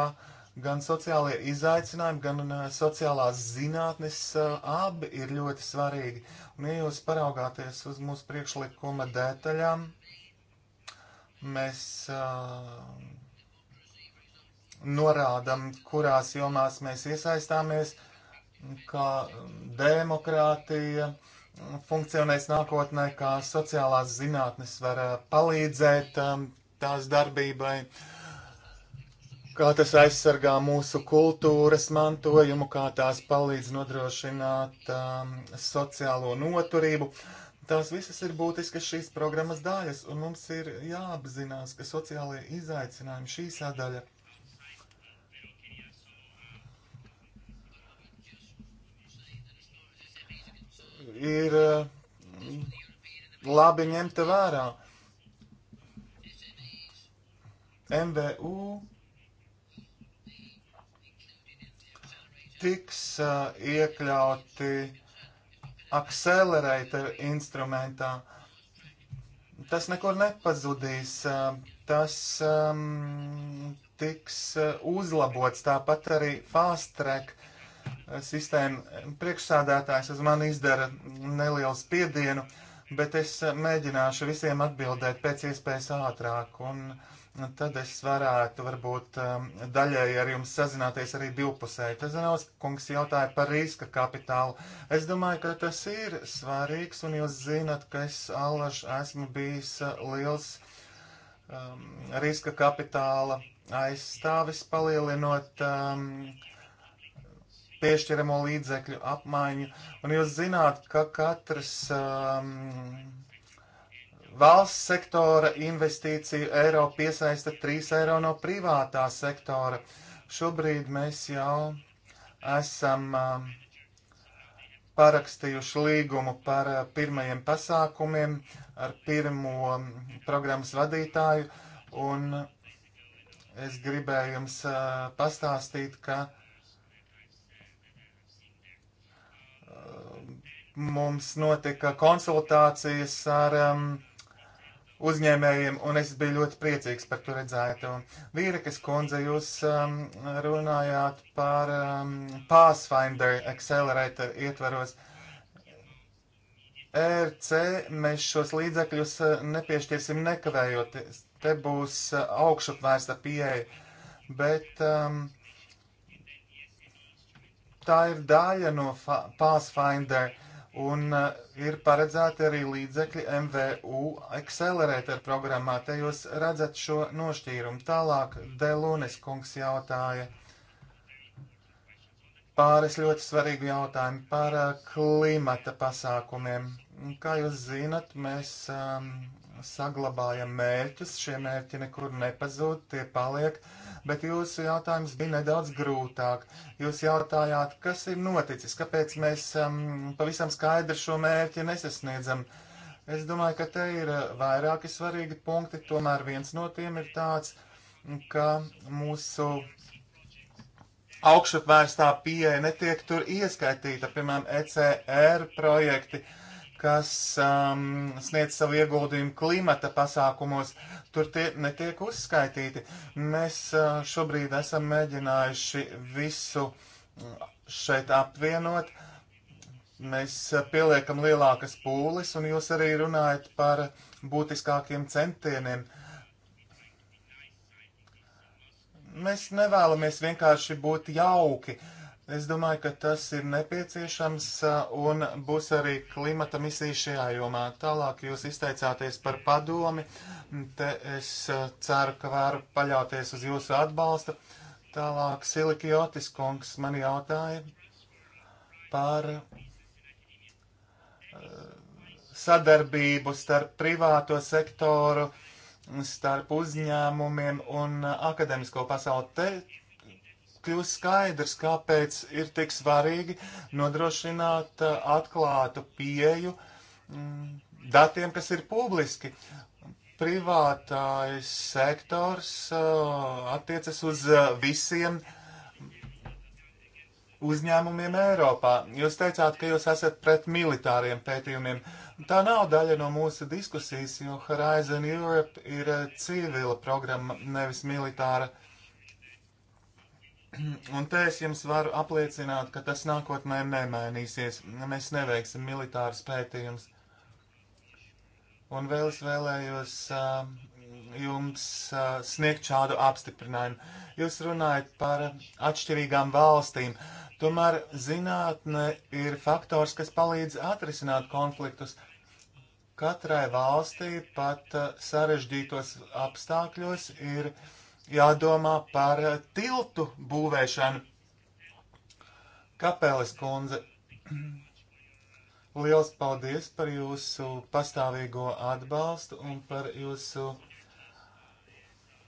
gan sociālie izaicinājumi, gan uh, sociālās zinātnes uh, abi ir ļoti svarīgi. Un, ja jūs paraugāties uz mūsu priekšlikuma detaļām, mēs uh, norādam, kurās jomās mēs iesaistāmies, kā um, demokrātija, uh, funkcionēs nākotnē, kā sociālās zinātnes var palīdzēt tās darbībai, kā tas aizsargā mūsu kultūras mantojumu, kā tās palīdz nodrošināt um, sociālo noturību. Tās visas ir būtiskas šīs programmas daļas, un mums ir jāapzinās, ka sociālajie izaicinājumi šī sadaļa ir eh, labi ņemta vērā. MVU tiks eh, iekļauti akcelerator instrumentā. Tas nekur nepazudīs. Eh, tas um, tiks uzlabots tāpat arī fast track sistēma. Priekšsādātājs uz mani izdara nelielu spiedienu, bet es mēģināšu visiem atbildēt pēc iespējas ātrāk. Un tad es varētu varbūt um, daļēji ar jums sazināties arī divpusēji. Tas Zenovs kungs jautāja par riska kapitālu. Es domāju, ka tas ir svarīgs, un jūs zinat, ka es allaž esmu bijis uh, liels um, riska kapitāla aizstāvis palielinot um, piešķiramo līdzekļu apmaiņu. Un jūs zināt, ka katras um, valsts sektora investīciju eiro piesaista 3 eiro no privātā sektora. Šobrīd mēs jau esam um, parakstījuši līgumu par uh, pirmajiem pasākumiem ar pirmo um, programmas vadītāju. Un es gribēju jums uh, pastāstīt, ka uh, mums notika konsultācijas ar um, uzņēmējiem, un es biju ļoti priecīgs par to redzēto. Vīrekas kundze, jūs um, runājāt par um, Pathfinder Accelerator ietvaros. ERC mēs šos līdzekļus uh, nepiešķirsim nekavējoties. Te būs uh, augšupvērsta pieeja, bet um, tā ir daļa no Pathfinder. Un uh, ir paredzēti arī līdzekļi MVU Accelerator programmā. Te jūs redzat šo nošķīrumu. Tālāk Delunis kungs jautāja pāris ļoti svarīgu jautājumu par uh, klimata pasākumiem. Kā jūs zinat, mēs um, saglabājam mērķus. Šie mērķi nekur nepazūd, tie paliek. Uh, bet jūsu jautājums bija nedaudz grūtāk. Jūs jautājāt, kas ir noticis, kāpēc mēs um, pavisam skaidri šo mērķi nesasniedzam. Es domāju, ka te ir uh, vairāki svarīgi punkti, tomēr viens no tiem ir tāds, ka mūsu augšupvērstā pieeja netiek tur ieskaitīta, piemēram, ECR projekti. Uh, kas um, sniedz savu ieguldījumu klimata pasākumos, tur tie netiek uzskaitīti. Mēs uh, šobrīd esam mēģinājuši visu uh, šeit apvienot. Mēs uh, pieliekam lielākas pūles, un jūs arī runājat par būtiskākiem centieniem. Mēs nevēlamies vienkārši būt jauki. Uh, Es domāju, ka tas ir nepieciešams un būs arī klimata misija šajā jomā. Tālāk jūs izteicāties par padomi. Te es ceru, ka varu paļauties uz jūsu atbalstu. Tālāk Silikjotis kungs man jautāja par sadarbību starp privāto sektoru, starp uzņēmumiem un akademisko pasauli. Te kļūst skaidrs, kāpēc ir tik svarīgi nodrošināt uh, atklātu pieju mm, datiem, kas ir publiski. Privātais sektors uh, attiecas uz uh, visiem uzņēmumiem Eiropā. Jūs teicāt, ka jūs esat pret militāriem pētījumiem. Tā nav daļa no mūsu diskusijas, jo Horizon Europe ir civila programma, nevis militāra. Uh, Un te es jums varu apliecināt, ka tas nākotnē nemainīsies. Mēs neveiksim militāru spētījumus. Un vēl es vēlējos uh, jums uh, sniegt šādu apstiprinājumu. Jūs runājat par atšķirīgām valstīm. Tomēr zinātne ir faktors, kas palīdz atrisināt konfliktus. Katrai valstī pat uh, sarežģītos apstākļos ir uh, jādomā par tiltu būvēšanu. Kapelis kundze, liels paldies par jūsu pastāvīgo atbalstu un par jūsu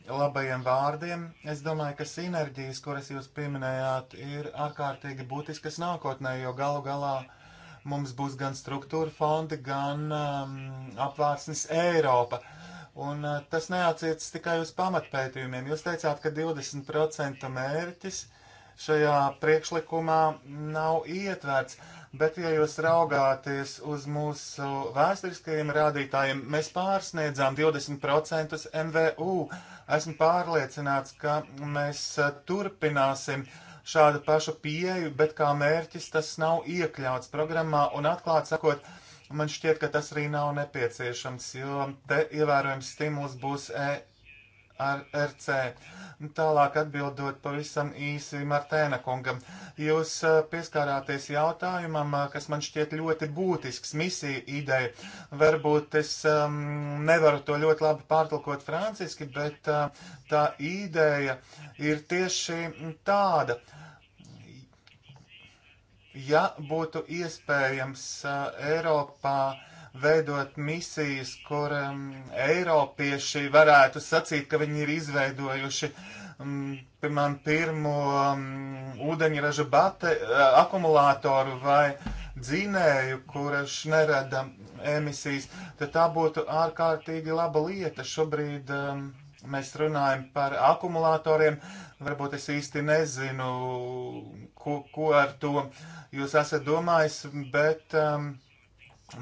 labajiem vārdiem. Es domāju, ka sinerģijas, kuras jūs pieminējāt, ir ārkārtīgi būtiskas nākotnē, jo galu galā mums būs gan struktūra fondi, gan um, apvārsnes Eiropa. Uh, Un eh, tas neatiecas tikai uz pamatpētījumiem. Jūs teicāt, ka 20% mērķis šajā priekšlikumā nav ietverts, bet ja jūs raugāties uz mūsu vēsturiskajiem rādītājiem, mēs pārsniedzām 20% MVU. Esmu pārliecināts, ka mēs eh, turpināsim šādu pašu pieeju, bet kā mērķis tas nav iekļauts programmā un atklāt sakot, Man šķiet, ka tas arī nav nepieciešams, jo te ievērojams stimuls būs e ar RC. Tālāk atbildot pavisam īsi Martēna kungam. Jūs e, pieskārāties jautājumam, e, kas man šķiet ļoti būtisks, misija ideja. Varbūt es um, nevaru to ļoti labi pārtulkot franciski, bet uh, tā ideja ir tieši tāda. Uh, Ja būtu iespējams Eiropā veidot misijas, kur um, Eiropieši varētu sacīt, ka viņi ir izveidojuši, um, piemēram, pirmo um, ūdeņraža bate, uh, akumulātoru vai dzinēju, kurš nerada emisijas, tad tā būtu ārkārtīgi laba lieta. Šobrīd um, mēs runājam par akumulatoriem, varbūt es īsti nezinu, ko, ko ar to jūs esat domājis, bet um,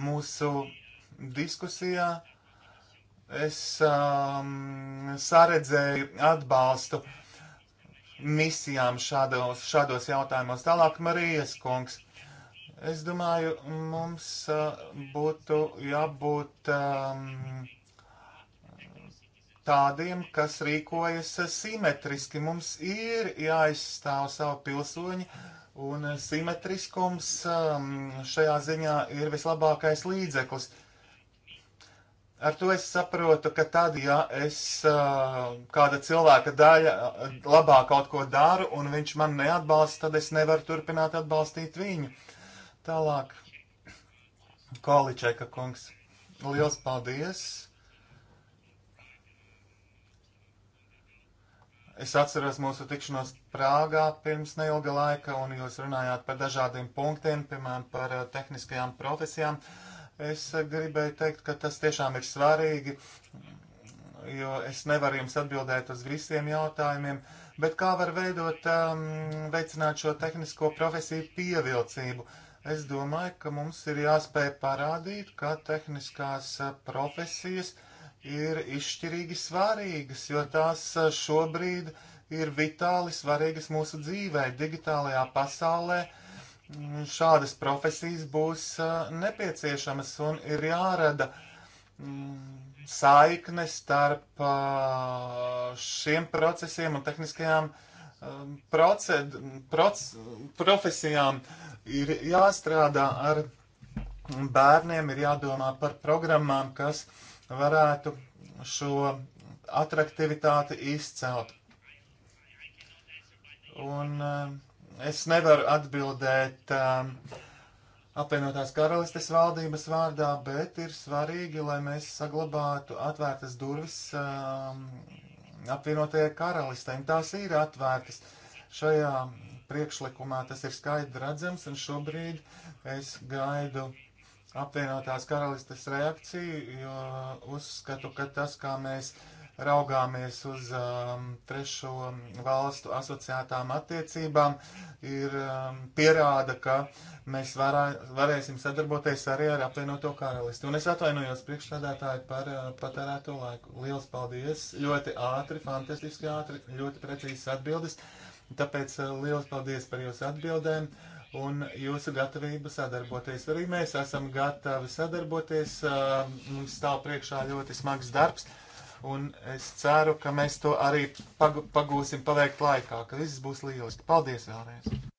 mūsu diskusijā es um, saredzēju atbalstu misijām šādos, šādos jautājumos. Tālāk Marijas kungs. Es domāju, mums uh, būtu jābūt um, tādiem, kas rīkojas simetriski. Mums ir jāizstāv savu pilsoņu, un simetriskums um, šajā ziņā ir vislabākais līdzeklis. Ar to es saprotu, ka tad, ja es uh, kāda cilvēka daļa uh, labā kaut ko daru, un viņš man neatbalsta, tad es nevaru turpināt atbalstīt viņu. Tālāk, Količeka kungs, liels paldies! Es atceros mūsu tikšanos Prāgā pirms neilga laika, un jūs runājāt par dažādiem punktiem, piemēram, par eh, tehniskajām profesijām. Es eh, gribēju teikt, ka tas tiešām ir svarīgi, jo es nevaru jums atbildēt uz visiem jautājumiem, bet kā var veidot, um, veicināt šo tehnisko profesiju pievilcību? Es domāju, ka mums ir jāspēj parādīt, ka tehniskās eh, profesijas uh, ir izšķirīgi svarīgas, jo tās eh, šobrīd ir vitāli svarīgas mūsu dzīvē, digitālajā pasaulē. Mm, šādas profesijas būs eh, nepieciešamas un ir jārada mm, saikne starp eh, šiem procesiem un tehniskajām proced, proc, profesijām. Ir jāstrādā ar bērniem, ir jādomā par programmām, kas uh, varētu šo atraktivitāti izcelt. Un eh, es nevaru atbildēt um, apvienotās karalistes valdības vārdā, bet ir svarīgi, lai mēs saglabātu atvērtas durvis um, apvienotajai karalistēm. Tās ir atvērtas. Šajā priekšlikumā tas ir skaidri redzams, un šobrīd es gaidu apvienotās karalistes reakciju, jo uzskatu, ka tas, kā mēs raugāmies uz um, trešo valstu asociētām attiecībām, ir um, pierāda, ka mēs varā, varēsim sadarboties arī ar apvienoto karalisti. Un es atvainojos priekšstādātāji par uh, patērēto laiku. Liels paldies! Ļoti ātri, fantastiski ātri, ļoti precīzas atbildes. Tāpēc uh, liels paldies par jūsu atbildēm. Uh, un jūsu gatavību sadarboties. Arī mēs esam gatavi sadarboties. Mums stāv priekšā ļoti smags darbs, un es ceru, ka mēs to arī pag pagūsim paveikt laikā, ka viss būs lieliski. Paldies vēlreiz!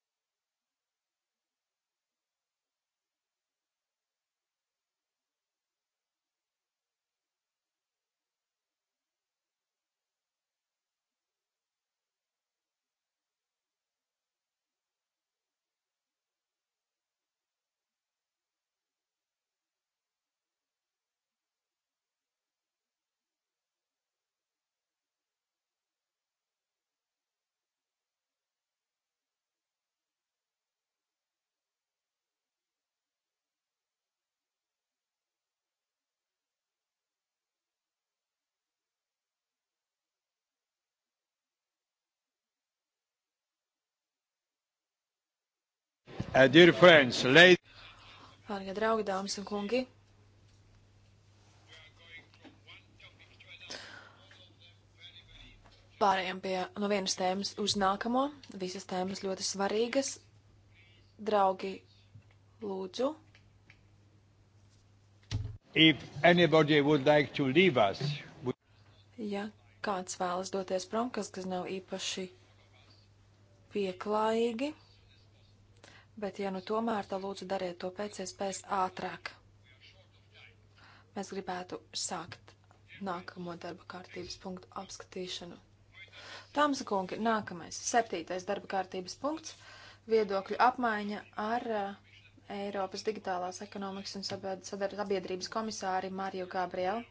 Uh, dear friends, ladies. Pārējie draugi, dāmas un kungi. Pārējām pie no vienas tēmas uz nākamo. Visas tēmas ļoti svarīgas. Draugi, lūdzu. If anybody would like to leave us. We... Ja kāds vēlas doties prom, kas, kas nav īpaši pieklājīgi Bet, ja nu tomēr, tad lūdzu dariet to pēc iespējas ātrāk. Mēs gribētu sākt nākamo darba kārtības punktu apskatīšanu. Tāms kungi, nākamais, septītais darba kārtības punkts - viedokļu apmaiņa ar uh, Eiropas digitālās ekonomikas un sabiedrības komisāri Mariju Gabrielu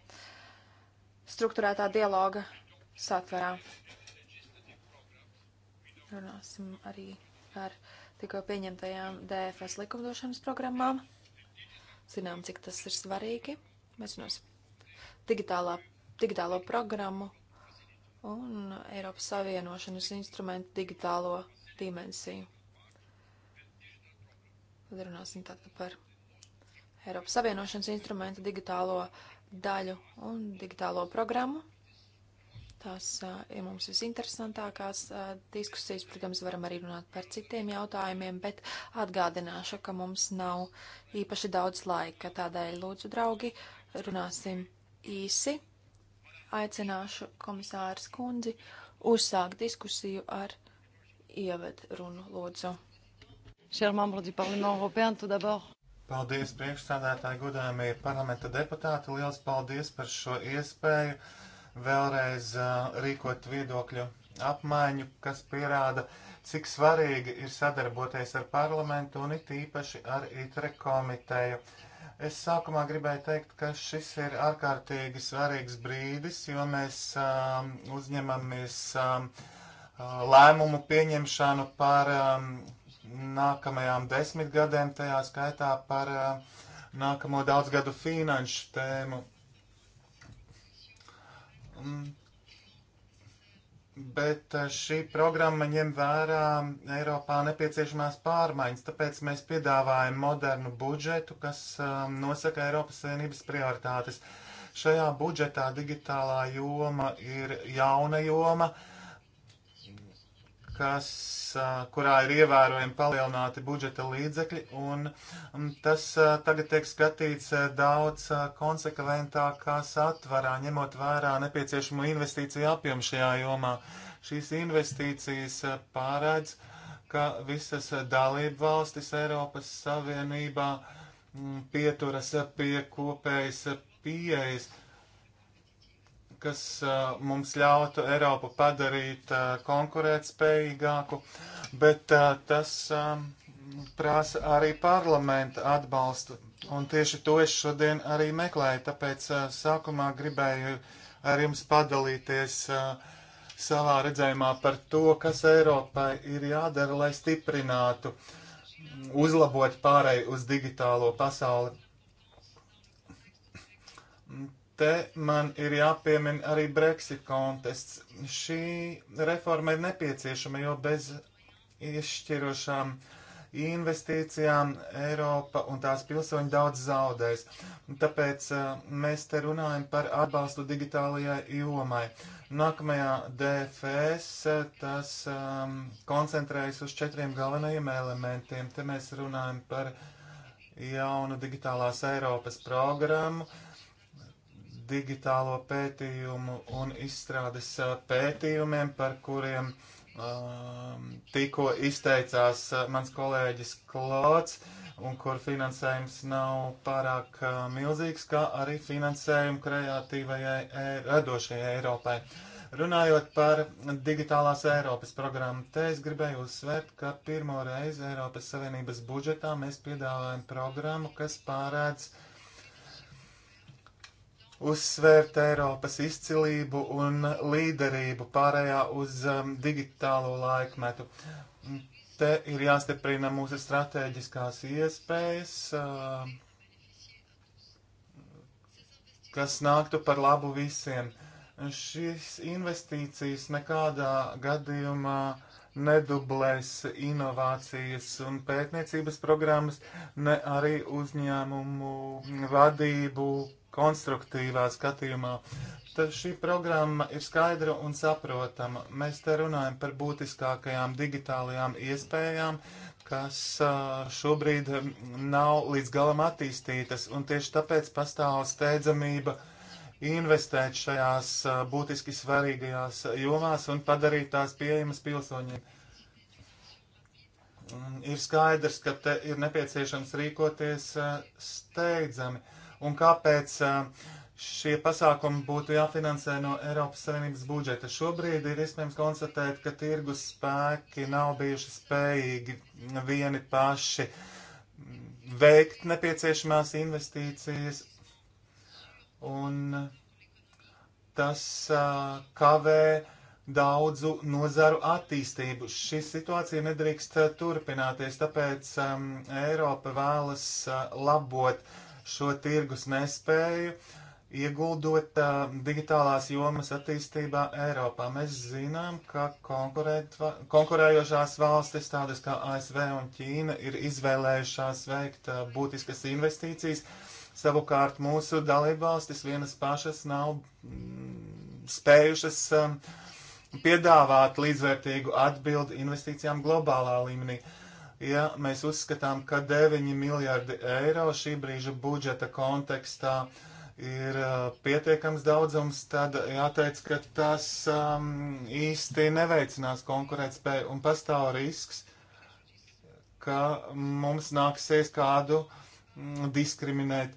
struktūrētā dialoga satverā. Runāsim arī par. Ar tikko pieņemtajām DFS likumdošanas programmām. Zinām, cik tas ir svarīgi. Mēs zinām digitālā, digitālo programmu un Eiropas Savienošanas instrumentu digitālo dimensiju. Tad runāsim tātad par Eiropas Savienošanas instrumentu digitālo daļu un digitālo programmu. Tās ir ja mums visinteresantākās diskusijas. Protams, varam arī runāt par citiem jautājumiem, bet atgādināšu, ka mums nav īpaši daudz laika. Tādēļ, lūdzu, draugi, runāsim īsi. Aicināšu komisāras kundzi uzsākt diskusiju ar ievadu runu, lūdzu. Paldies, priekšstādātāji, godājumie parlamenta deputāti. Liels paldies par šo iespēju vēlreiz uh, rīkot viedokļu apmaiņu, kas pierāda, cik svarīgi ir sadarboties ar parlamentu un it īpaši ar ITRE komiteju. Es sākumā gribēju teikt, ka šis ir ārkārtīgi svarīgs brīdis, jo mēs um, uzņemamies um, lēmumu pieņemšanu par um, nākamajām desmitgadēm, tajā skaitā par um, nākamo daudzgadu finanšu tēmu Mm. bet eh, šī programma ņem vērā Eiropā nepieciešamās pārmaiņas, tāpēc mēs piedāvājam modernu budžetu, kas eh, nosaka Eiropas Savienības prioritātes. Šajā budžetā digitālā joma ir jauna joma. Uh, kas, kurā ir ievērojami palielināti budžeta līdzekļi, un tas tagad tiek skatīts daudz konsekventākā satvarā, ņemot vērā nepieciešamo investīciju apjomu šajā jomā. Šīs investīcijas pārēdz, ka visas dalību valstis Eiropas Savienībā pieturas pie kopējas pieejas. Pie kas uh, mums ļautu Eiropu padarīt uh, konkurētspējīgāku, bet uh, tas prasa arī parlamenta atbalstu. Un tieši to es šodien arī meklēju, tāpēc sākumā gribēju ar jums padalīties savā redzējumā par to, kas Eiropai ir jādara, lai stiprinātu, uzlabotu pārēju uz digitālo pasauli. Te man ir jāpiemin arī Brexit kontests. Šī reforma ir nepieciešama, jo bez izšķirošām investīcijām Eiropa un tās pilsoņi daudz zaudēs. Tāpēc uh, mēs te runājam par atbalstu digitālajai jomai. Nākamajā DFS eh, tas um, koncentrējas uz četriem galvenajiem elementiem. Te mēs runājam par jaunu digitālās Eiropas programmu, uh, digitālo pētījumu un izstrādes eh, pētījumiem, par kuriem um, tikko izteicās eh, mans kolēģis Klots, un kur finansējums nav pārāk uh, milzīgs, kā arī finansējumu kreatīvajai e radošajai Eiropai. Runājot par digitālās Eiropas programmu, te es gribēju uzsvērt, ka pirmo reizi Eiropas Savienības budžetā mēs piedāvājam programmu, kas pārēdz uh, uzsvērt Eiropas izcilību un līderību pārējā uz um, digitālo laikmetu. Te ir jāstiprina mūsu strateģiskās iespējas, uh, kas nāktu par labu visiem. Šīs investīcijas nekādā gadījumā nedublēs inovācijas un pētniecības programmas, ne arī uzņēmumu vadību konstruktīvā skatījumā. Tad šī programma ir skaidra un saprotama. Mēs te runājam par būtiskākajām digitālajām iespējām, kas šobrīd nav līdz galam attīstītas, un tieši tāpēc pastāv steidzamība investēt šajās būtiski svarīgajās jomās un padarīt tās pieejamas pilsoņiem. Ir skaidrs, ka te ir nepieciešams rīkoties steidzami un kāpēc šie pasākumi būtu jāfinansē no Eiropas Savienības budžeta. Šobrīd ir iespējams konstatēt, ka tirgus spēki nav bijuši spējīgi vieni paši veikt nepieciešamās investīcijas, un tas kavē daudzu nozaru attīstību. Šī situācija nedrīkst turpināties, tāpēc um, Eiropa vēlas uh, labot uh, šo tirgus nespēju ieguldot uh, digitālās jomas attīstībā Eiropā. Mēs zinām, ka konkurējošās valstis, tādas kā ASV un Ķīna, ir izvēlējušās veikt uh, būtiskas investīcijas. Savukārt mūsu dalībvalstis vienas pašas nav mm, spējušas um, piedāvāt līdzvērtīgu atbildi investīcijām globālā līmenī. Uh, ja mēs uzskatām, ka 9 miljardi eiro šī brīža budžeta kontekstā ir uh, pietiekams daudzums, tad jāteic, ka tas um, īsti neveicinās konkurētspēju un pastāv risks, ka mums nāksies kādu mm, diskriminēt.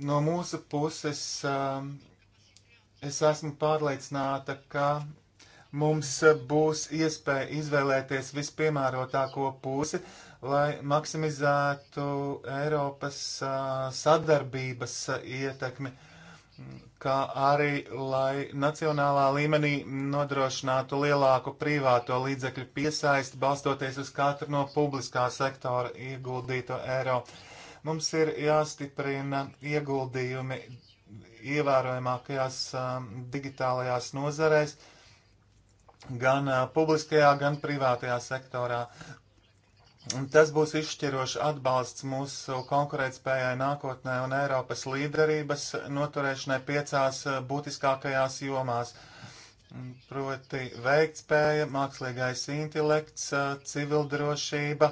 No mūsu puses um, es esmu pārliecināta, ka mums būs iespēja izvēlēties vispiemērotāko pusi, lai maksimizētu Eiropas sadarbības ietekmi, kā arī lai nacionālā līmenī nodrošinātu lielāku privāto līdzekļu piesaisti, balstoties uz katru no publiskā sektora ieguldīto eiro. Mums ir jāstiprina ieguldījumi ievērojamākajās um, digitālajās nozarēs, uh, gan uh, publiskajā, gan privātajā sektorā. Un tas būs izšķirošs atbalsts mūsu konkurētspējai nākotnē un Eiropas līderības noturēšanai piecās uh, būtiskākajās jomās. Proti veiktspēja, mākslīgais intelekts, uh, civildrošība,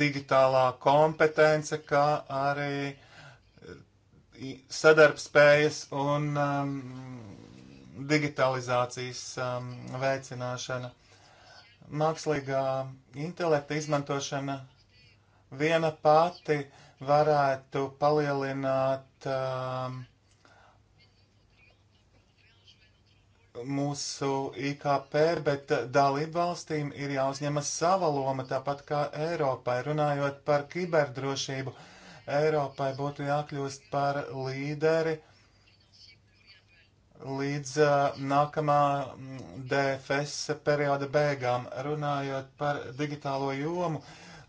digitālā kompetence, kā arī sadarbspējas un um, digitalizācijas um, veicināšana, mākslīgā intelekta izmantošana viena pati varētu palielināt um, mūsu IKP, bet dalību valstīm ir jāuzņemas sava loma, tāpat kā Eiropai. Runājot par kiberdrošību, Eiropai būtu jākļūst par līderi līdz uh, nākamā mm, DFS perioda beigām. Runājot par digitālo jomu,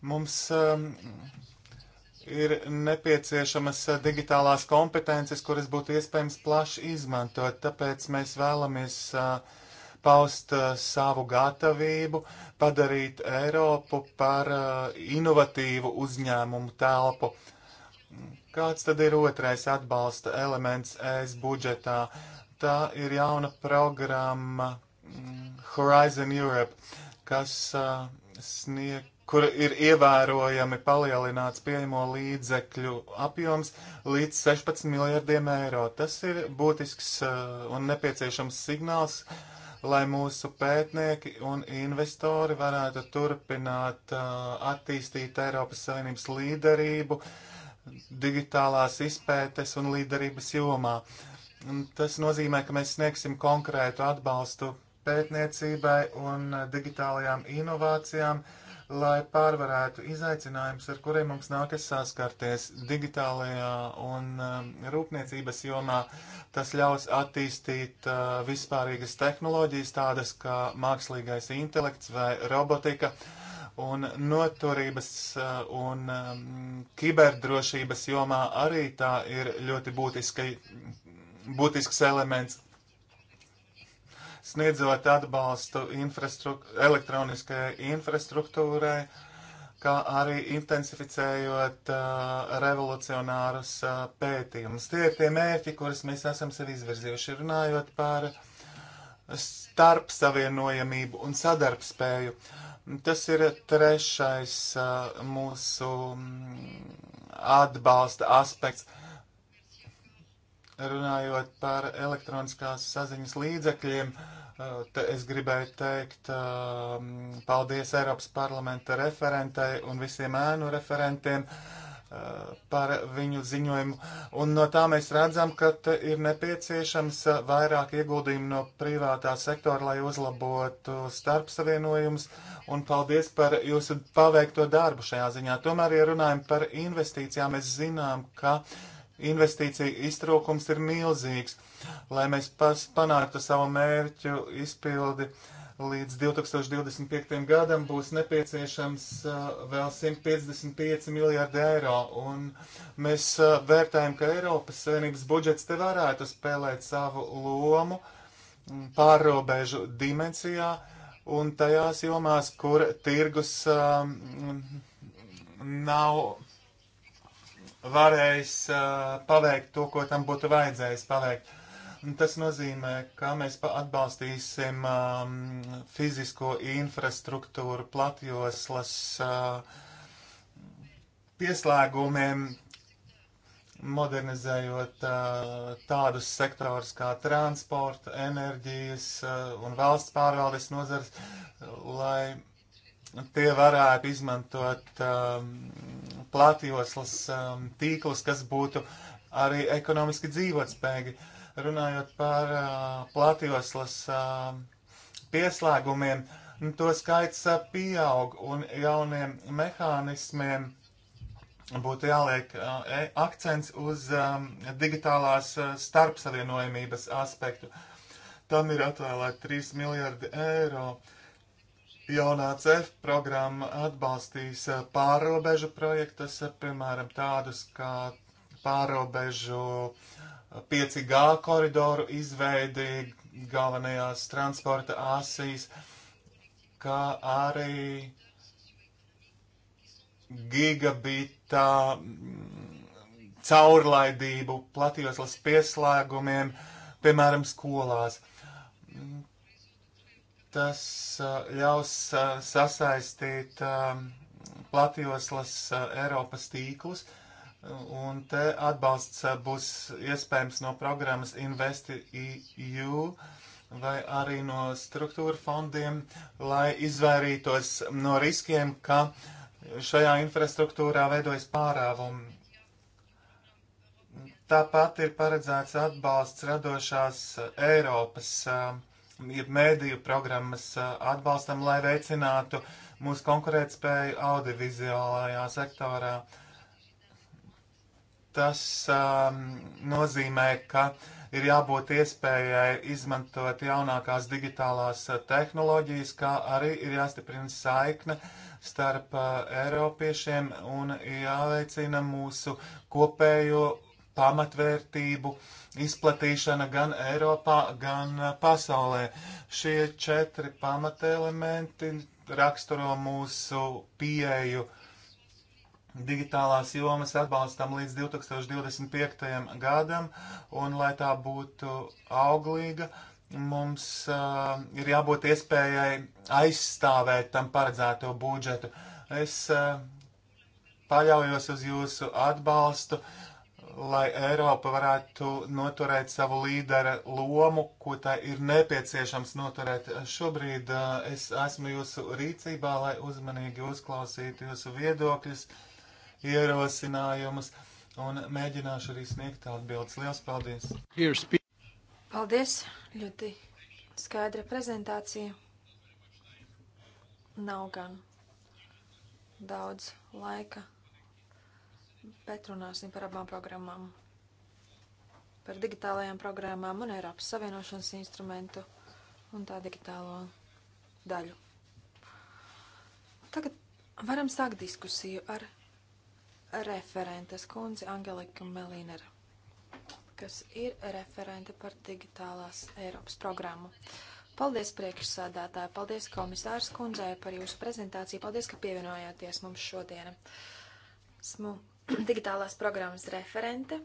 mums um, ir nepieciešamas digitālās kompetences, kuras būtu iespējams plaši izmantot. Tāpēc mēs vēlamies uh, paust uh, savu gatavību, padarīt Eiropu par inovatīvu uzņēmumu telpu. Kāds tad ir otrais atbalsta elements ES budžetā? Uh, tā ir jauna programma mm, Horizon Europe, kas uh, snieg, kur ir ievērojami palielināts pieejamo līdzekļu apjoms līdz 16 miljardiem eiro. Tas ir būtisks uh, un nepieciešams signāls, lai mūsu pētnieki un investori varētu turpināt uh, attīstīt Eiropas Savienības līderību digitālās izpētes un līderības jomā. Uh, Tas nozīmē, ka mēs sniegsim konkrētu atbalstu pētniecībai un digitālajām inovācijām, lai pārvarētu izaicinājumus, ar kuriem mums nākas saskarties digitālajā un um, rūpniecības jomā. Tas ļaus attīstīt uh, vispārīgas tehnoloģijas, tādas kā mākslīgais intelekts vai robotika. Un noturības uh, un um, kiberdrošības jomā arī tā ir ļoti būtiska būtisks elements sniedzot atbalstu infrastruk elektroniskajai infrastruktūrai, kā arī intensificējot uh, revolucionārus uh, pētījumus. Tie ir tie mērķi, kurus mēs esam sev izvirzījuši, runājot par starp savienojamību un sadarbspēju. Tas ir trešais uh, mūsu atbalsta aspekts. Uh, Runājot par elektroniskās saziņas līdzekļiem, eh, te es gribēju teikt eh, paldies Eiropas parlamenta referentei un visiem ēnu referentiem eh, par viņu ziņojumu. Un no tā mēs redzam, ka ir nepieciešams vairāk ieguldījumu no privātā sektora, lai uzlabotu starpsavienojumus. Un paldies par jūsu paveikto darbu šajā ziņā. Tomēr, ja runājam par investīcijām, mēs zinām, ka uh, investīcija iztrūkums ir milzīgs. Lai mēs panāktu savu mērķu izpildi līdz 2025. gadam, būs nepieciešams uh, vēl 155 miljārdi eiro. Un mēs uh, vērtējam, ka Eiropas Savienības budžets te varētu spēlēt savu lomu pārrobežu dimensijā un tajās jomās, kur tirgus um, nav varējis uh, paveikt to, ko tam būtu vajadzējis paveikt. Un tas nozīmē, ka mēs atbalstīsim um, fizisko infrastruktūru platjoslas uh, pieslēgumiem, modernizējot uh, tādus sektorus kā transporta, enerģijas uh, un valsts pārvaldes nozars, lai Nu, tie varētu izmantot um, platjoslas um, tīklus, kas būtu arī ekonomiski dzīvotspējīgi. Runājot par uh, platjoslas uh, pieslēgumiem, nu, to skaits uh, pieaug un jauniem mehānismiem būtu jāliek uh, e, akcents uz um, digitālās uh, starpsavienojumības aspektu. Tam ir atvēlēti 3 miljardi eiro. Uh, Jaunā CEF programma atbalstīs eh, pārobežu projektus, eh, piemēram, tādus kā pārobežu 5G eh, koridoru izveidi galvenajās transporta asīs, kā arī gigabita mm, caurlaidību platījoslas pieslēgumiem, piemēram, skolās mm, Tas ļaus sasaistīt platjoslas Eiropas tīklus, un te atbalsts būs iespējams no programmas InvestEU vai arī no struktūra fondiem, lai izvairītos no riskiem, ka šajā infrastruktūrā veidojas pārāvumi. Tāpat ir paredzēts atbalsts radošās Eiropas uh, mēdīju programmas atbalstam, lai veicinātu mūsu konkurētspēju audiovizuālajā sektorā. Tas um, nozīmē, ka ir jābūt iespējai izmantot jaunākās digitālās tehnoloģijas, kā arī ir jāstiprina saikne starp uh, Eiropiešiem un jāveicina mūsu kopējo pamatvērtību uh, izplatīšana gan Eiropā, gan eh, pasaulē. Šie četri pamatelementi raksturo mūsu pieeju digitālās jomas atbalstam līdz 2025. gadam, un lai tā būtu auglīga, mums uh, ir jābūt iespējai aizstāvēt tam paredzēto budžetu. Es uh, paļaujos uz jūsu atbalstu, lai Eiropa varētu noturēt savu līdera lomu, ko tā ir nepieciešams noturēt. Šobrīd es esmu jūsu rīcībā, lai uzmanīgi uzklausītu jūsu viedokļus, ierosinājumus un mēģināšu arī sniegt atbildes. Lielas paldies! Paldies! Ļoti skaidra prezentācija. Nav gan daudz laika bet runāsim par abām programmām. Par digitālajām programmām un Eiropas Savienošanas instrumentu un tā digitālo daļu. Tagad varam sākt diskusiju ar referentes kundzi Angeliku Melīneru, kas ir referente par digitālās Eiropas programmu. Paldies priekšsādātāji, paldies komisārs kundzei par jūsu prezentāciju, paldies, ka pievienojāties mums šodien. Esmu digitālās programmas referente.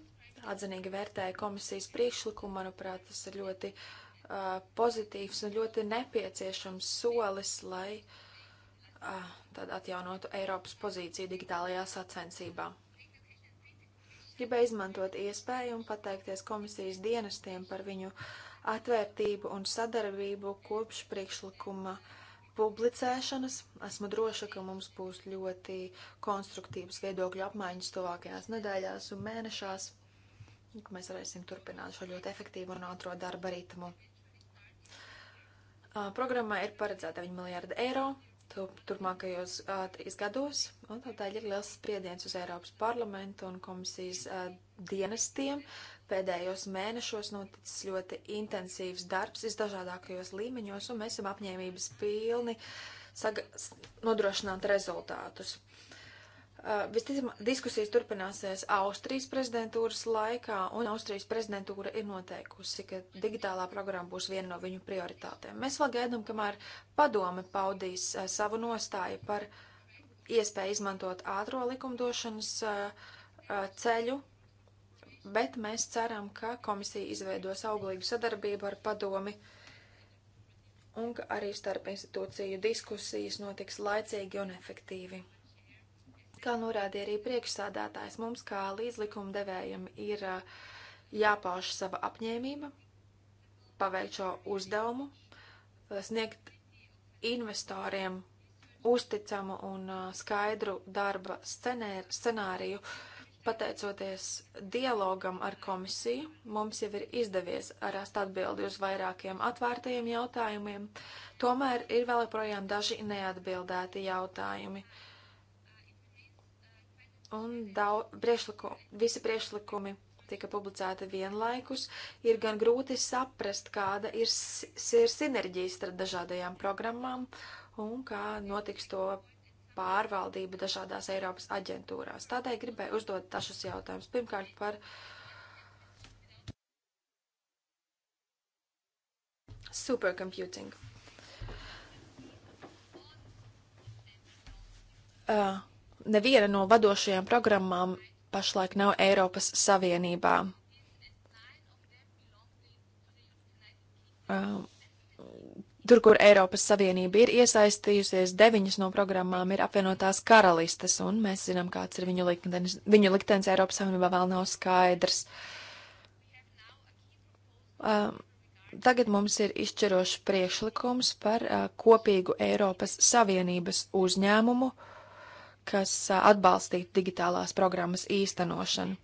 Atzinīgi vērtēja komisijas priekšlikumu. Manuprāt, tas ir ļoti uh, pozitīvs un ļoti nepieciešams solis, lai uh, tad atjaunotu Eiropas pozīciju digitālajā sacensībā. Gribēju izmantot iespēju un pateikties komisijas dienestiem par viņu atvērtību un sadarbību kopš priekšlikuma uh, publicēšanas. Esmu droša, ka mums būs ļoti konstruktīvas viedokļu apmaiņas tuvākajās nedēļās un mēnešās, ka mēs varēsim turpināt šo ļoti efektīvu un ātro darba ritmu. Programmā ir paredzēta 9 miljārda eiro turpmākajos trīs gados, un tādēļ ir liels spriediens uz Eiropas parlamentu un komisijas dienestiem, uh, Pēdējos mēnešos noticis ļoti intensīvs darbs visdažādākajos līmeņos, un mēs esam apņēmības pilni nodrošināt rezultātus. Uh, Visticamāk, diskusijas turpināsies Austrijas prezidentūras laikā, un Austrijas prezidentūra ir noteikusi, ka digitālā programma būs viena no viņu prioritātēm. Mēs vēl gaidām, kamēr padome paudīs uh, savu nostāju par iespēju izmantot ātro likumdošanas uh, uh ceļu bet mēs ceram, ka komisija izveidos auglīgu sadarbību ar padomi un ka arī starp institūciju diskusijas notiks laicīgi un efektīvi. Kā norādīja arī priekšsādātājs, mums kā līdzlikumdevējam ir jāpauž sava apņēmība, paveikt šo uzdevumu, sniegt investoriem uzticamu un skaidru darba scenēr, scenāriju, uh, pateicoties dialogam ar komisiju, mums jau ir izdevies rast atbildi uz vairākiem atvērtajiem jautājumiem, tomēr ir vēl joprojām daži neatbildēti jautājumi. Un daudz, priešliku, visi priešlikumi tika publicēti vienlaikus, ir gan grūti saprast, kāda ir, ir sinerģija starp dažādajām programmām un kā notiks to pārvaldība dažādās Eiropas aģentūrās. Tādēļ gribēju uzdot dažus jautājumus. Pirmkārt par supercomputing. Uh, neviena no vadošajām programmām pašlaik nav Eiropas Savienībā. Um, Tur, kur Eiropas Savienība ir iesaistījusies, deviņas no programmām ir apvienotās karalistes, un mēs zinām, kāds ir viņu liktenis. Viņu liktenis Eiropas Savienībā vēl nav skaidrs. Um, tagad mums ir izšķirošs priekšlikums par uh, kopīgu Eiropas Savienības uzņēmumu, kas uh, atbalstītu digitālās programmas īstenošanu.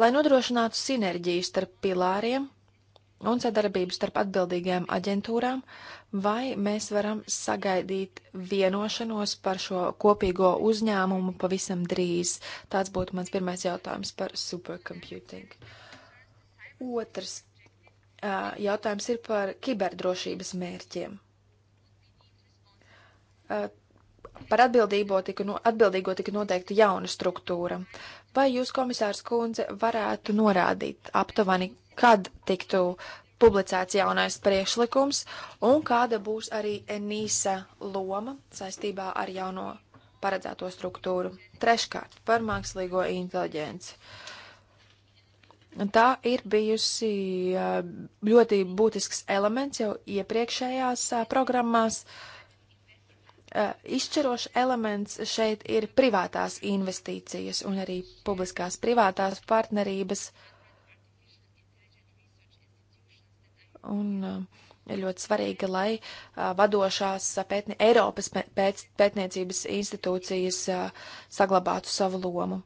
Lai nodrošinātu sinerģiju starp pilāriem, un sadarbību starp atbildīgajām aģentūrām, vai mēs varam sagaidīt vienošanos par šo kopīgo uzņēmumu pavisam drīz? Tāds būtu mans pirmais jautājums par supercomputing. Otrs jautājums ir par kiberdrošības mērķiem. Par atbildīgo tika, no, atbildīgo tika noteikta jauna struktūra. Vai jūs, komisārs Kunze, varētu norādīt aptuveni, kad tiktu publicēts jaunais priekšlikums un kāda būs arī NISA loma saistībā ar jauno paredzēto struktūru. Treškārt, par mākslīgo inteliģenci. Tā ir bijusi ļoti būtisks elements jau iepriekšējās programmās. Izšķirošs elements šeit ir privātās investīcijas un arī publiskās privātās partnerības uh, Un eh, ir ļoti svarīgi, lai eh, vadošās pētni, Eiropas pēc, pētniecības institūcijas eh, saglabātu savu lomu.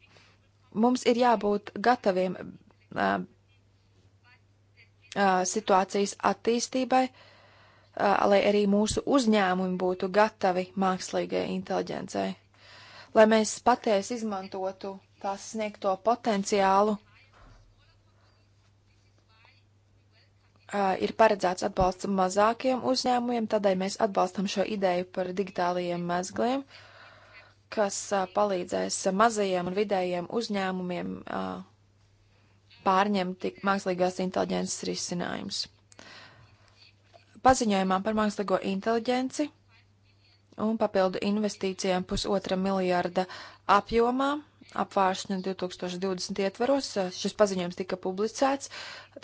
Mums ir jābūt gataviem situācijas attīstībai, lai arī mūsu uzņēmumi būtu gatavi mākslīgai inteliģencei, lai mēs patiesi izmantotu tās sniegto potenciālu ir paredzēts atbalsts mazākiem uzņēmumiem, tādēļ mēs atbalstam šo ideju par digitālajiem mezgliem, kas palīdzēs mazajiem un vidējiem uzņēmumiem pārņemt mākslīgās inteliģences risinājumus. Paziņojumā par mākslīgo inteliģenci un papildu investīcijām pusotra miljārda apjomā apvāršņa 2020 ietvaros. Šis paziņojums tika publicēts,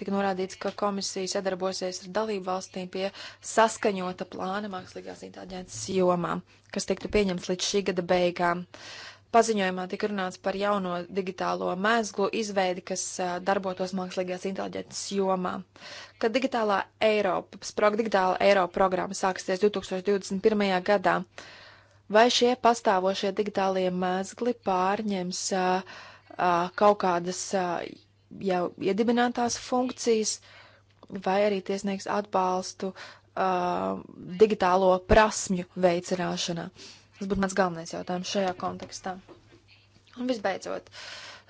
tika norādīts, ka komisija sadarbosies ar dalību valstīm pie saskaņota plāna mākslīgās intelģences jomā, kas tiktu pieņemts līdz šī gada beigām. Paziņojumā tika runāts par jauno digitālo mēslu izveidi, kas darbotos mākslīgās intelģences jomā. Kad digitālā Eiropa, digitāla Eiropa programma sāksies 2021. gadā, vai šie pastāvošie digitālie mēzgli pārņems a, a, kaut kādas a, jau iedibinātās funkcijas, vai arī tiesnieks atbalstu a, digitālo prasmju veicināšanā. Tas būtu mans galvenais jautājums šajā kontekstā. Un visbeidzot,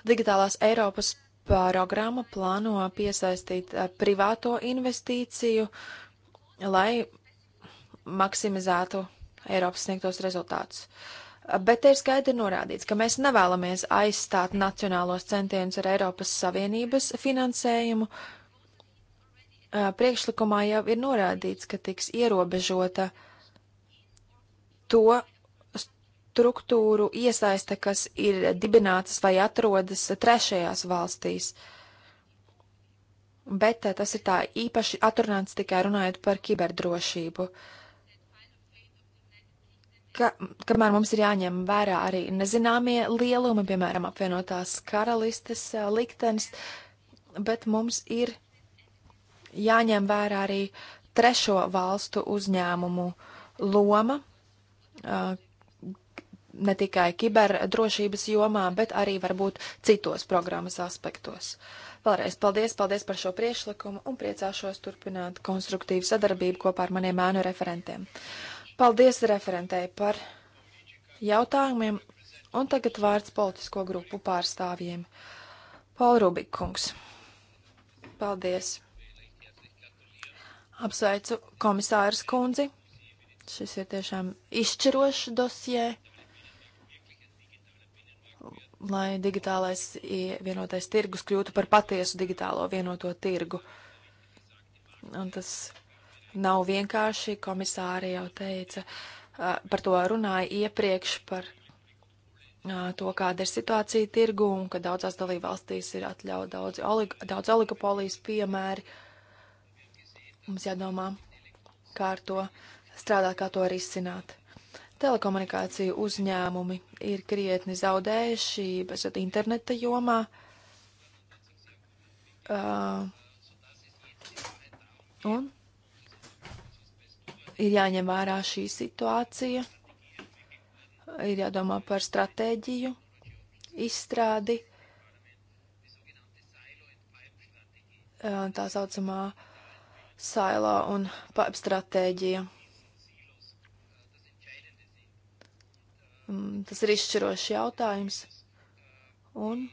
digitālās Eiropas programma plāno piesaistīt a, privāto investīciju, lai maksimizētu Eiropas sniegtos rezultātus. Bet te ir skaidri norādīts, ka mēs nevēlamies aizstāt nacionālos centienus ar Eiropas Savienības finansējumu. Priekšlikumā jau ir norādīts, ka tiks ierobežota to struktūru iesaiste, kas ir dibinātas vai atrodas trešajās valstīs. Bet tas ir tā īpaši atrunāts tikai runājot par kiberdrošību. Uh, ka, kamēr mums ir jāņem vērā arī nezināmie lielumi, piemēram, apvienotās karalistes eh, liktenis, bet mums ir jāņem vērā arī trešo valstu uzņēmumu loma, eh, ne tikai kiberdrošības jomā, bet arī varbūt citos programmas aspektos. Vēlreiz paldies, paldies par šo priešlikumu un priecāšos turpināt konstruktīvu sadarbību kopā ar maniem ēnu referentiem. Paldies referentei par jautājumiem, un tagad vārds politisko grupu pārstāvjiem. Paul Rubikungs. Paldies. Apsveicu komisāras kundzi. Šis ir tiešām izšķirošs dosie, lai digitālais vienotais tirgus kļūtu par patiesu digitālo vienoto tirgu. Un tas nav vienkārši, komisāri jau teica, par to runāja iepriekš par to, kāda ir situācija tirgu un ka daudzās dalībvalstīs ir atļauts daudz, olig, daudz oligopolijas piemēri. Mums jādomā, kā ar to strādāt, kā to risināt. Telekomunikāciju uzņēmumi ir krietni zaudējuši bezat interneta jomā. Uh, un ir jāņem vērā šī situācija, ir jādomā par stratēģiju, izstrādi, tā saucamā sailā un pipe stratēģija. Mm, tas ir izšķirošs jautājums. Un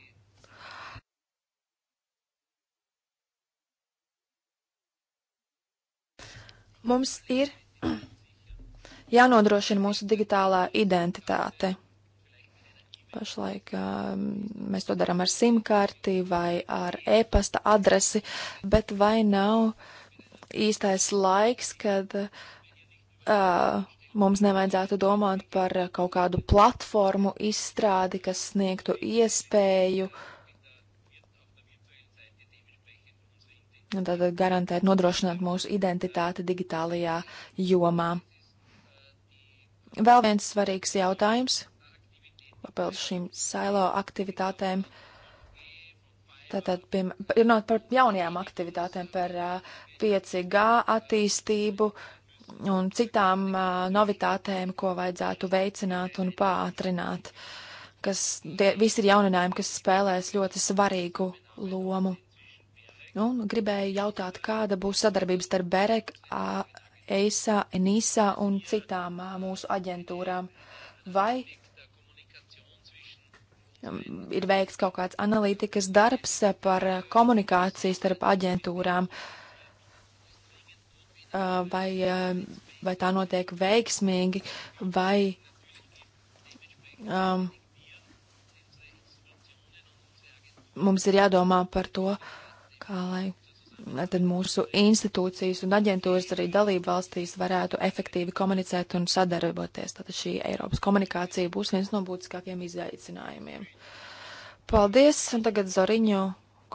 mums ir Jānodrošina mūsu digitālā identitāte. Pašlaik um, mēs to darām ar simkarti vai ar e-pasta adresi, bet vai nav īstais laiks, kad uh, mums nevajadzētu domāt par kaut kādu platformu izstrādi, kas sniegtu iespēju uh, tātad garantēt, nodrošināt mūsu identitāti digitālajā jomā. Vēl viens svarīgs jautājums papildus šīm silo aktivitātēm. Tātad, runāt par jaunajām aktivitātēm, par uh, 5G attīstību un citām uh, novitātēm, ko vajadzētu veicināt un pātrināt, kas tie, visi ir jauninājumi, kas spēlēs ļoti svarīgu lomu. Un gribēju jautāt, kāda būs sadarbības starp BEREK, EISA, ENISA un citām mūsu aģentūrām. Vai um, ir veikts kaut kāds analītikas darbs par komunikāciju starp aģentūrām? Vai, vai tā notiek veiksmīgi, vai um, mums ir jādomā par to, uh, kā lai tad mūsu institūcijas un aģentūras arī dalību valstīs varētu efektīvi komunicēt un sadarboties. Tātad šī Eiropas komunikācija būs viens no būtiskākiem izaicinājumiem. Paldies, un tagad Zoriņo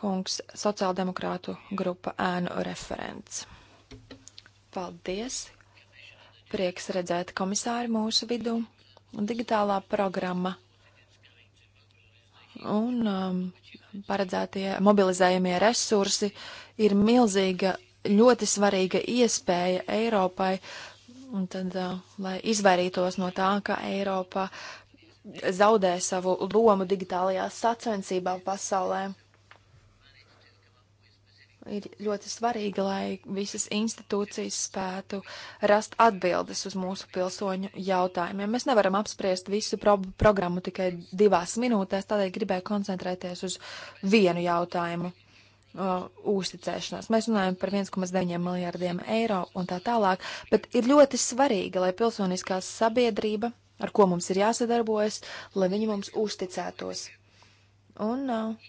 kungs, sociāldemokrātu grupa ēnu referents. Paldies! Prieks redzēt komisāru mūsu vidū. Digitālā programma un um, paredzētie mobilizējamie resursi ir milzīga, ļoti svarīga iespēja Eiropai, un tad, uh, lai izvairītos no tā, ka Eiropa zaudē savu lomu digitālajā sacensībā pasaulē ir ļoti svarīga, lai visas institūcijas spētu rast atbildes uz mūsu pilsoņu jautājumiem. Mēs nevaram apspriest visu pro programmu tikai divās minūtēs, tādēļ gribēju koncentrēties uz vienu jautājumu - uzticēšanās. Mēs runājam par 1,9 miljārdiem eiro un tā tālāk, bet ir ļoti svarīga, lai pilsoniskā sabiedrība, ar ko mums ir jāsadarbojas, lai viņi mums uzticētos. Un uh,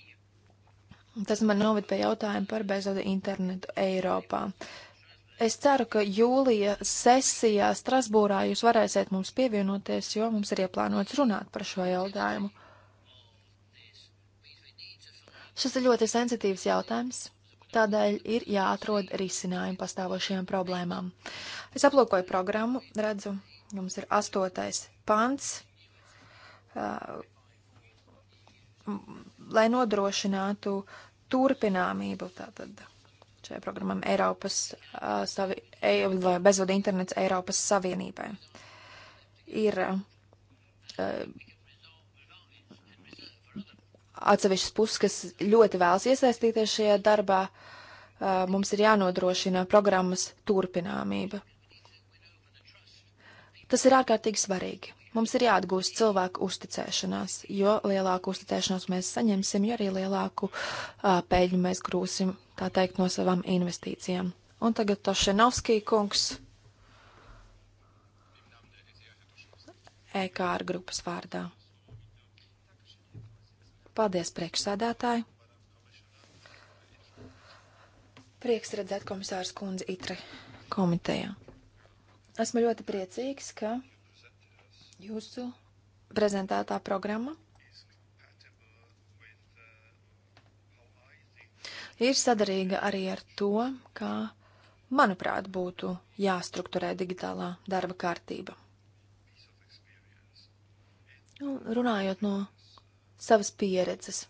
Tas man noved pie jautājuma par bezvadu internetu Eiropā. Es ceru, ka jūlija sesijā Strasbūrā jūs varēsiet mums pievienoties, jo mums ir ieplānots runāt par šo jautājumu. Šis ir ļoti sensitīvs jautājums, tādēļ ir jāatrod risinājumi pastāvošajām problēmām. Es aplūkoju programmu, redzu, mums ir astotais pants. Uh, lai nodrošinātu turpināmību tātad šajā programmam Eiropas uh, savi, e, bezvada internets Eiropas Savienībai. Ir uh, atsevišķas puses, kas ļoti vēlas iesaistīties šajā darbā, uh, mums ir jānodrošina programmas turpināmība. Tas ir ārkārtīgi svarīgi. Mums ir jāatgūst cilvēku uzticēšanās, jo lielāku uzticēšanos mēs saņemsim, jo arī lielāku uh, peļņu mēs grūsim, tā teikt, no savām investīcijām. Un tagad Tošenovskī kungs EKR grupas vārdā. Paldies, priekšsēdētāji! Prieks redzēt komisārs kundzi Itri komitejā. Esmu ļoti priecīgs, ka Jūsu prezentētā programma ir sadarīga arī ar to, kā, manuprāt, būtu jāstrukturē digitālā darba kārtība. Un nu, runājot no savas pieredzes,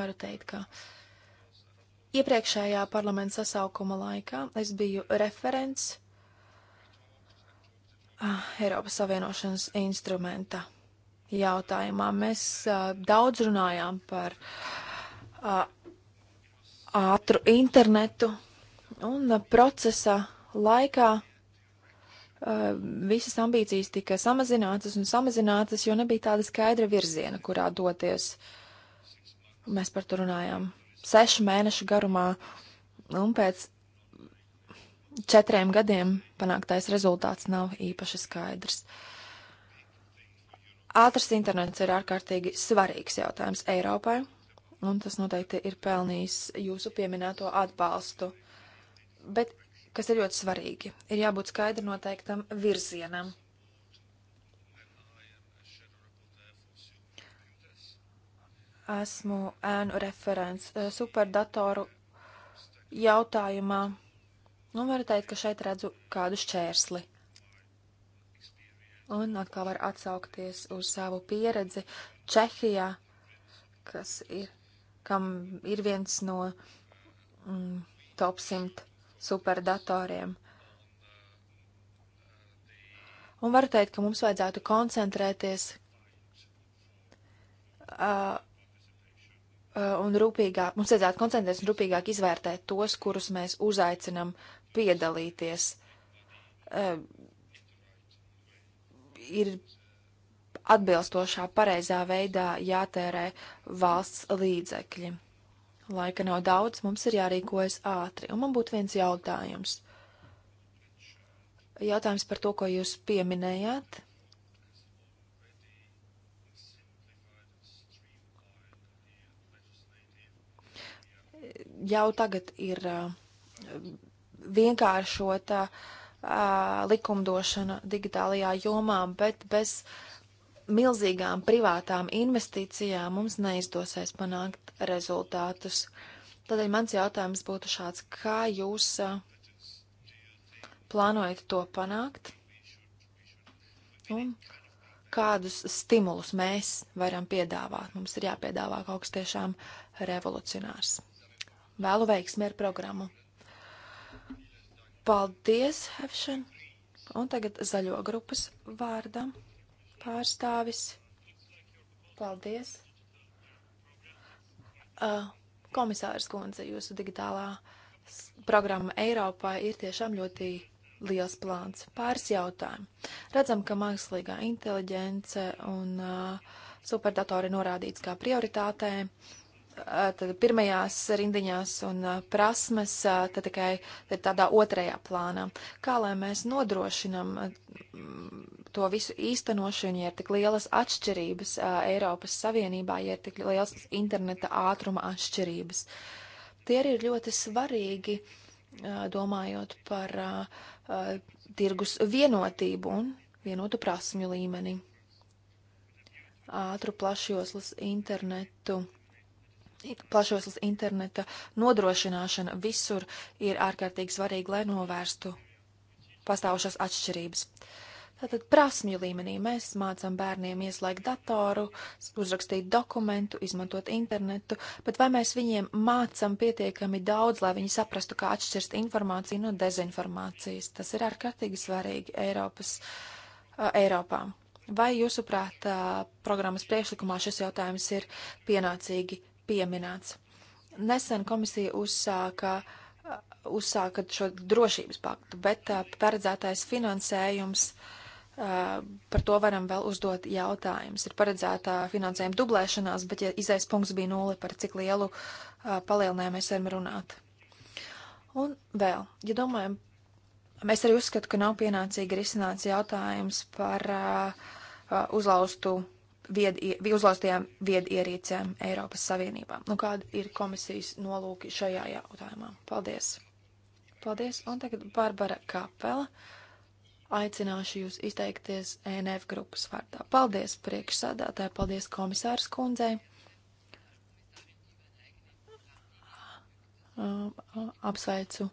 varu teikt, ka iepriekšējā parlamenta sasaukuma laikā es biju referents Ah, Eiropas Savienošanas instrumenta jautājumā. Mēs uh, daudz runājām par uh, ātru internetu un uh, procesa laikā uh, visas ambīcijas tika samazinātas un samazinātas, jo nebija tāda skaidra virziena, kurā doties. Mēs par to runājām sešu mēnešu garumā un pēc četriem gadiem panāktais rezultāts nav īpaši skaidrs. Ātrs internets ir ārkārtīgi svarīgs jautājums Eiropai, un tas noteikti ir pelnījis jūsu pieminēto atbalstu. Bet, kas ir ļoti svarīgi, ir jābūt skaidri noteiktam virzienam. Esmu ēnu referents eh, superdatoru jautājumā Nu, varu teikt, ka šeit redzu kādu šķērsli. Un atkal var atsaukties uz savu pieredzi Čehijā, kas ir, kam ir viens no mm, top 100 superdatoriem. Un var teikt, ka mums vajadzētu koncentrēties uh, uh, un rūpīgāk, mums vajadzētu koncentrēties un rūpīgāk izvērtēt tos, kurus mēs uzaicinam piedalīties. Uh, ir atbilstošā pareizā veidā jātērē valsts līdzekļi. Laika nav daudz, mums ir jārīkojas ātri, un man būtu viens jautājums. Jautājums par to, ko jūs pieminējāt. Jau tagad ir uh, vienkāršota uh, likumdošana digitālajā jomā, bet bez milzīgām privātām investīcijām mums neizdosies panākt rezultātus. Tādēļ mans jautājums būtu šāds, kā jūs uh, plānojat to panākt? Un kādus stimulus mēs varam piedāvāt? Mums ir jāpiedāvā kaut kas tiešām revolucionārs. Vēlu veiksmi ar programmu! Paldies, Hefšan. Un tagad zaļo grupas vārdam pārstāvis. Paldies. Uh, komisārs Kundze, jūsu digitālā programma Eiropā ir tiešām ļoti liels plāns. Pāris jautājumu. Redzam, ka mākslīgā inteliģence un uh, superdatori norādīts kā prioritātē. Uh, tad pirmajās rindiņās un prasmes tad tikai ir tādā otrajā plānā. Kā lai mēs nodrošinam mm, to visu īstenošanu, ja ir tik lielas atšķirības Eiropas Savienībā, ja ir tik lielas interneta ātruma atšķirības? Tie arī ir ļoti svarīgi, domājot par tirgus vienotību un vienotu prasmju līmeni. Ātru plašjoslas internetu Plašoslas interneta nodrošināšana visur ir ārkārtīgi svarīga, lai novērstu pastāvošās atšķirības. Tātad prasmju līmenī mēs mācām bērniem ieslēgt datoru, uzrakstīt dokumentu, izmantot internetu, bet vai mēs viņiem mācām pietiekami daudz, lai viņi saprastu, kā atšķirst informāciju no dezinformācijas? Tas ir ārkārtīgi svarīgi Eiropas, uh, Eiropā. Vai jūsuprāt, uh, programmas priekšlikumā šis jautājums ir pienācīgi pieminēts. Nesen komisija uzsāka, uzsāka šo drošības paktu, bet paredzētais finansējums par to varam vēl uzdot jautājumus. Ir paredzētā finansējuma dublēšanās, bet ja izais punkts bija nulle, par cik lielu palielinājumu mēs varam runāt. Un vēl, ja domājam, mēs arī uzskatu, ka nav pienācīgi risināts jautājums par uzlaustu viedi, uzlaustajām viedierīcēm Eiropas Savienībā. Nu, kāda ir komisijas nolūki šajā jautājumā? Paldies! Paldies! Un tagad Barbara Kapela. Aicināšu jūs izteikties ENF grupas vārdā. Paldies priekšsādātāji, paldies komisārs kundzei. Um, apsveicu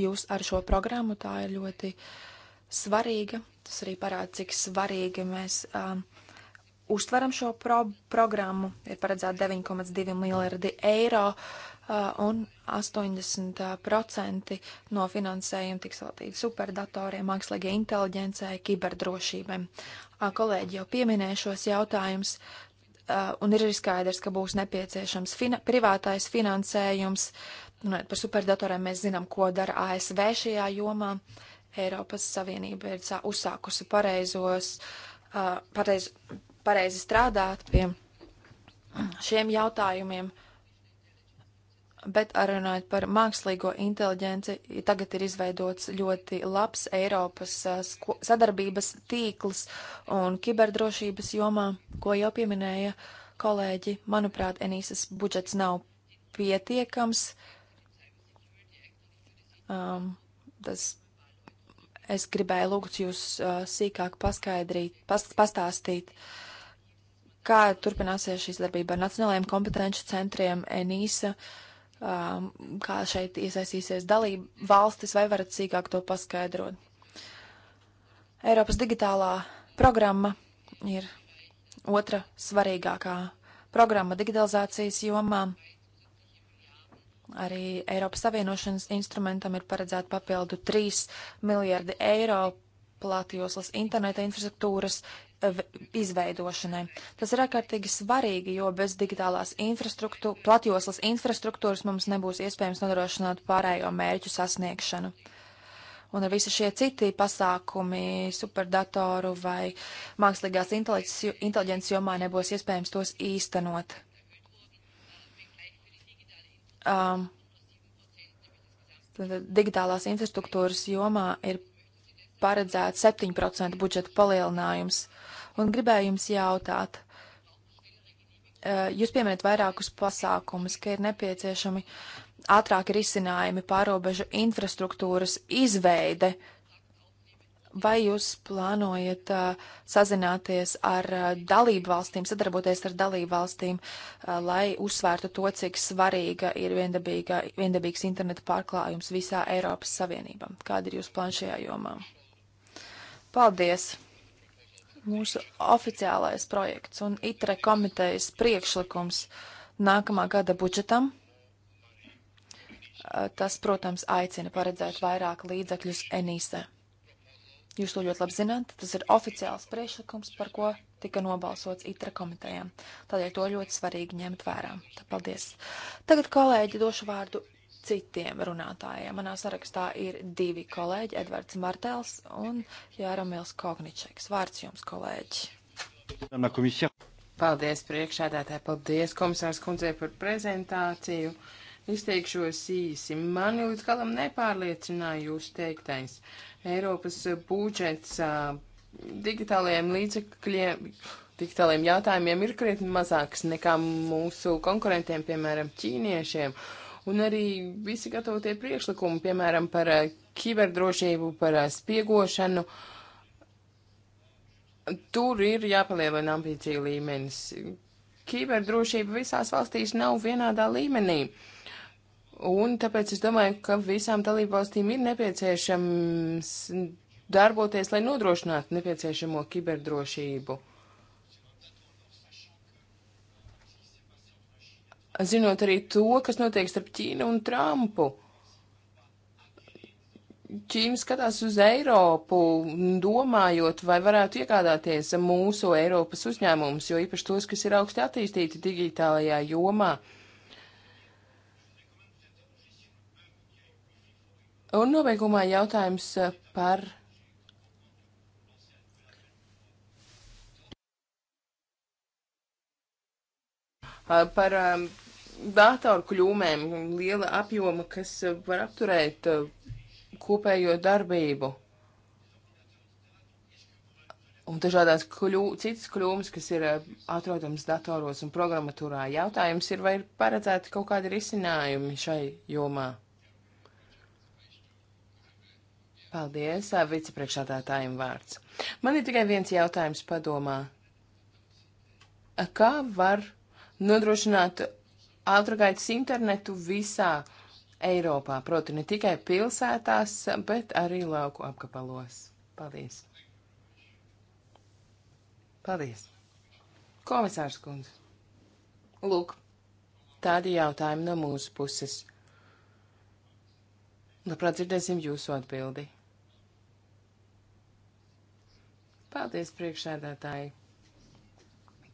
jūs ar šo programmu, tā ir ļoti svarīga. Tas arī parāda, cik svarīgi mēs um, uztveram šo pro programmu. Ir paredzēta 9,2 miljardi eiro un 80% no finansējuma tiks veltīti superdatoriem, mākslīgai inteliģencei, kiberdrošībai. Kolēģi jau pieminēja šos jautājumus, un ir skaidrs, ka būs nepieciešams fina privātais finansējums. Par superdatoriem mēs zinām, ko dara ASV šajā jomā. Eiropas Savienība ir uzsākusi pareizos, pareiz, pareizi strādāt pie šiem jautājumiem. Bet runājot par mākslīgo inteligenci, tagad ir izveidots ļoti labs Eiropas uh, sadarbības tīkls un kiberdrošības jomā, ko jau pieminēja kolēģi. Manuprāt, Enīsas budžets nav pietiekams. Um, tas es gribēju lūgt jūs uh, sīkāk paskaidrīt, pas, pastāstīt. Uh, kā turpināsies šī darbība ar nacionālajiem kompetenci centriem, ENISA, um, kā šeit iesaistīsies dalība valstis, vai varat sīkāk to paskaidrot? Eiropas digitālā programma ir otra svarīgākā programma digitalizācijas jomā. Arī Eiropas Savienošanas instrumentam ir paredzēta papildu 3 miljardi eiro platjoslas interneta infrastruktūras izveidošanai. Tas ir ārkārtīgi svarīgi, jo bez digitālās infrastruktūras, platjoslas infrastruktūras mums nebūs iespējams nodrošināt pārējo mērķu sasniegšanu. Un ar visu šie citi pasākumi, superdatoru vai mākslīgās inteliģences jomā nebūs iespējams tos īstenot. Um, digitālās infrastruktūras jomā ir paredzēts 7% budžeta palielinājums. Un gribēju jums jautāt, eh, jūs pieminat vairākus pasākumus, ka ir nepieciešami ātrāki risinājumi pārobežu infrastruktūras izveide. Vai jūs plānojat uh, sazināties ar uh, dalību valstīm, sadarboties ar dalību valstīm, uh, lai uzsvērtu to, cik svarīga ir viendabīga, viendabīgs interneta pārklājums visā Eiropas Savienībā? Kāda ir jūsu plāna šajā jomā? Uh, Paldies! Mūsu oficiālais projekts un ITRE komitejas priekšlikums nākamā gada budžetam. Eh, tas, protams, aicina paredzēt vairāk līdzekļus Enīsē. Jūs to ļoti labi zināt, tas ir oficiāls priekšlikums, par ko tika nobalsots ITRE komitejām. Tādēļ to ļoti svarīgi ņemt vērā. Tā, paldies! Tagad, kolēģi, došu vārdu citiem runātājiem. Manā sarakstā ir divi kolēģi, Edvards Martels un Jāromils Kogničeks. Vārds jums, kolēģi. Paldies priekšādātāji, paldies komisārs kundzei par prezentāciju. Izteikšos īsi. Mani līdz galam nepārliecināja jūs teiktais. Eiropas budžets digitālajiem līdzekļiem digitāliem jautājumiem ir krietni mazāks nekā mūsu konkurentiem, piemēram, ķīniešiem. Uh, un arī visi gatavotie priekšlikumi, piemēram, par eh, kiberdrošību, par eh, spiegošanu. Tur ir jāpalielina ambīcija līmenis. Kiberdrošība visās valstīs nav vienādā līmenī. Un tāpēc es domāju, ka visām dalībvalstīm ir nepieciešams darboties, lai nodrošinātu nepieciešamo kiberdrošību. zinot arī to, kas notiek starp Ķīnu un Trumpu. Ķīna skatās uz Eiropu, domājot, vai varētu iegādāties mūsu Eiropas uzņēmumus, jo īpaši tos, kas ir augsti attīstīti digitālajā jomā. Un nobeigumā jautājums eh, par. Eh, par um, datoru kļūmēm, liela apjoma, kas eh, var apturēt eh, kopējo darbību. Un dažādās kļū, citas kļūmes, kas ir eh, atrodams datoros un programmatūrā, jautājums ir, vai ir paredzēti kaut kādi risinājumi šai jomā. Paldies, vicepriekšādātājiem vārds. Man ir tikai viens jautājums padomā. Kā var nodrošināt ātrgaitas internetu visā Eiropā, proti ne tikai pilsētās, bet arī lauku apkabalos. Paldies! Paldies! Komisārs kundze, lūk, tādi jautājumi no mūsu puses. Labprāt dzirdēsim jūsu atbildi. Paldies, priekšsēdētāji!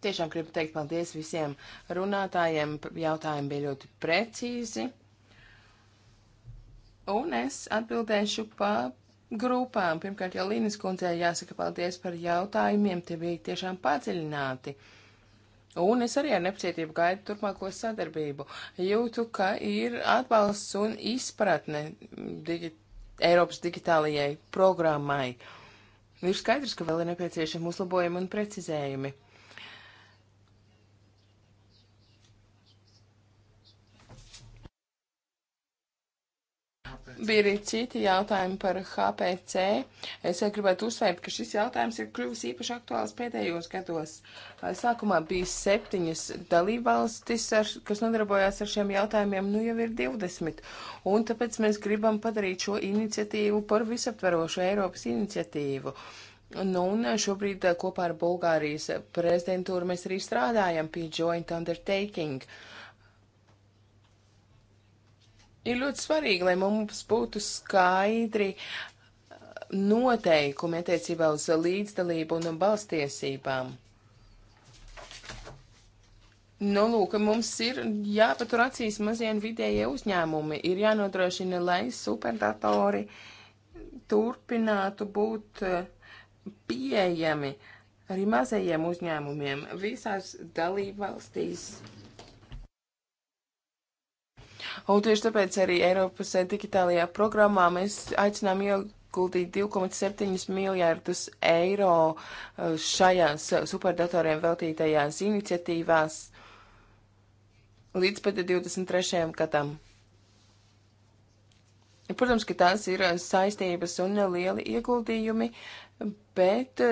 Tiešām gribu teikt paldies visiem runātājiem. Jautājumi bija ļoti precīzi. Un es atbildēšu pa grupām. Pirmkārt, jau Līnas kundzei jāsaka paldies par jautājumiem. Tie bija tiešām padziļināti. Un es arī ar nepacietību gaidu turpmāko sadarbību. Jūtu, ka ir atbalsts un izpratne digi Eiropas digitālajai programmai. Ir skaidrs, ka vēl ir nepieciešami uzlabojumi un precizējumi. Bija arī citi jautājumi par HPC. Es gribētu uzsvērt, ka šis jautājums ir kļuvis īpaši aktuāls pēdējos gados. Sākumā bija septiņas dalībvalstis, ar, kas nodarbojās ar šiem jautājumiem, nu jau ir 20. Un tāpēc mēs gribam padarīt šo iniciatīvu par visaptverošu Eiropas iniciatīvu. Nu, un šobrīd eh, kopā ar Bulgārijas prezidentūru mēs arī strādājam pie joint undertaking. Uh, ir ļoti svarīgi, lai mums būtu skaidri uh, noteikumi attiecībā uz līdzdalību un balstiesībām. Nu, lūk, mums ir jāpatur acīs mazie un vidējie uzņēmumi. Ir jānodrošina, lai superdatori turpinātu būt uh, pieejami arī mazajiem uzņēmumiem visās dalībvalstīs Un tieši tāpēc arī Eiropas digitālajā programmā mēs aicinām ieguldīt 2,7 miljārdus eiro uh, šajās superdatoriem veltītajās iniciatīvās līdz pat 23. gadam. Protams, ka tās ir uh, saistības un uh, lieli ieguldījumi, bet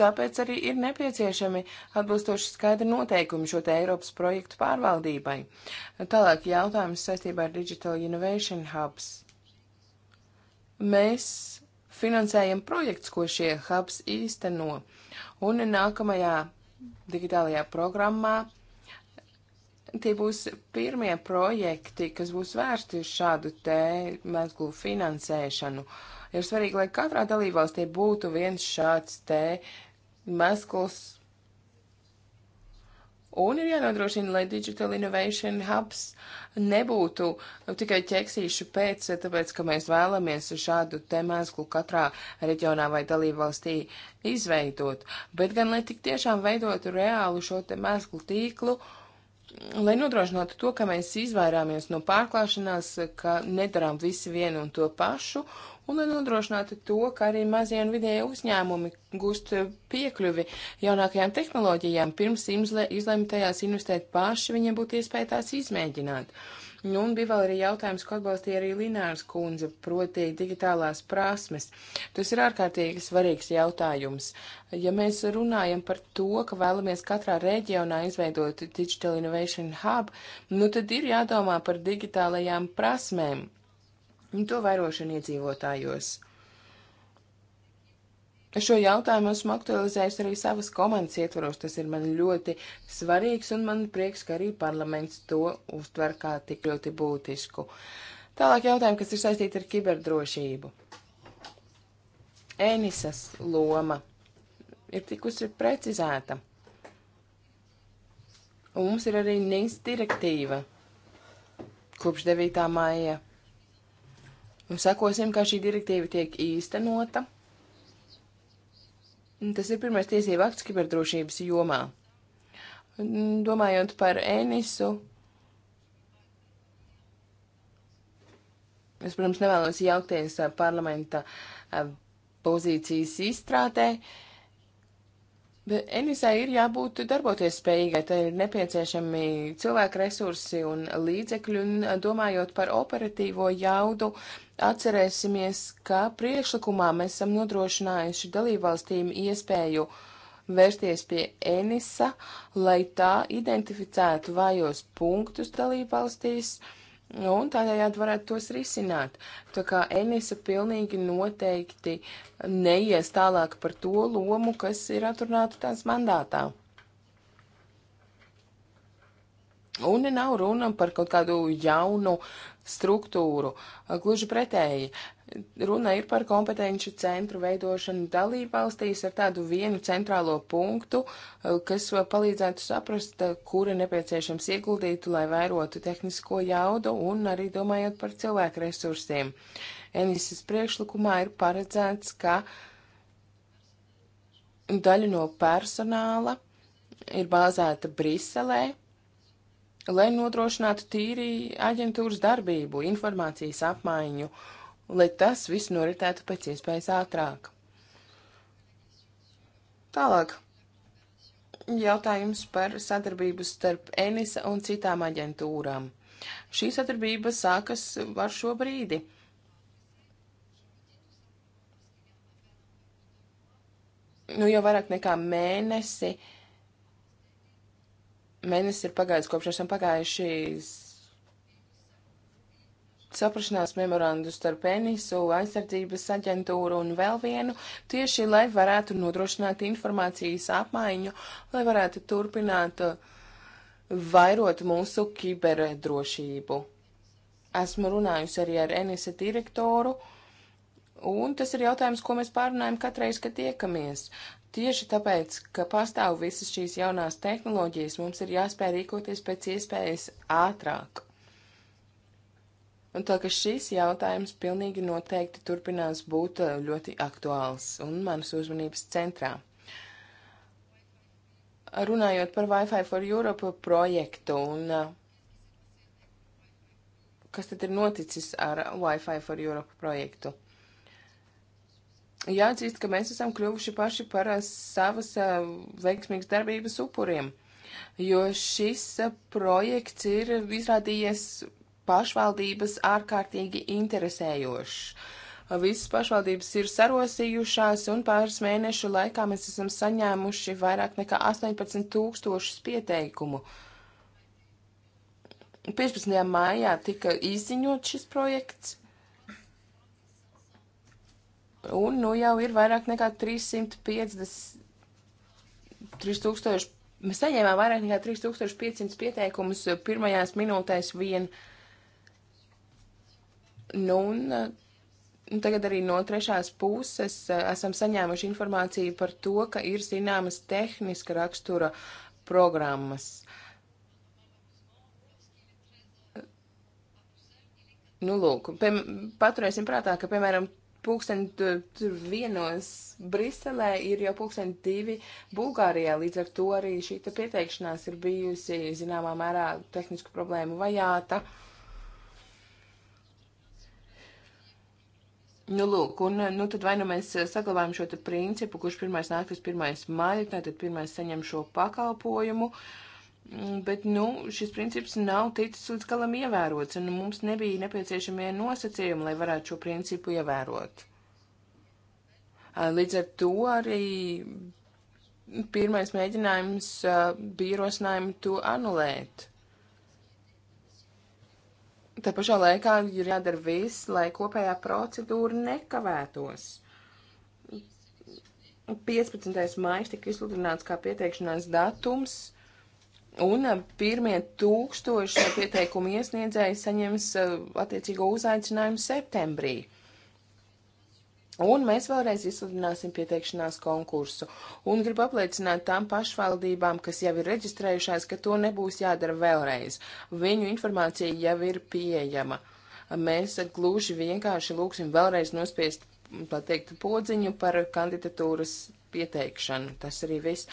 Tāpēc arī ir nepieciešami atbilstoši skaidri noteikumi šo te Eiropas projektu pārvaldībai. Tālāk jautājums saistībā ar Digital Innovation Hubs. Mēs finansējam projekts, ko šie hubs īsteno, un nākamajā digitālajā programmā tie būs pirmie projekti, kas būs vērsti uz šādu te mezglu finansēšanu. Ir svarīgi, lai katrā dalībvalstī būtu viens šāds te uh, Maskls. Un ir jānodrošina, lai Digital Innovation Hubs nebūtu nu, tikai ķeksīšu pēc, tāpēc, ka mēs vēlamies šādu te mēslu katrā reģionā vai dalībvalstī izveidot, bet gan, lai tik tiešām veidotu reālu šo te mēslu tīklu, lai nodrošinātu to, ka mēs izvairāmies no pārklāšanās, ka nedarām visi vienu un to pašu, un lai nodrošinātu to, ka arī mazie un vidēji uzņēmumi gūst piekļuvi jaunākajām tehnoloģijām, pirms izlemj tajās investēt paši, viņiem būtu iespēja tās izmēģināt. Nu, un bija vēl arī jautājums, ko atbalstīja arī Lināras kundze, proti digitālās prasmes. Tas ir ārkārtīgi svarīgs jautājums. Ja mēs runājam par to, ka vēlamies katrā reģionā izveidot Digital Innovation Hub, nu tad ir jādomā par digitālajām prasmēm un to vairošanu iedzīvotājos. Šo jautājumu esmu aktualizējis arī savas komandas ietvaros. Tas ir man ļoti svarīgs un man prieks, ka arī parlaments to uztver kā tik ļoti būtisku. Tālāk jautājumi, kas ir saistīti ar kiberdrošību. Enisas loma ir tikusi precizēta. Un mums ir arī NIS direktīva kopš 9. maija sekosim, kā šī direktīva tiek īstenota. Tas ir pirmais tiesība akts kiberdrošības jomā. Domājot par Enisu, es, protams, nevēlos jaukties parlamenta pozīcijas izstrādē, bet Enisai ir jābūt darboties spējīgai, tai ir nepieciešami cilvēku resursi un līdzekļi, un domājot par operatīvo jaudu, Atcerēsimies, ka priekšlikumā mēs esam nodrošinājuši dalībvalstīm iespēju vērsties pie ENISA, lai tā identificētu vājos punktus dalībvalstīs un tādējādi varētu tos risināt. Tā kā Enisa pilnīgi noteikti neies tālāk par to lomu, kas ir atrunāta tās mandātā. Un nav runa par kaut kādu jaunu struktūru. Gluži pretēji, runa ir par kompetenci centru veidošanu dalībvalstīs ar tādu vienu centrālo punktu, kas palīdzētu saprast, kura nepieciešams ieguldīt, lai vairotu tehnisko jaudu un arī domājot par cilvēku resursiem. Enises priekšlikumā ir paredzēts, ka daļa no personāla ir bāzēta Briselē lai nodrošinātu tīri aģentūras darbību, informācijas apmaiņu, lai tas viss noritētu pēc iespējas ātrāk. Tālāk. Jautājums par sadarbību starp ENISA un citām aģentūrām. Šī sadarbība sākas ar šo brīdi. Nu, jau vairāk nekā mēnesi uh, mēnesis ir pagājis, kopš esam pagājuši saprašanās memorandu starp Enisu, aizsardzības aģentūru un vēl vienu, tieši lai varētu nodrošināt informācijas apmaiņu, lai varētu turpināt vairot mūsu kiberdrošību. Esmu runājusi arī ar Enisa direktoru. Un tas ir jautājums, ko mēs pārunājam katreiz, kad tiekamies. Tieši tāpēc, ka pastāv visas šīs jaunās tehnoloģijas, mums ir jāspēj rīkoties pēc iespējas ātrāk. Un tā ka šis jautājums pilnīgi noteikti turpinās būt uh, ļoti aktuāls un manas uzmanības centrā. Runājot par Wi-Fi for Europe projektu un uh, kas tad ir noticis ar Wi-Fi for Europe projektu? jāatzīst, ka mēs esam kļuvuši paši par eh, savas eh, veiksmīgas darbības upuriem, jo šis eh, projekts ir izrādījies pašvaldības ārkārtīgi interesējošs. Visas pašvaldības ir sarosījušās, un pāris mēnešu laikā mēs esam saņēmuši vairāk nekā 18 tūkstošus pieteikumu. 15. maijā tika izziņots šis projekts, Un nu jau ir vairāk nekā 350, 3000, mēs saņēmām vairāk nekā 3500 pieteikumus pirmajās minūtēs vien. Nu, un, un nu, tagad arī no trešās puses eh, esam saņēmuši informāciju par to, ka ir zināmas tehniska rakstura programmas. Nu, lūk, pie, paturēsim prātā, ka, piemēram, pulksteni vienos Briselē ir jau pulksteni divi Bulgārijā, līdz ar to arī šī pieteikšanās ir bijusi zināmā mērā tehnisku problēmu vajāta. Nu, lūk, un nu, tad vai nu mēs saglabājam šo principu, kurš pirmais nāk, tas pirmais maļķi, tad pirmais saņem šo pakalpojumu. Uh, Mm, bet nu, šis princips nav ticis līdz galam ievērots, un mums nebija nepieciešamie nosacījumi, lai varētu šo principu ievērot. Līdz ar to arī pirmais mēģinājums bija ierosinājumi to anulēt. Tā pašā laikā ir jādara viss, lai kopējā procedūra nekavētos. 15. maija tika izsludināts kā pieteikšanās datums Un eh, pirmie tūkstoši pieteikumu iesniedzēji saņems eh, attiecīgo uzaicinājumu septembrī. Un mēs vēlreiz izsludināsim pieteikšanās konkursu. Un gribu apliecināt tām pašvaldībām, kas jau ir reģistrējušās, ka to nebūs jādara vēlreiz. Viņu informācija jau ir pieejama. Mēs gluži vienkārši lūksim vēlreiz nospiest, tā teikt, podziņu par kandidatūras pieteikšanu. Tas arī viss.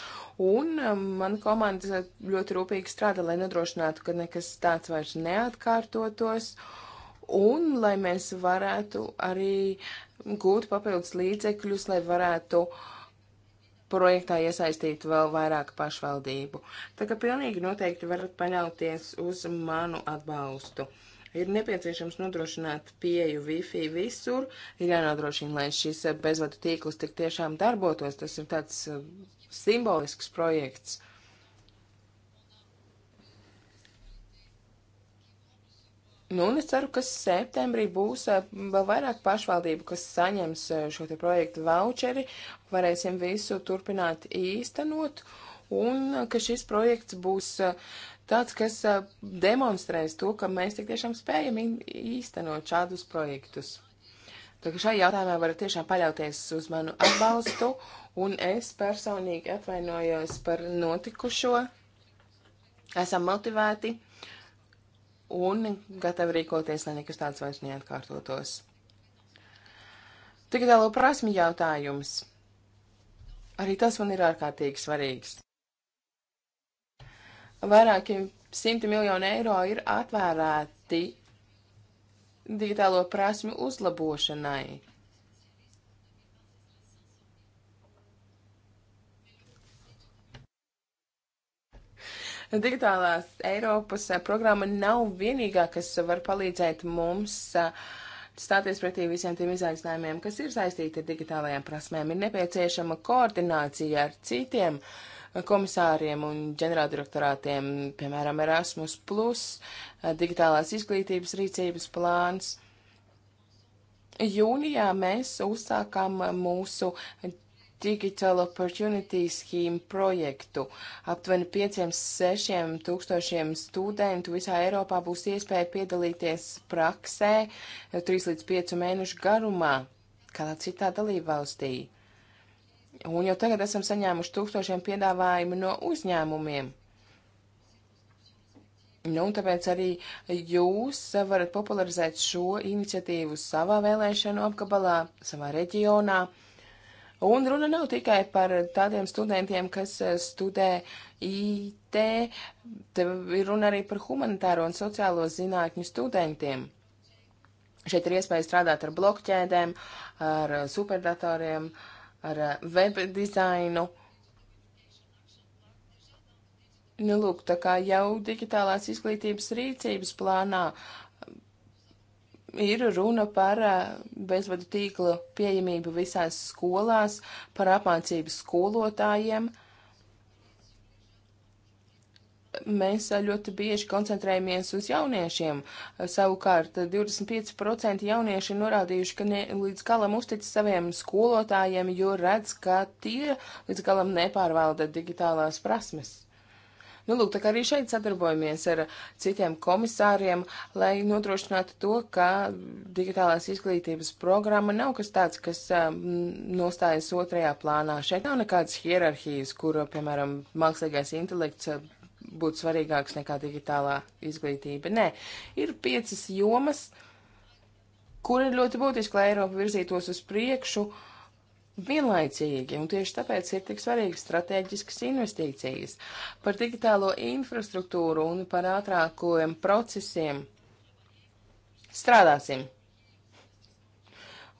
Un um, mana komanda ļoti rūpīgi strādā, lai nodrošinātu, ka nekas tāds vairs neatkārtotos. Un lai mēs varētu arī gūt papildus līdzekļus, lai varētu projektā iesaistīt vēl vairāk pašvaldību. Tā kā pilnīgi noteikti varat paļauties uz manu atbalstu. Ir nepieciešams nodrošināt pieju Wi-Fi visur, ir jānodrošina, lai šis bezvadu tīkls tik tiešām darbotos. Tas ir tāds uh, simbolisks projekts. Nu, un es ceru, ka septembrī būs uh, vēl vairāk pašvaldību, kas saņems uh, šo te projektu voucheri, varēsim visu turpināt īstenot, un ka šis projekts būs tāds, kas demonstrēs to, ka mēs tik tiešām spējam īstenot šādus projektus. Tā kā šai jautājumā varat tiešām paļauties uz manu atbalstu, un es personīgi atvainojos par notikušo. Esam motivēti un gatavi rīkoties, lai nekas tāds vairs neatkārtotos. Tagad vēl prasmi jautājums. Arī tas man ir ārkārtīgi svarīgs. Vairāki simti miljoni eiro ir atvērēti digitālo prasmu uzlabošanai. Digitālās Eiropas programma nav vienīgā, kas var palīdzēt mums stāties pretī visiem tiem izaicinājumiem, kas ir saistīti ar digitālajām prasmēm. Ir nepieciešama koordinācija ar citiem uh, komisāriem un ģenerāldirektorātiem, piemēram, Erasmus, eh, digitālās izglītības rīcības plāns. Jūnijā mēs uzsākām mūsu Digital Opportunity Scheme projektu. Aptuveni 5-6 tūkstošiem studentu visā Eiropā būs iespēja piedalīties praksē 3 līdz 5 mēnešu garumā kādā citā dalībvalstī. Un jau tagad esam saņēmuši tūkstošiem piedāvājumu no uzņēmumiem. Nu, un tāpēc arī jūs varat popularizēt šo iniciatīvu savā vēlēšanu apgabalā, savā reģionā. Un runa nav tikai par tādiem studentiem, kas eh, studē IT, te ir runa arī par humanitāro un sociālo zinātņu studentiem. Šeit ir iespēja strādāt ar blokķēdēm, ar eh, superdatoriem, uh, ar eh, web dizainu. Nu, lūk, tā kā jau digitālās izglītības rīcības plānā ir runa par eh, bezvadu tīklu pieejamību visās skolās, par apmācību skolotājiem. Uh, mēs eh, ļoti bieži koncentrējamies uz jauniešiem. Savukārt 25% eh, jaunieši ir norādījuši, ka ne, līdz galam uztic saviem skolotājiem, jo redz, ka tie līdz galam nepārvalda digitālās prasmes. Nu, lūk, tā kā arī šeit sadarbojamies ar citiem komisāriem, lai nodrošinātu to, ka digitālās izglītības programma nav kas tāds, kas eh, nostājas otrajā plānā. Šeit nav nekādas hierarhijas, kur, piemēram, mākslīgais intelekts būtu svarīgāks nekā digitālā izglītība. Nē, ir piecas jomas, kur ir ļoti būtiski, lai Eiropa virzītos uz priekšu vienlaicīgi, un tieši tāpēc ir tik svarīgas strateģiskas investīcijas par digitālo infrastruktūru un par ātrākojiem procesiem. Strādāsim!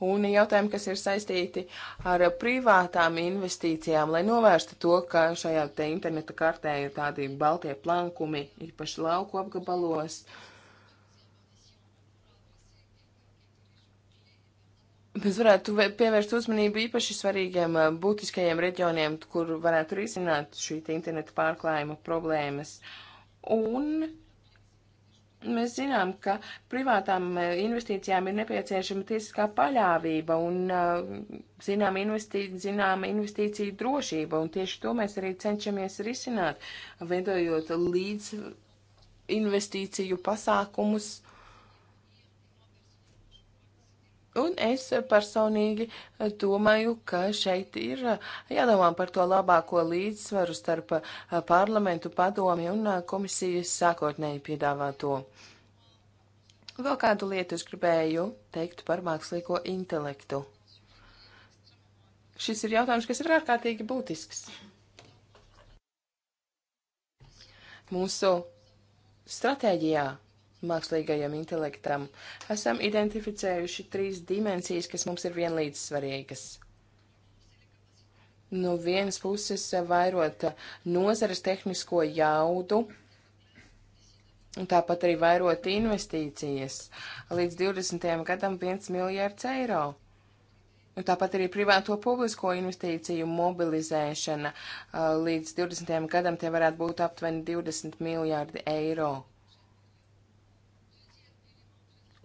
un jautājumi, kas ir saistīti ar privātām investīcijām, lai novērstu to, ka šajā te interneta kartē ir tādi baltie plankumi, īpaši lauku apgabalos. Mēs varētu pievērst uzmanību īpaši svarīgiem eh, būtiskajiem reģioniem, kur varētu risināt šī interneta pārklājuma problēmas. Un Mēs zinām, ka privātām e, investīcijām ir nepieciešama tiesiskā paļāvība un e, zinām, investī, zinām investīciju drošība, un tieši to mēs arī cenšamies risināt, veidojot līdz investīciju pasākumus Un es personīgi eh, domāju, ka šeit ir eh, jādomā par to labāko līdzsvaru starp eh, parlamentu padomi un komisijas sākotnēji piedāvāto. Vēl kādu lietu es gribēju teikt par mākslīgo intelektu. Šis ir jautājums, kas ir ārkārtīgi būtisks. Mūsu stratēģijā mākslīgajam intelektam, esam identificējuši trīs dimensijas, kas mums ir vienlīdz svarīgas. No vienas puses vairot nozares tehnisko jaudu, un tāpat arī vairot investīcijas līdz 20. gadam 1 miljārds eiro. Un tāpat arī privāto publisko investīciju mobilizēšana līdz 20. gadam tie varētu būt aptuveni 20 miljārdi eiro.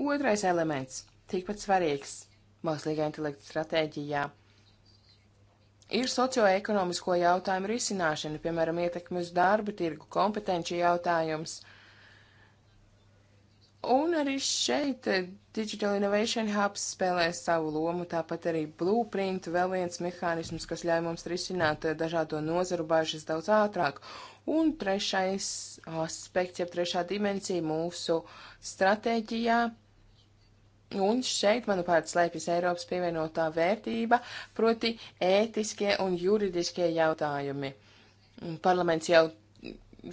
Otrais elements, tikpat svarīgs mākslīgā intelekta stratēģijā, ir socioekonomisko jautājumu risināšana, piemēram, ietekmi uz darba tirgu, kompetenci jautājums. Un arī šeit eh, Digital Innovation Hubs spēlē savu lomu, tāpat arī Blueprint, vēl viens mehānisms, kas ļauj mums risināt eh, dažādo nozaru bažas daudz ātrāk. Un trešais aspekts, jeb trešā dimensija mūsu stratēģijā Un šeit, manuprāt, slēpjas Eiropas pievienotā vērtība, proti ētiskie un juridiskie jautājumi. Parlaments jau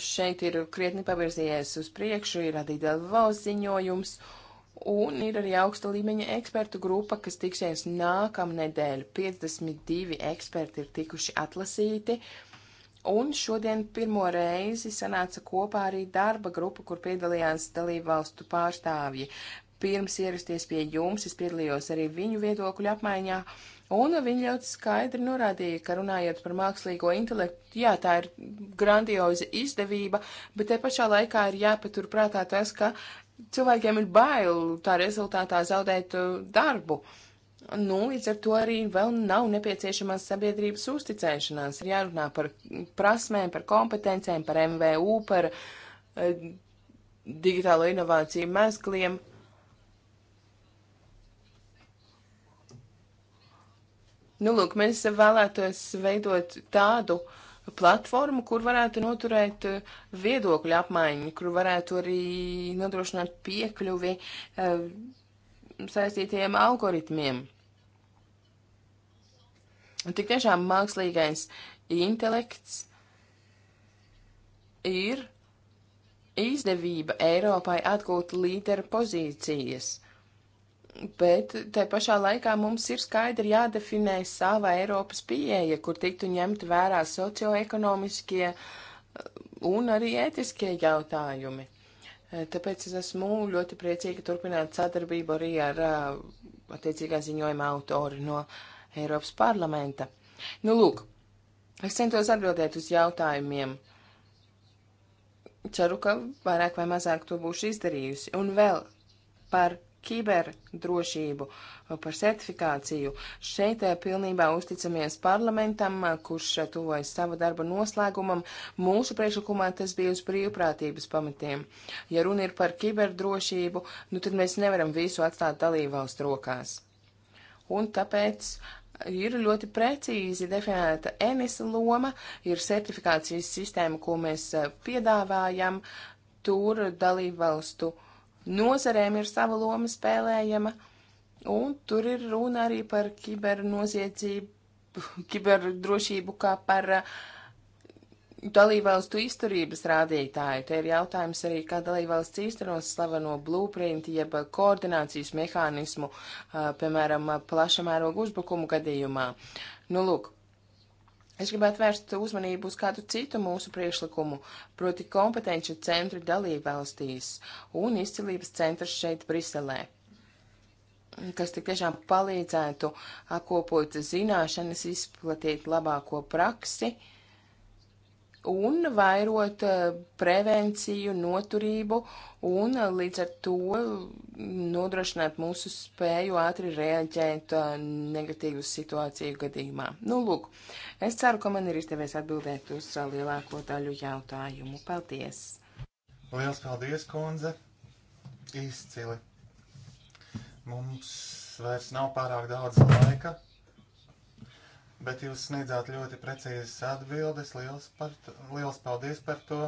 šeit ir krietni pavirzījies uz priekšu, ir arī Delvaus ziņojums, un ir arī augsta līmeņa ekspertu grupa, kas tiksies nākamnedēļ. 52 eksperti ir tikuši atlasīti. Un šodien pirmo reizi sanāca kopā arī darba grupa, kur piedalījās dalību valstu pārstāvji pirms ierasties pie jums, es piedalījos arī viņu viedokļu apmaiņā, un viņi ļoti skaidri norādīja, ka runājot par mākslīgo intelektu, jā, tā ir grandioza izdevība, bet te pašā laikā ir jāpaturprātā tas, ka cilvēkiem ir bail tā rezultātā zaudēt uh, darbu. Nu, līdz ar to arī vēl nav nepieciešamās sabiedrības uzticēšanās. Ir jārunā par prasmēm, par kompetencēm, par MVU, par e, digitālo inovāciju mezgliem. Nu, lūk, mēs vēlētos veidot tādu platformu, kur varētu noturēt eh, viedokļu apmaiņu, kur varētu arī nodrošināt piekļuvi eh, saistītajiem algoritmiem. Tik tiešām mākslīgais intelekts ir izdevība Eiropai atgūt līderu pozīcijas – Bet tai pašā laikā mums ir skaidri jādefinē sava Eiropas pieeja, kur tiktu ņemt vērā socioekonomiskie eh, un arī ētiskie jautājumi. Eh, tāpēc es esmu ļoti priecīga turpināt sadarbību arī ar eh, attiecīgā ziņojuma autori no Eiropas parlamenta. Nu, lūk, es centos atbildēt uz jautājumiem. Ceru, ka vairāk vai mazāk to būšu izdarījusi. Un vēl par kiberdrošību, eh, par certifikāciju. Šeit eh, pilnībā uzticamies parlamentam, eh, kurš tuvojas savu darbu noslēgumam. Mūsu priekšlikumā tas bija uz brīvprātības pamatiem. Ja runa ir par kiberdrošību, nu tad mēs nevaram visu atstāt dalībvalstu rokās. Un tāpēc ir ļoti precīzi definēta ENISA loma, ir certifikācijas sistēma, ko mēs piedāvājam, tur dalībvalstu valstu nozarēm ir sava loma spēlējama, un tur ir runa arī par kibernoziedzību, kiberdrošību kā par uh, dalībvalstu izturības rādītāju. Te ir jautājums arī, kā dalībvalsts īstenos slaveno blueprint, jeb koordinācijas mehānismu, uh, piemēram, plašamērogu uzbrukumu gadījumā. Nu, lūk, Es gribētu vērst uzmanību uz kādu citu mūsu priešlikumu, proti kompetenci centri dalībvalstīs un izcilības centrs šeit Briselē, kas tik tiešām palīdzētu apkopot zināšanas, izplatīt labāko praksi. Uh, un vairot eh, prevenciju, noturību un eh, līdz ar to nodrošināt mūsu spēju ātri reaģēt eh, negatīvu situāciju gadījumā. Nu, lūk, es ceru, ka man ir izdevies atbildēt uz lielāko daļu jautājumu. Paldies! Liels paldies, kundze! Izcili! Mums vairs nav pārāk daudz laika bet jūs sniedzāt ļoti precīzas atbildes. Liels, par, liels paldies par to!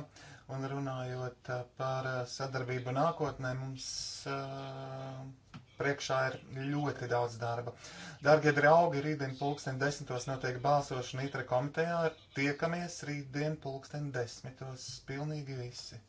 Un runājot uh, par uh, sadarbību nākotnē, mums uh, priekšā ir ļoti daudz darba. Darbie draugi, rītdien pulksten desmitos notiek balsošana Nitra komitejā. Tiekamies rītdien pulksten desmitos. Pilnīgi visi!